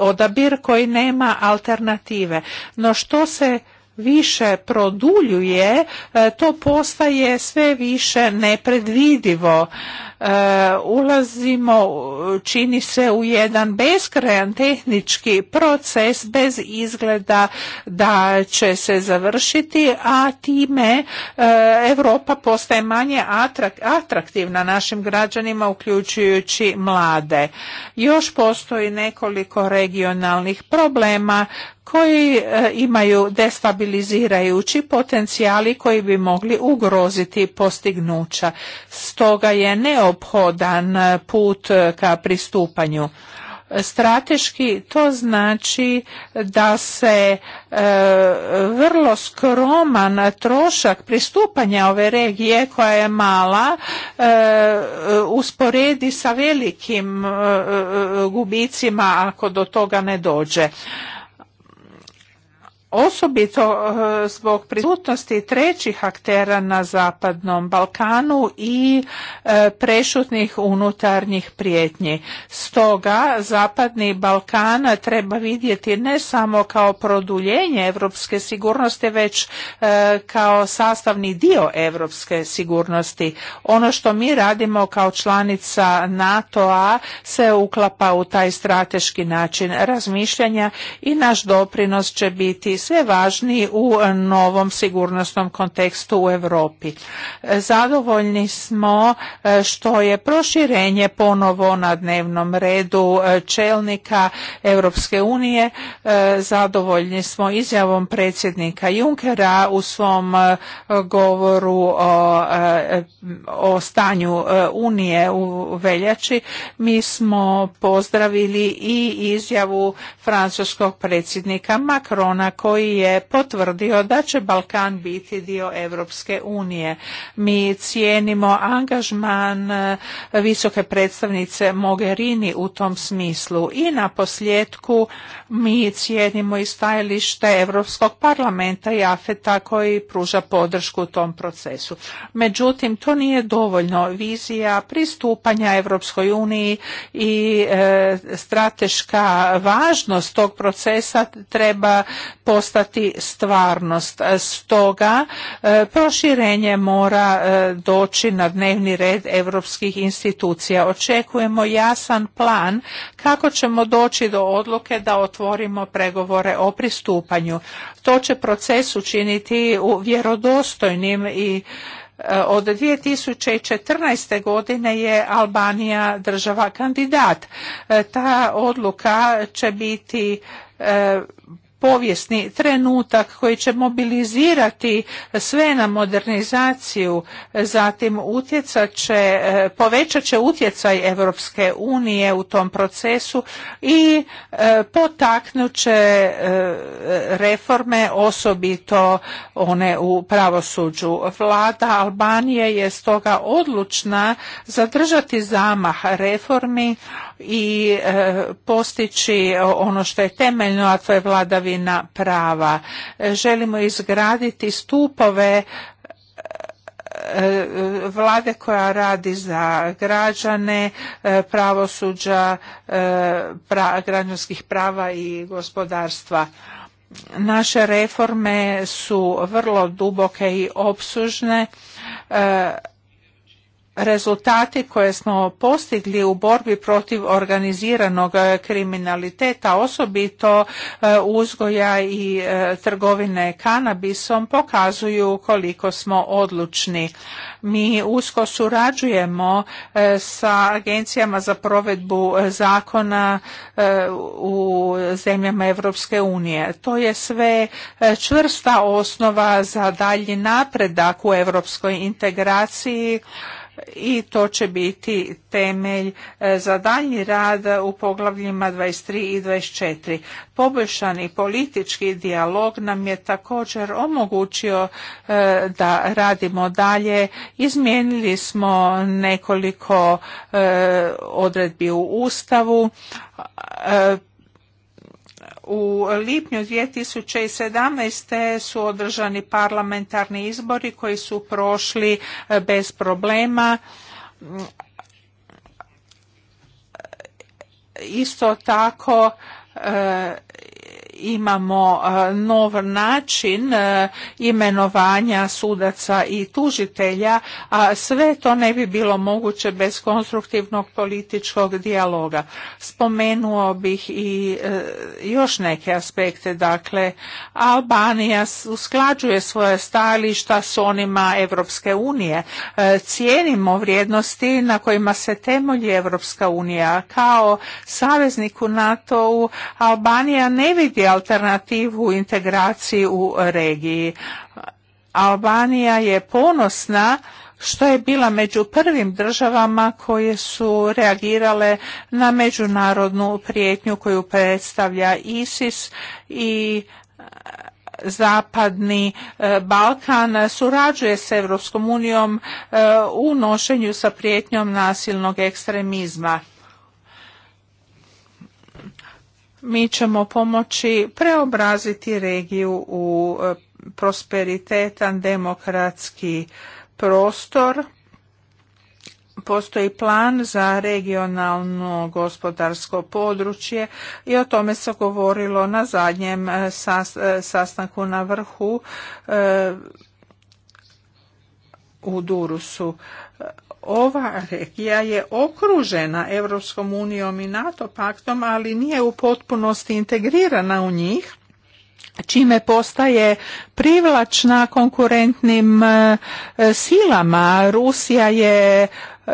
odabir koji nema alternative. No što se više produljuje, e, to postaje sve više nepredvidivo. E, ulazimo, čini se, u jedan beskrajan tehnički proces bez izgleda da će se završiti, a time e, Europa postaje manje atraktivna našim građanima, uključujući mlade. Još postoji nekoliko regionalnih problema koji e, imaju destabilizirajući potencijali koji bi mogli ugroziti postignuća. Stoga je neophodan e, put e, ka pristupanju. Strateški to znači da se e, vrlo skroman trošak pristupanja ove regije koja je mala usporedi sa velikim gubicima ako do toga ne dođe osobito eh, zbog prisutnosti trećih aktera na Zapadnom Balkanu i eh, prešutnih unutarnjih prijetnji. Stoga Zapadni Balkan treba vidjeti ne samo kao produljenje europske sigurnosti, već eh, kao sastavni dio europske sigurnosti. Ono što mi radimo kao članica NATO-a se uklapa u taj strateški način razmišljanja i naš doprinos će biti sve važniji u eh, novom sigurnosnom kontekstu u Europi. Eh, zadovoljni smo eh, što je proširenje ponovo na dnevnom redu čelnika Europske unije. Zadovoljni smo izjavom predsjednika Junkera u svom govoru o, o stanju Unije u veljači. Mi smo pozdravili i izjavu francuskog predsjednika Macrona koji koji je potvrdio da će Balkan biti dio Europske unije. Mi cijenimo angažman e, visoke predstavnice Mogherini u tom smislu i na posljedku mi cijenimo i stajalište Europskog parlamenta i AFETA koji pruža podršku u tom procesu. Međutim, to nije dovoljno. Vizija pristupanja Europskoj uniji i e, strateška važnost tog procesa treba po postati stvarnost. Stoga e, proširenje mora e, doći na dnevni red europskih institucija. Očekujemo jasan plan kako ćemo doći do odluke da otvorimo pregovore o pristupanju. To će proces učiniti vjerodostojnim i e, od 2014. godine je Albanija država kandidat. Ta odluka će biti povijesni trenutak koji će mobilizirati sve na modernizaciju, zatim utjecat će, e, povećat će utjecaj Europske unije u tom procesu i e, potaknut će e, reforme, osobito one u pravosuđu. Vlada Albanije je stoga odlučna zadržati zamah reformi, i e, postići ono što je temeljno, a to je vladavina prava. Želimo izgraditi stupove e, vlade koja radi za građane, e, pravosuđa, građanskih prava i gospodarstva. Naše reforme su vrlo duboke i opsužne rezultati koje smo postigli u borbi protiv organiziranog kriminaliteta, osobito e, uzgoja i e, trgovine kanabisom, pokazuju koliko smo odlučni. Mi usko surađujemo e, sa agencijama za provedbu zakona u zemljama Europske unije. To je sve čvrsta osnova za dalji napredak u europskoj integraciji i to će biti temelj e, za daljnji rad u poglavljima 23 i 24. Poboljšani politički dijalog nam je također omogućio e, da radimo dalje. Izmijenili smo nekoliko e, odredbi u Ustavu, u lipnju 2017. su održani parlamentarni izbori koji su prošli e, bez problema. E, isto tako e, imamo e, nov način e, imenovanja sudaca i tužitelja, a sve to ne bi bilo moguće bez konstruktivnog političkog dijaloga. Spomenuo bih i e, još neke aspekte, dakle Albanija usklađuje svoje stajališta s onima Evropske unije. Cijenimo vrijednosti na kojima se temelji Evropska unija. Kao saveznik u NATO-u Albanija ne vidi alternativu integraciji u regiji. Albanija je ponosna što je bila među prvim državama koje su reagirale na međunarodnu prijetnju koju predstavlja ISIS i e, zapadni e, Balkan surađuje s Europskom unijom e, u nošenju sa prijetnjom nasilnog ekstremizma. mi ćemo pomoći preobraziti regiju u e, prosperitetan demokratski prostor. Postoji plan za regionalno gospodarsko područje i o tome se govorilo na zadnjem e, e, sastanku na vrhu u Durusu ova regija je okružena Europskom unijom i NATO paktom, ali nije u potpunosti integrirana u njih čime postaje privlačna konkurentnim e, silama. Rusija je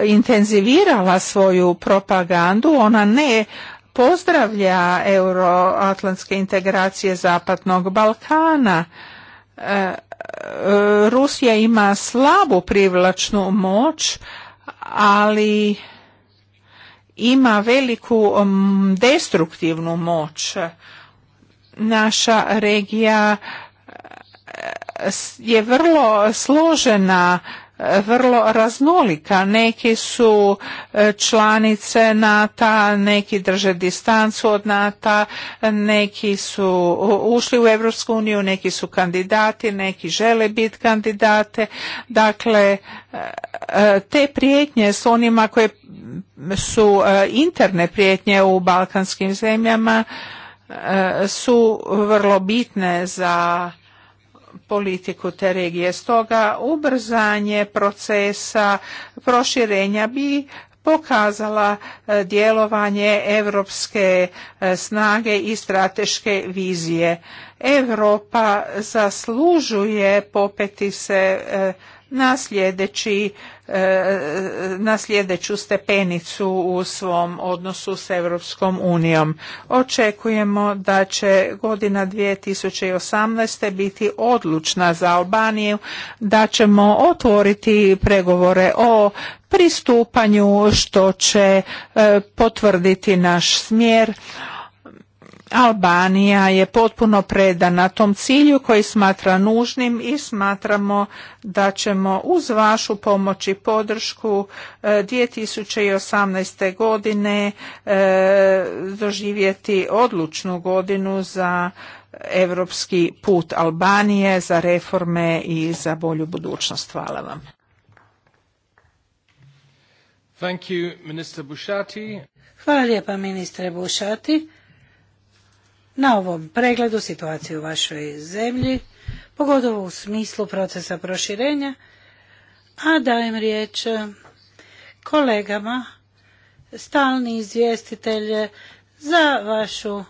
intenzivirala svoju propagandu, ona ne pozdravlja euroatlantske integracije Zapadnog Balkana. E, e, Rusija ima slabu privlačnu moć, ali ima veliku mm, destruktivnu moć. Naša regija eh, je vrlo složena, eh, vrlo raznolika. Neki su eh, članice NATO, neki drže distancu od NATO, neki su ušli u Europsku uniju, neki su kandidati, neki žele biti kandidate. Dakle, E, te prijetnje s onima koje su e, interne prijetnje u balkanskim zemljama e, su vrlo bitne za politiku te regije. Stoga ubrzanje procesa proširenja bi pokazala djelovanje europske snage i strateške vizije. Europa zaslužuje popeti se na, sljedeći, e, na sljedeću stepenicu u svom odnosu s Europskom unijom. Očekujemo da će godina 2018. biti odlučna za Albaniju, da ćemo otvoriti pregovore o pristupanju što će e, potvrditi naš smjer Albanija je potpuno predana tom cilju koji smatra nužnim i smatramo da ćemo uz vašu pomoć i podršku 2018. E, godine e, doživjeti odlučnu godinu za europski put Albanije, za reforme i za bolju budućnost. Hvala vam. Hvala lijepa ministre Bušati na ovom pregledu situacije u vašoj zemlji, pogotovo u smislu procesa proširenja, a dajem riječ kolegama, stalni izvjestitelje, za vašu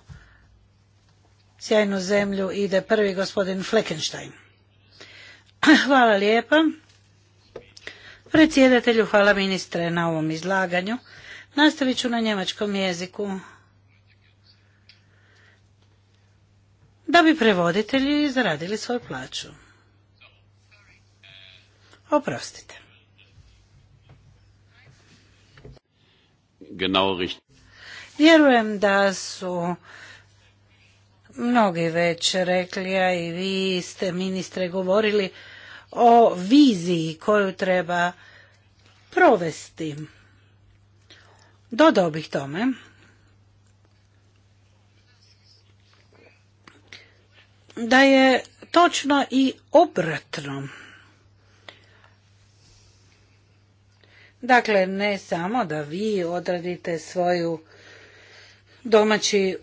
sjajnu zemlju ide prvi gospodin Fleckenstein. Hvala lijepa. Predsjedatelju, hvala ministre na ovom izlaganju. Nastavit ću na njemačkom jeziku. da bi prevoditelji zaradili svoju plaću. Oprostite. Vjerujem da su mnogi već rekli, a i vi ste ministre govorili o viziji koju treba provesti. Dodao bih tome da je točno i obratno. Dakle, ne samo da vi odradite svoju domaći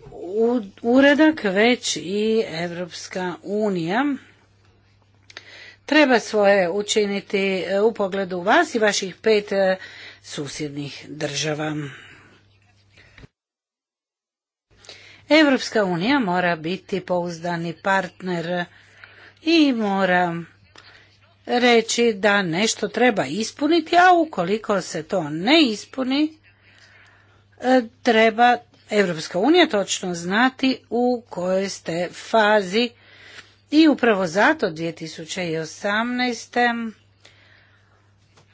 uredak, već i Evropska unija treba svoje učiniti u pogledu vas i vaših pet susjednih država. Evropska unija mora biti pouzdani partner i mora reći da nešto treba ispuniti, a ukoliko se to ne ispuni, e, treba Europska unija točno znati u kojoj ste fazi i upravo zato 2018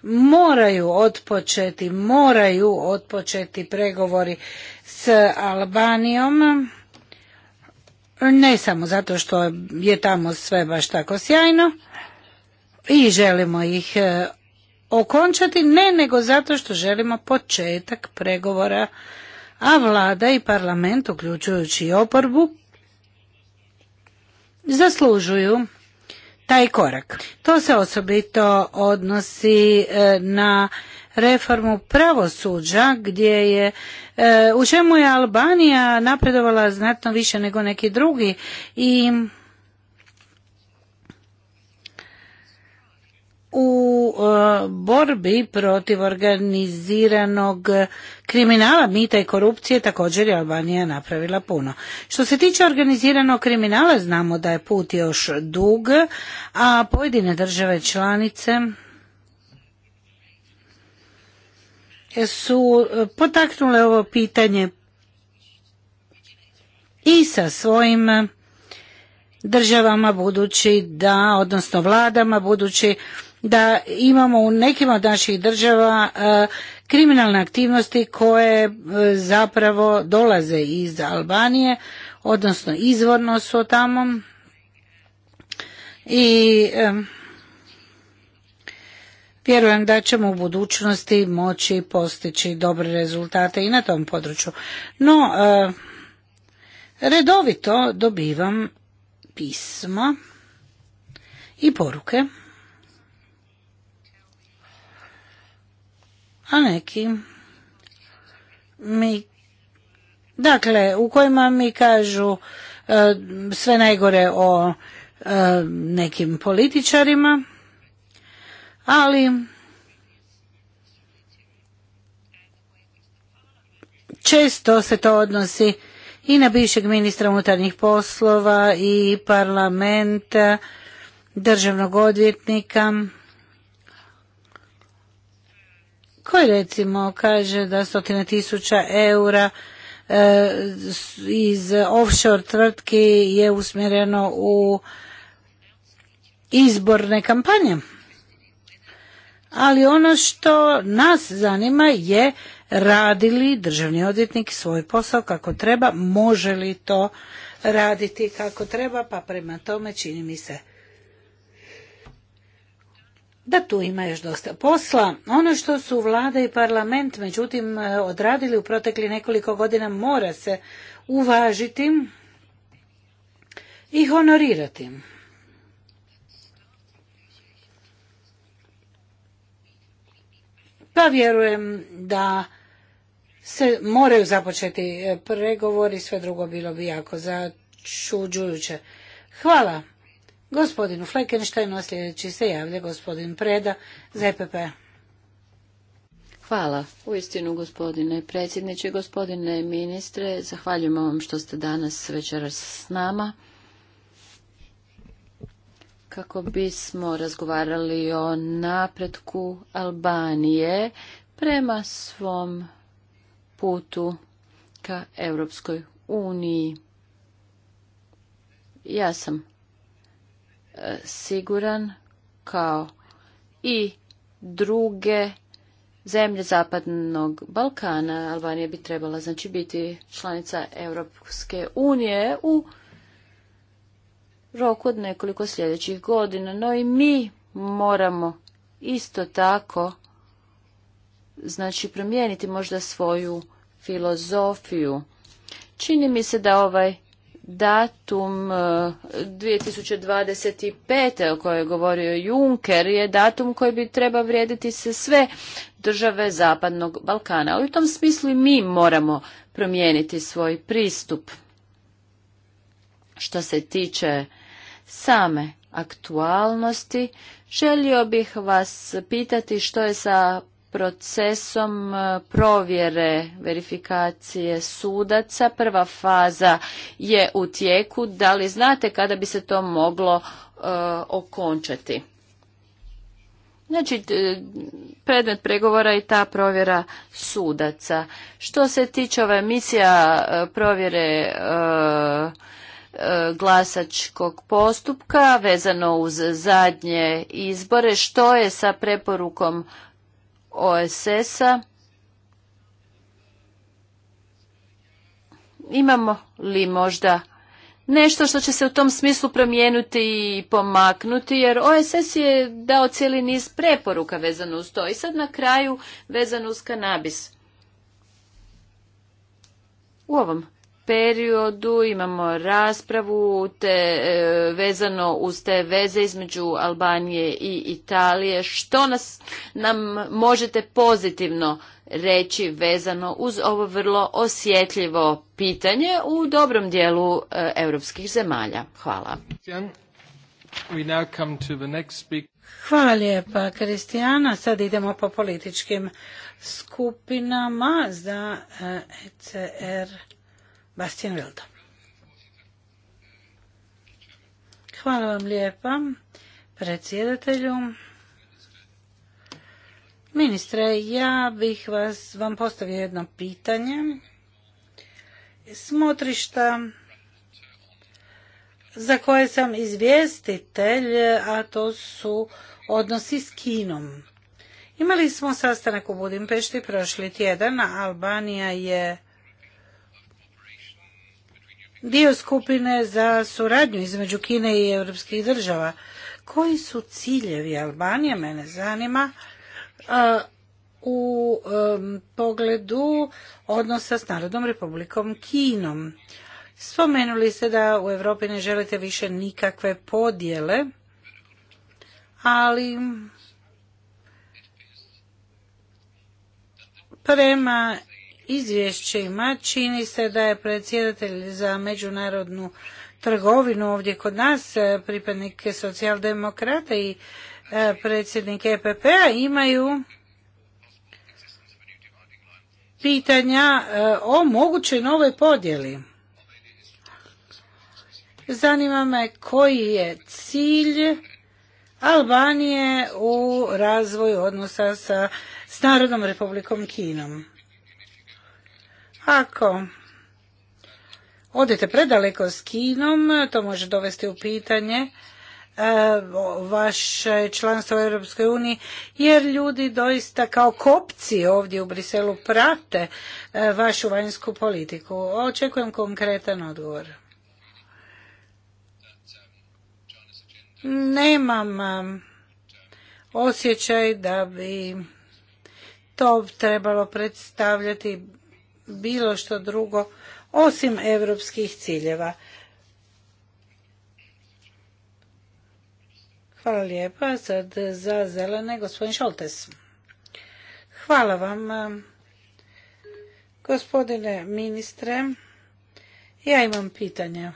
moraju otpočeti, moraju otpočeti pregovori s Albanijom. Ne samo zato što je tamo sve baš tako sjajno i želimo ih e, okončati, ne nego zato što želimo početak pregovora, a vlada i parlament, uključujući i oporbu, zaslužuju taj korak. To se osobito odnosi e, na reformu pravosuđa gdje je e, u čemu je Albanija napredovala znatno više nego neki drugi i u e, borbi protiv organiziranog kriminala, mita i korupcije također je Albanija napravila puno. Što se tiče organiziranog kriminala znamo da je put još dug, a pojedine države članice su e, potaknule ovo pitanje i sa svojim državama budući da, odnosno vladama budući da imamo u nekim od naših država e, kriminalne aktivnosti koje e, zapravo dolaze iz Albanije, odnosno izvorno su tamo i Vjerujem da ćemo u budućnosti moći postići dobre rezultate i na tom području. No, e, redovito dobivam pisma i poruke. A neki mi dakle u kojima mi kažu e, sve najgore o e, nekim političarima ali često se to odnosi i na bivšeg ministra unutarnjih poslova i parlamenta, državnog odvjetnika, koji recimo kaže da stotine tisuća eura e, iz offshore tvrtki je usmjereno u izborne kampanje ali ono što nas zanima je radili državni odvjetnik svoj posao kako treba, može li to raditi kako treba, pa prema tome čini mi se da tu ima još dosta posla. Ono što su vlada i parlament međutim e, odradili u protekli nekoliko godina mora se uvažiti i honorirati. pa vjerujem da se moraju započeti e, pregovori, sve drugo bilo bi jako začuđujuće. Hvala gospodinu Fleckensteinu, a sljedeći se javlja gospodin Preda za EPP. Hvala. Uistinu, gospodine predsjedniče, gospodine ministre, zahvaljujemo vam što ste danas večeras s nama kako bismo razgovarali o napretku Albanije prema svom putu ka Europskoj uniji. Ja sam e, siguran kao i druge zemlje zapadnog Balkana. Albanija bi trebala znači biti članica Europske unije u roku od nekoliko sljedećih godina. No i mi moramo isto tako znači promijeniti možda svoju filozofiju. Čini mi se da ovaj datum 2025. E, o kojoj je govorio Juncker je datum koji bi treba vrijediti se sve države Zapadnog Balkana. Ali u tom smislu i mi moramo promijeniti svoj pristup što se tiče same aktualnosti, želio bih vas pitati što je sa procesom e, provjere verifikacije sudaca. Prva faza je u tijeku. Da li znate kada bi se to moglo e, okončati? Znači, predmet pregovora je ta provjera sudaca. Što se tiče ove emisija e, provjere E, glasačkog postupka vezano uz zadnje izbore. Što je sa preporukom OSS-a? Imamo li možda nešto što će se u tom smislu promijenuti i pomaknuti, jer OSS je dao cijeli niz preporuka vezano uz to i sad na kraju vezano uz kanabis. U ovom periodu imamo raspravu te e, vezano uz te veze između Albanije i Italije što nas nam možete pozitivno reći vezano uz ovo vrlo osjetljivo pitanje u dobrom dijelu e, europskih zemalja hvala Hvala lijepa, Kristijana. Sad idemo po političkim skupinama za ECR. E Bastian Hvala vam lijepa predsjedatelju. Ministre, ja bih vas, vam postavio jedno pitanje. Smotrišta za koje sam izvjestitelj, a to su odnosi s Kinom. Imali smo sastanak u Budimpešti prošli tjedan, a Albanija je dio skupine za suradnju između Kine i europskih država. Koji su ciljevi Albanije, mene zanima, u pogledu odnosa s Narodnom republikom Kinom? Spomenuli ste da u Europi ne želite više nikakve podjele, ali prema izvješćima čini se da je predsjedatelj za međunarodnu trgovinu ovdje kod nas, e, pripadnik socijaldemokrata i e, predsjednik EPP-a imaju pitanja e, o mogućoj novoj podjeli. Zanima me koji je cilj Albanije u razvoju odnosa sa Narodnom republikom Kinom. Ako odete predaleko s Kinom, to može dovesti u pitanje e, vaše članstvo u Europskoj uniji, jer ljudi doista kao kopci ovdje u Briselu prate e, vašu vanjsku politiku. Očekujem konkretan odgovor. Nemam e, osjećaj da bi to trebalo predstavljati bilo što drugo osim europskih ciljeva. Hvala lijepa. Sad za zelene gospodin Šoltes. Hvala vam. Gospodine ministre, ja imam pitanje.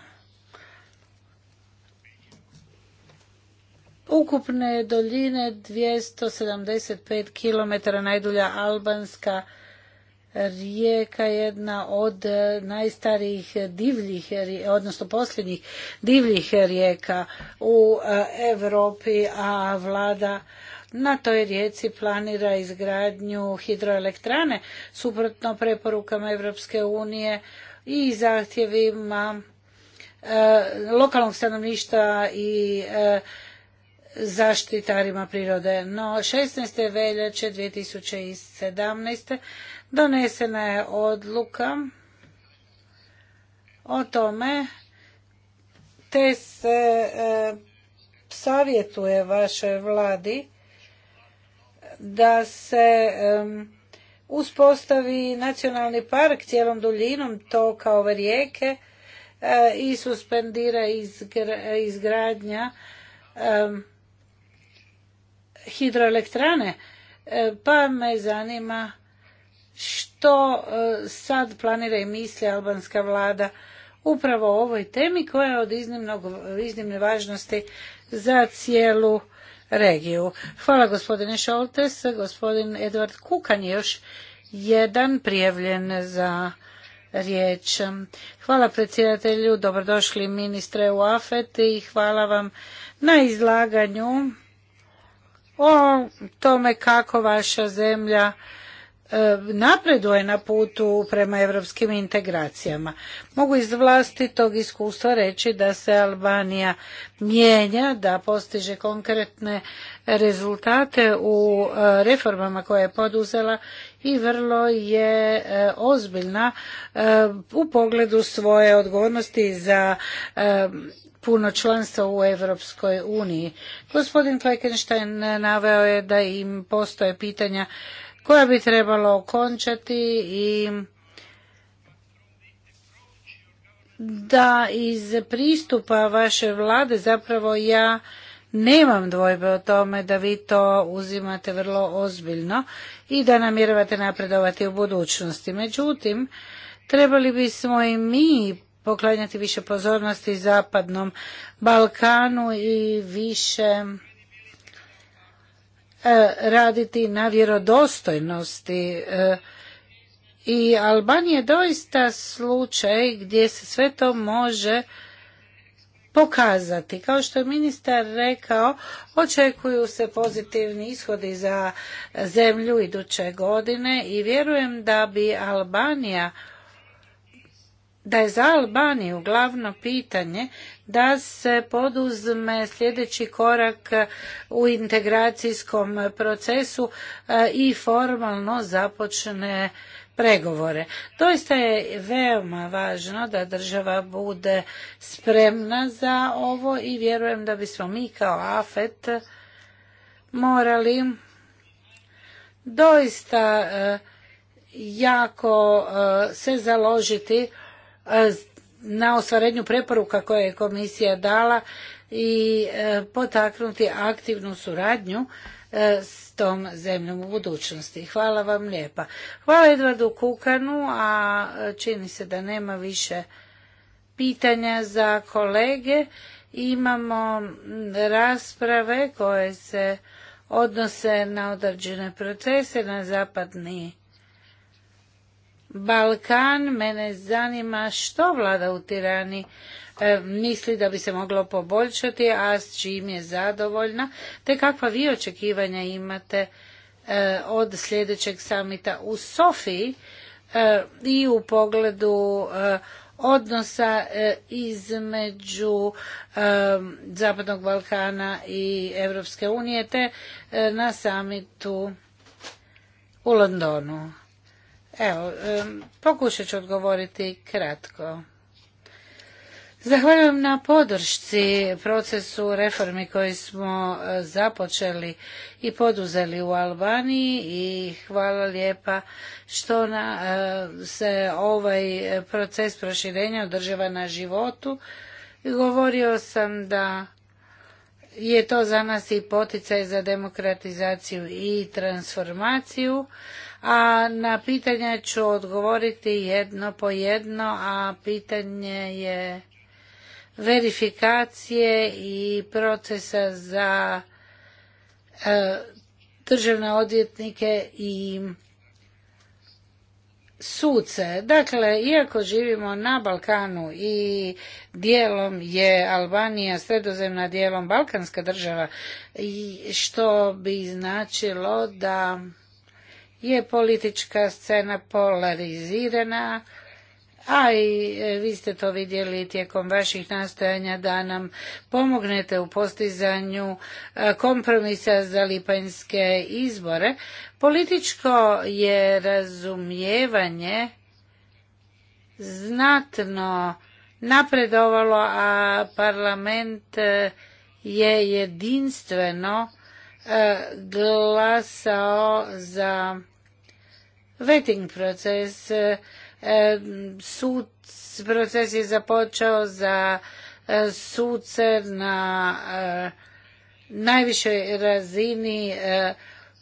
Ukupne doljine 275 km najdulja albanska rijeka je jedna od e, najstarijih divljih, odnosno posljednjih divljih rijeka u e, Europi, a vlada na toj rijeci planira izgradnju hidroelektrane suprotno preporukama Europske unije i zahtjevima e, lokalnog stanovništva i zaštitarima prirode. No, 16. veljače 2017 donesena je odluka o tome te se e, savjetuje vašoj vladi da se e, uspostavi nacionalni park cijelom duljinom toka ove rijeke e, i suspendira izgradnja hidroelektrane. Pa me zanima što e, sad planira i misli albanska vlada upravo o ovoj temi koja je od iznimne važnosti za cijelu regiju. Hvala gospodine Šoltes. Gospodin Edward Kukan je još jedan prijavljen za riječ. Hvala predsjedatelju, dobrodošli ministre u AFET i hvala vam na izlaganju o tome kako vaša zemlja E, napreduje na putu prema europskim integracijama. Mogu iz vlastitog iskustva reći da se Albanija mijenja, da postiže konkretne rezultate u e, reformama koje je poduzela i vrlo je e, ozbiljna u pogledu svoje odgovornosti za puno članstva u Europskoj uniji. Gospodin Klekenštajn naveo je da im postoje pitanja koja bi trebalo okončati i da iz pristupa vaše vlade zapravo ja nemam dvojbe o tome da vi to uzimate vrlo ozbiljno i da namjeravate napredovati u budućnosti. Međutim, trebali bismo i mi poklanjati više pozornosti Zapadnom Balkanu i više E, raditi na vjerodostojnosti e, i Albanija je doista slučaj gdje se sve to može pokazati. Kao što je ministar rekao, očekuju se pozitivni ishodi za zemlju iduće godine i vjerujem da bi Albanija da je za Albaniju glavno pitanje da se poduzme sljedeći korak u integracijskom procesu e, i formalno započne pregovore. Doista je veoma važno da država bude spremna za ovo i vjerujem da bismo mi kao AFET morali doista e, jako e, se založiti na ostvarenju preporuka koje je komisija dala i e, potaknuti aktivnu suradnju e, s tom zemljom u budućnosti. Hvala vam lijepa. Hvala Edvardu Kukanu, a e, čini se da nema više pitanja za kolege. Imamo rasprave koje se odnose na određene procese na zapadni Balkan. Mene zanima što vlada u Tirani e, misli da bi se moglo poboljšati, a s čim je zadovoljna, te kakva vi očekivanja imate e, od sljedećeg samita u Sofiji e, i u pogledu odnosa između Zapadnog Balkana i Europske unije te na samitu u Londonu. Evo, pokušat ću odgovoriti kratko. Zahvaljujem na podršci procesu reformi koji smo e, započeli i poduzeli u Albaniji i hvala lijepa što na, e, se ovaj proces proširenja održava na životu. Govorio sam da je to za nas i poticaj za demokratizaciju i transformaciju a na pitanje ću odgovoriti jedno po jedno, a pitanje je verifikacije i procesa za e, državne odvjetnike i suce. Dakle, iako živimo na Balkanu i dijelom je Albanija sredozemna dijelom balkanska država, što bi značilo da je politička scena polarizirana, a i e, vi ste to vidjeli tijekom vaših nastojanja da nam pomognete u postizanju e, kompromisa za lipanjske izbore. Političko je razumijevanje znatno napredovalo, a parlament e, je jedinstveno glasao za vetting proces. E, sud proces je započeo za e, suce na e, najvišoj razini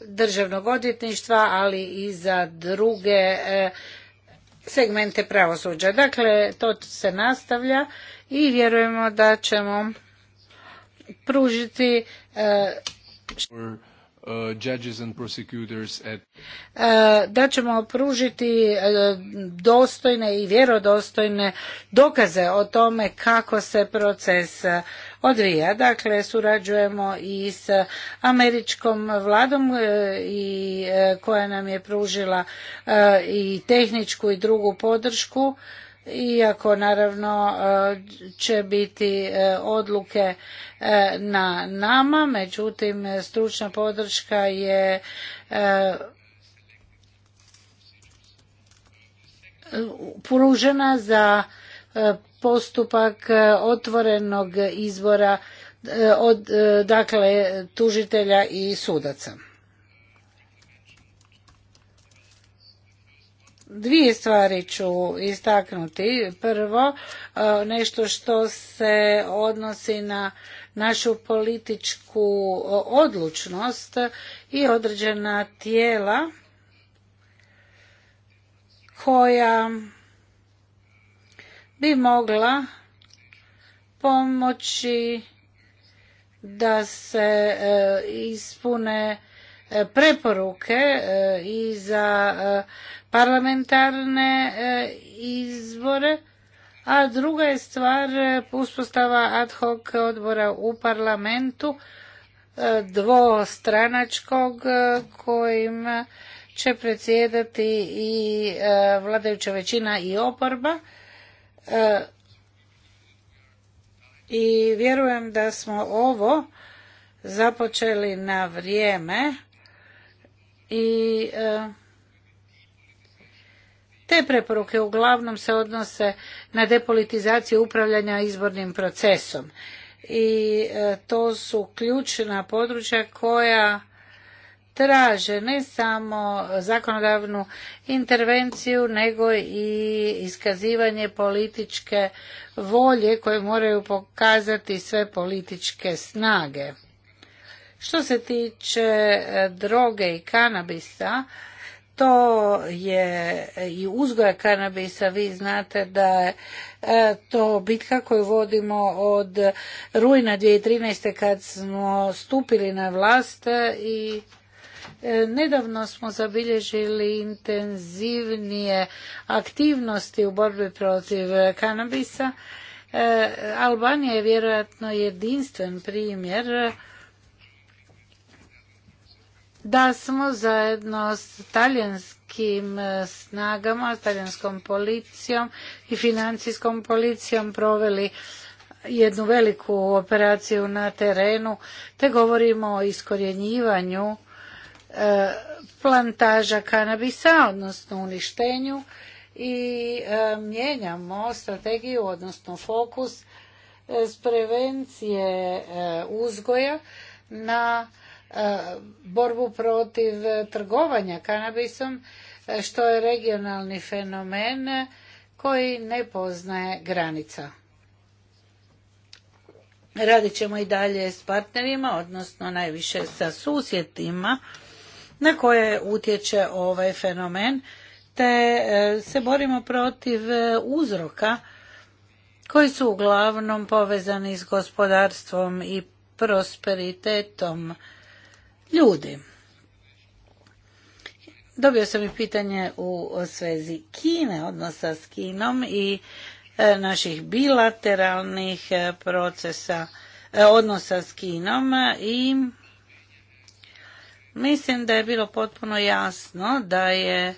državnog odjetništva, ali i za druge segmente pravosuđa. Dakle, to se nastavlja i vjerujemo da ćemo pružiti Uh, e, da ćemo pružiti e, dostojne i vjerodostojne dokaze o tome kako se proces e, odvija. Dakle, surađujemo i s američkom vladom i koja nam je pružila i tehničku i drugu podršku iako naravno e, će biti e, odluke e, na nama, međutim stručna podrška je pružena za postupak otvorenog izbora od dakle tužitelja i sudaca. Dvije stvari ću istaknuti. Prvo, e, nešto što se odnosi na našu političku e, odlučnost i određena tijela koja bi mogla pomoći da se e, ispune E, preporuke e, i za e, parlamentarne izbore, a druga je stvar uspostava ad hoc odbora u parlamentu dvostranačkog kojim će predsjedati i vladajuća većina i oporba. I vjerujem da smo ovo započeli na vrijeme i e, te preporuke uglavnom se odnose na depolitizaciju upravljanja izbornim procesom i e, to su ključna područja koja traže ne samo zakonodavnu intervenciju nego i iskazivanje političke volje koje moraju pokazati sve političke snage što se tiče e, droge i kanabisa, to je i uzgoja kanabisa, vi znate da je e, to bitka koju vodimo od rujna 2013. kad smo stupili na vlast i e, Nedavno smo zabilježili intenzivnije aktivnosti u borbi protiv kanabisa. Albanija je vjerojatno jedinstven primjer da smo zajedno s talijanskim e, snagama, talijanskom policijom i financijskom policijom proveli jednu veliku operaciju na terenu, te govorimo o iskorjenjivanju e, plantaža kanabisa, odnosno uništenju i e, mijenjamo strategiju, odnosno fokus s prevencije uzgoja na E, borbu protiv e, trgovanja kanabisom, e, što je regionalni fenomen koji ne poznaje granica. Radit ćemo i dalje s partnerima, odnosno najviše sa susjetima na koje utječe ovaj fenomen, te se borimo protiv uzroka koji su uglavnom povezani s gospodarstvom i prosperitetom ljudi. Dobio sam i pitanje u svezi Kine, odnosa s Kinom i e, naših bilateralnih e, procesa e, odnosa s Kinom i mislim da je bilo potpuno jasno da je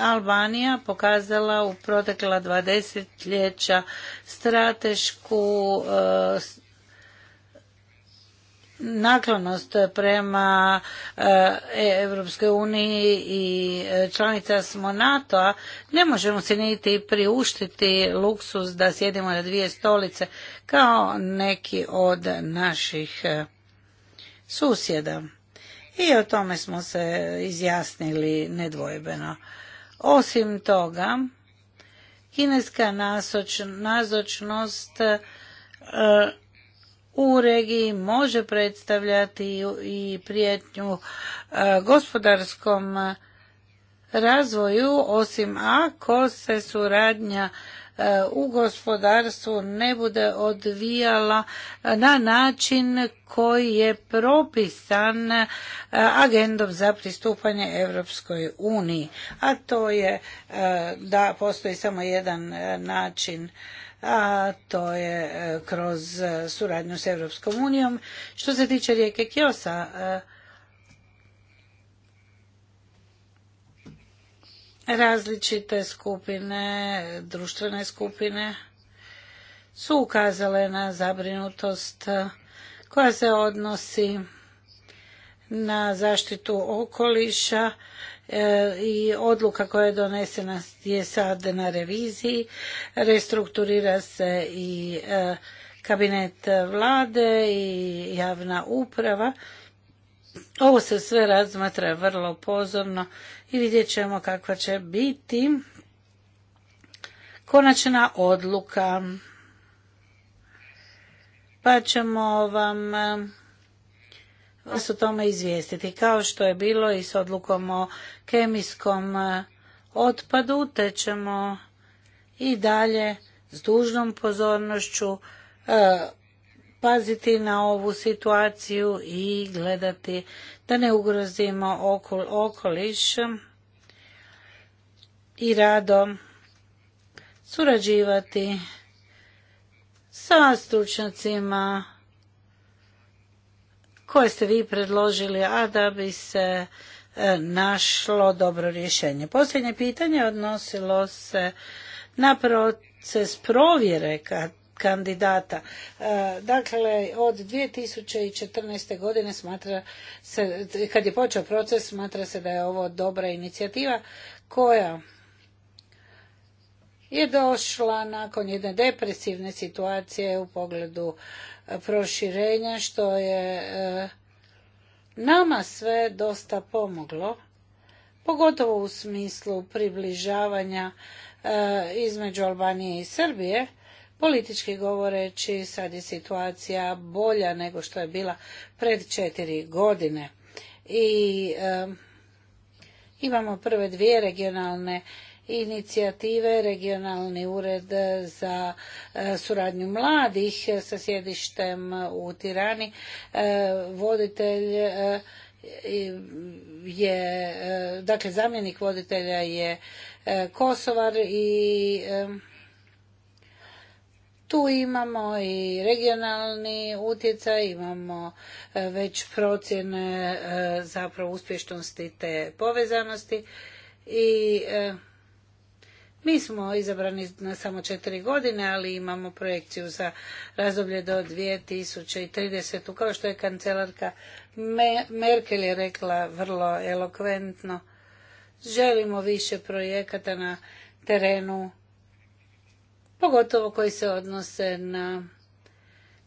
Albanija pokazala u protekla 20. desetljeća stratešku naklonost prema Europskoj e, uniji i e, članica smo NATO-a, ne možemo se niti priuštiti luksus da sjedimo na dvije stolice kao neki od naših e, susjeda. I o tome smo se izjasnili nedvojbeno. Osim toga, kineska nazočnost u regiji može predstavljati i prijetnju e, gospodarskom razvoju, osim ako se suradnja e, u gospodarstvu ne bude odvijala e, na način koji je propisan agendom za pristupanje Europskoj uniji. A to je da postoji samo jedan način a to je e, kroz e, suradnju s Europskom unijom. Što se tiče rijeke Kiosa, e, različite skupine, društvene skupine su ukazale na zabrinutost koja se odnosi na zaštitu okoliša E, i odluka koja je donesena je sad na reviziji. Restrukturira se i e, kabinet vlade i javna uprava. Ovo se sve razmatra vrlo pozorno i vidjet ćemo kakva će biti konačna odluka. Pa ćemo vam vas o tome izvijestiti. Kao što je bilo i s odlukom o kemijskom e, otpadu, te ćemo i dalje s dužnom pozornošću e, paziti na ovu situaciju i gledati da ne ugrozimo okoliš i rado surađivati sa stručnjacima koje ste vi predložili, a da bi se e, našlo dobro rješenje. Posljednje pitanje odnosilo se na proces provjere kandidata. E, dakle, od 2014. godine smatra se, kad je počeo proces, smatra se da je ovo dobra inicijativa koja je došla nakon jedne depresivne situacije u pogledu proširenja što je e, nama sve dosta pomoglo, pogotovo u smislu približavanja e, između Albanije i Srbije. Politički govoreći sad je situacija bolja nego što je bila pred četiri godine. I e, imamo prve dvije regionalne inicijative regionalni ured za e, suradnju mladih sa sjedištem u Tirani e, voditelj e, je dakle zamjenik voditelja je Kosovar i tu imamo i regionalni utjecaj, imamo već procjene zapravo uspješnosti te povezanosti i mi smo izabrani na samo četiri godine, ali imamo projekciju za razdoblje do 2030. Kao što je kancelarka Merkel je rekla vrlo elokventno, želimo više projekata na terenu, pogotovo koji se odnose na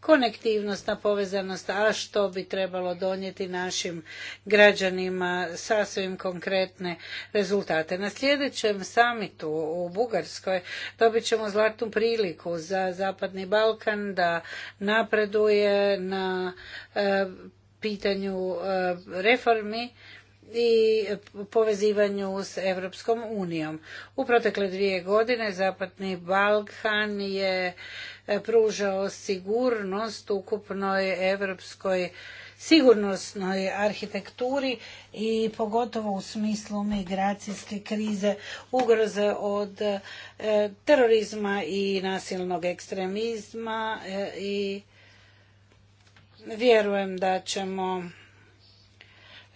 konektivnost, na povezanost, a što bi trebalo donijeti našim građanima sasvim konkretne rezultate. Na sljedećem samitu u Bugarskoj dobit ćemo zlatnu priliku za Zapadni Balkan da napreduje na eh, pitanju eh, reformi i povezivanju s Europskom unijom. U protekle dvije godine Zapadni Balkan je e, pružao sigurnost ukupnoj europskoj sigurnosnoj arhitekturi i pogotovo u smislu migracijske krize, ugroze od e, terorizma i nasilnog ekstremizma e, i vjerujem da ćemo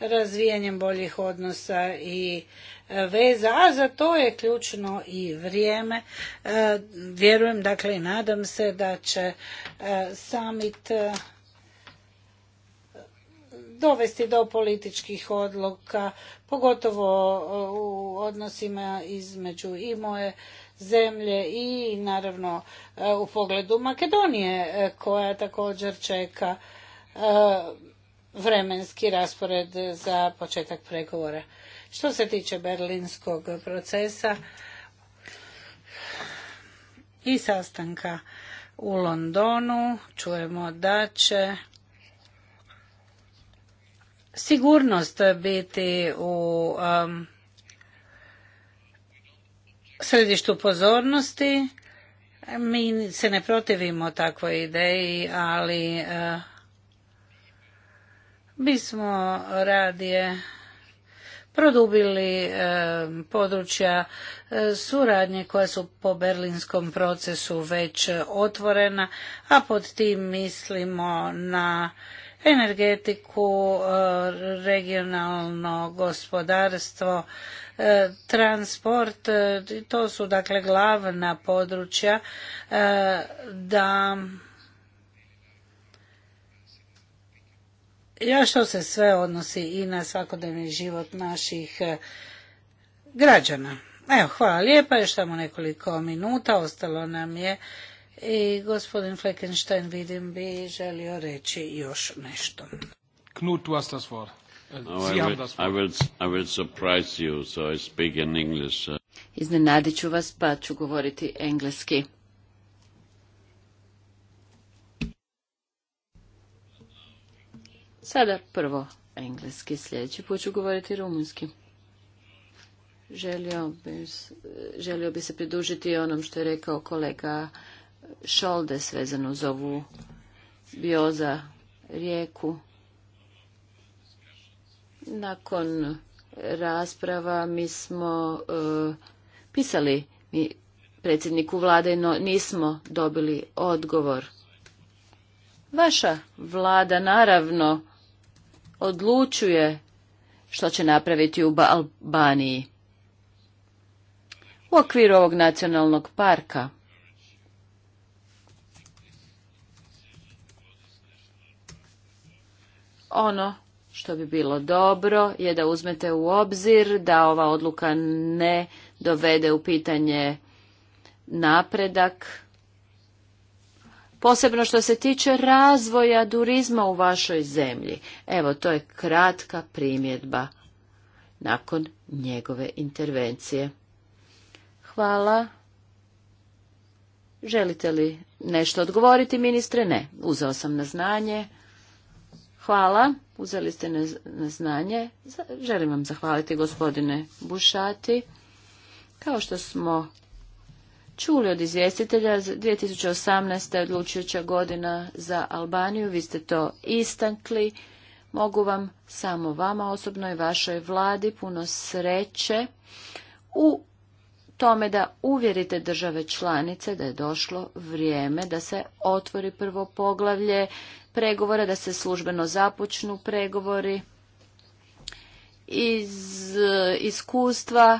razvijanjem boljih odnosa i e, veza, a za to je ključno i vrijeme. E, vjerujem, dakle, i nadam se da će e, summit dovesti do političkih odluka, pogotovo u odnosima između i moje zemlje i naravno u pogledu Makedonije koja također čeka vremenski raspored za početak pregovora. Što se tiče berlinskog procesa i sastanka u Londonu, čujemo da će sigurnost biti u um, središtu pozornosti. Mi se ne protivimo takvoj ideji, ali uh, smo radije produbili e, područja e, suradnje koja su po berlinskom procesu već otvorena, a pod tim mislimo na energetiku, e, regionalno gospodarstvo, transport, to su dakle glavna područja da Ja što se sve odnosi i na svakodnevni život naših eh, građana. Evo, hvala lijepa, još samo nekoliko minuta, ostalo nam je i gospodin Fleckenstein vidim bi želio reći još nešto. Knut, was das vor? Iznenadit ću vas pa ću govoriti engleski. Sada prvo engleski, sljedeći put ću govoriti rumunski. Želio bi, se pridužiti onom što je rekao kolega Šolde vezano uz ovu bioza rijeku. Nakon rasprava mi smo e, pisali mi predsjedniku vlade, no nismo dobili odgovor. Vaša vlada naravno odlučuje što će napraviti u Albaniji. U okviru ovog nacionalnog parka. Ono što bi bilo dobro je da uzmete u obzir da ova odluka ne dovede u pitanje napredak posebno što se tiče razvoja turizma u vašoj zemlji. Evo, to je kratka primjedba nakon njegove intervencije. Hvala. Želite li nešto odgovoriti, ministre? Ne, uzeo sam na znanje. Hvala, uzeli ste na znanje. Želim vam zahvaliti gospodine Bušati. Kao što smo čuli od izvjestitelja, 2018. je odlučujuća godina za Albaniju, vi ste to istankli. Mogu vam samo vama osobno i vašoj vladi puno sreće u tome da uvjerite države članice da je došlo vrijeme da se otvori prvo poglavlje pregovora, da se službeno započnu pregovori. Iz e, iskustva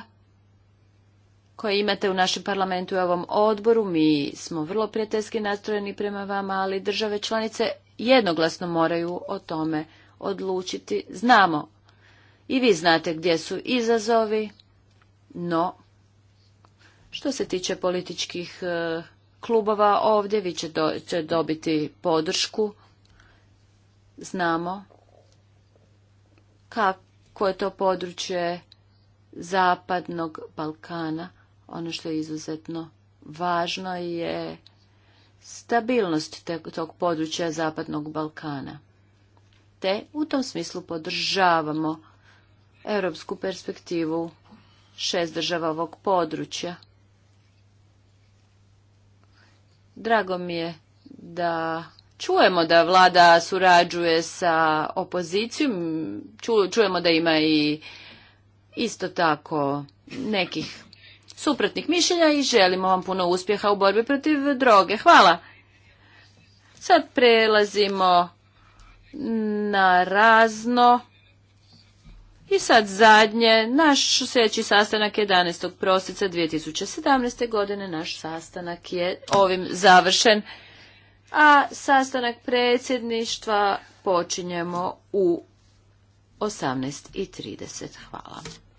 koje imate u našem parlamentu i ovom odboru. Mi smo vrlo prijateljski nastrojeni prema vama, ali države članice jednoglasno moraju o tome odlučiti. Znamo i vi znate gdje su izazovi, no što se tiče političkih e, klubova ovdje, vi ćete dobiti podršku. Znamo kako je to područje Zapadnog Balkana ono što je izuzetno važno je stabilnost tog područja Zapadnog Balkana. Te u tom smislu podržavamo europsku perspektivu šest država ovog područja. Drago mi je da čujemo da vlada surađuje sa opozicijom, čujemo da ima i isto tako nekih suprotnih mišljenja i želimo vam puno uspjeha u borbi protiv droge. Hvala. Sad prelazimo na razno. I sad zadnje, naš sljedeći sastanak je 11. prosinca 2017. godine, naš sastanak je ovim završen, a sastanak predsjedništva počinjemo u 18.30. Hvala.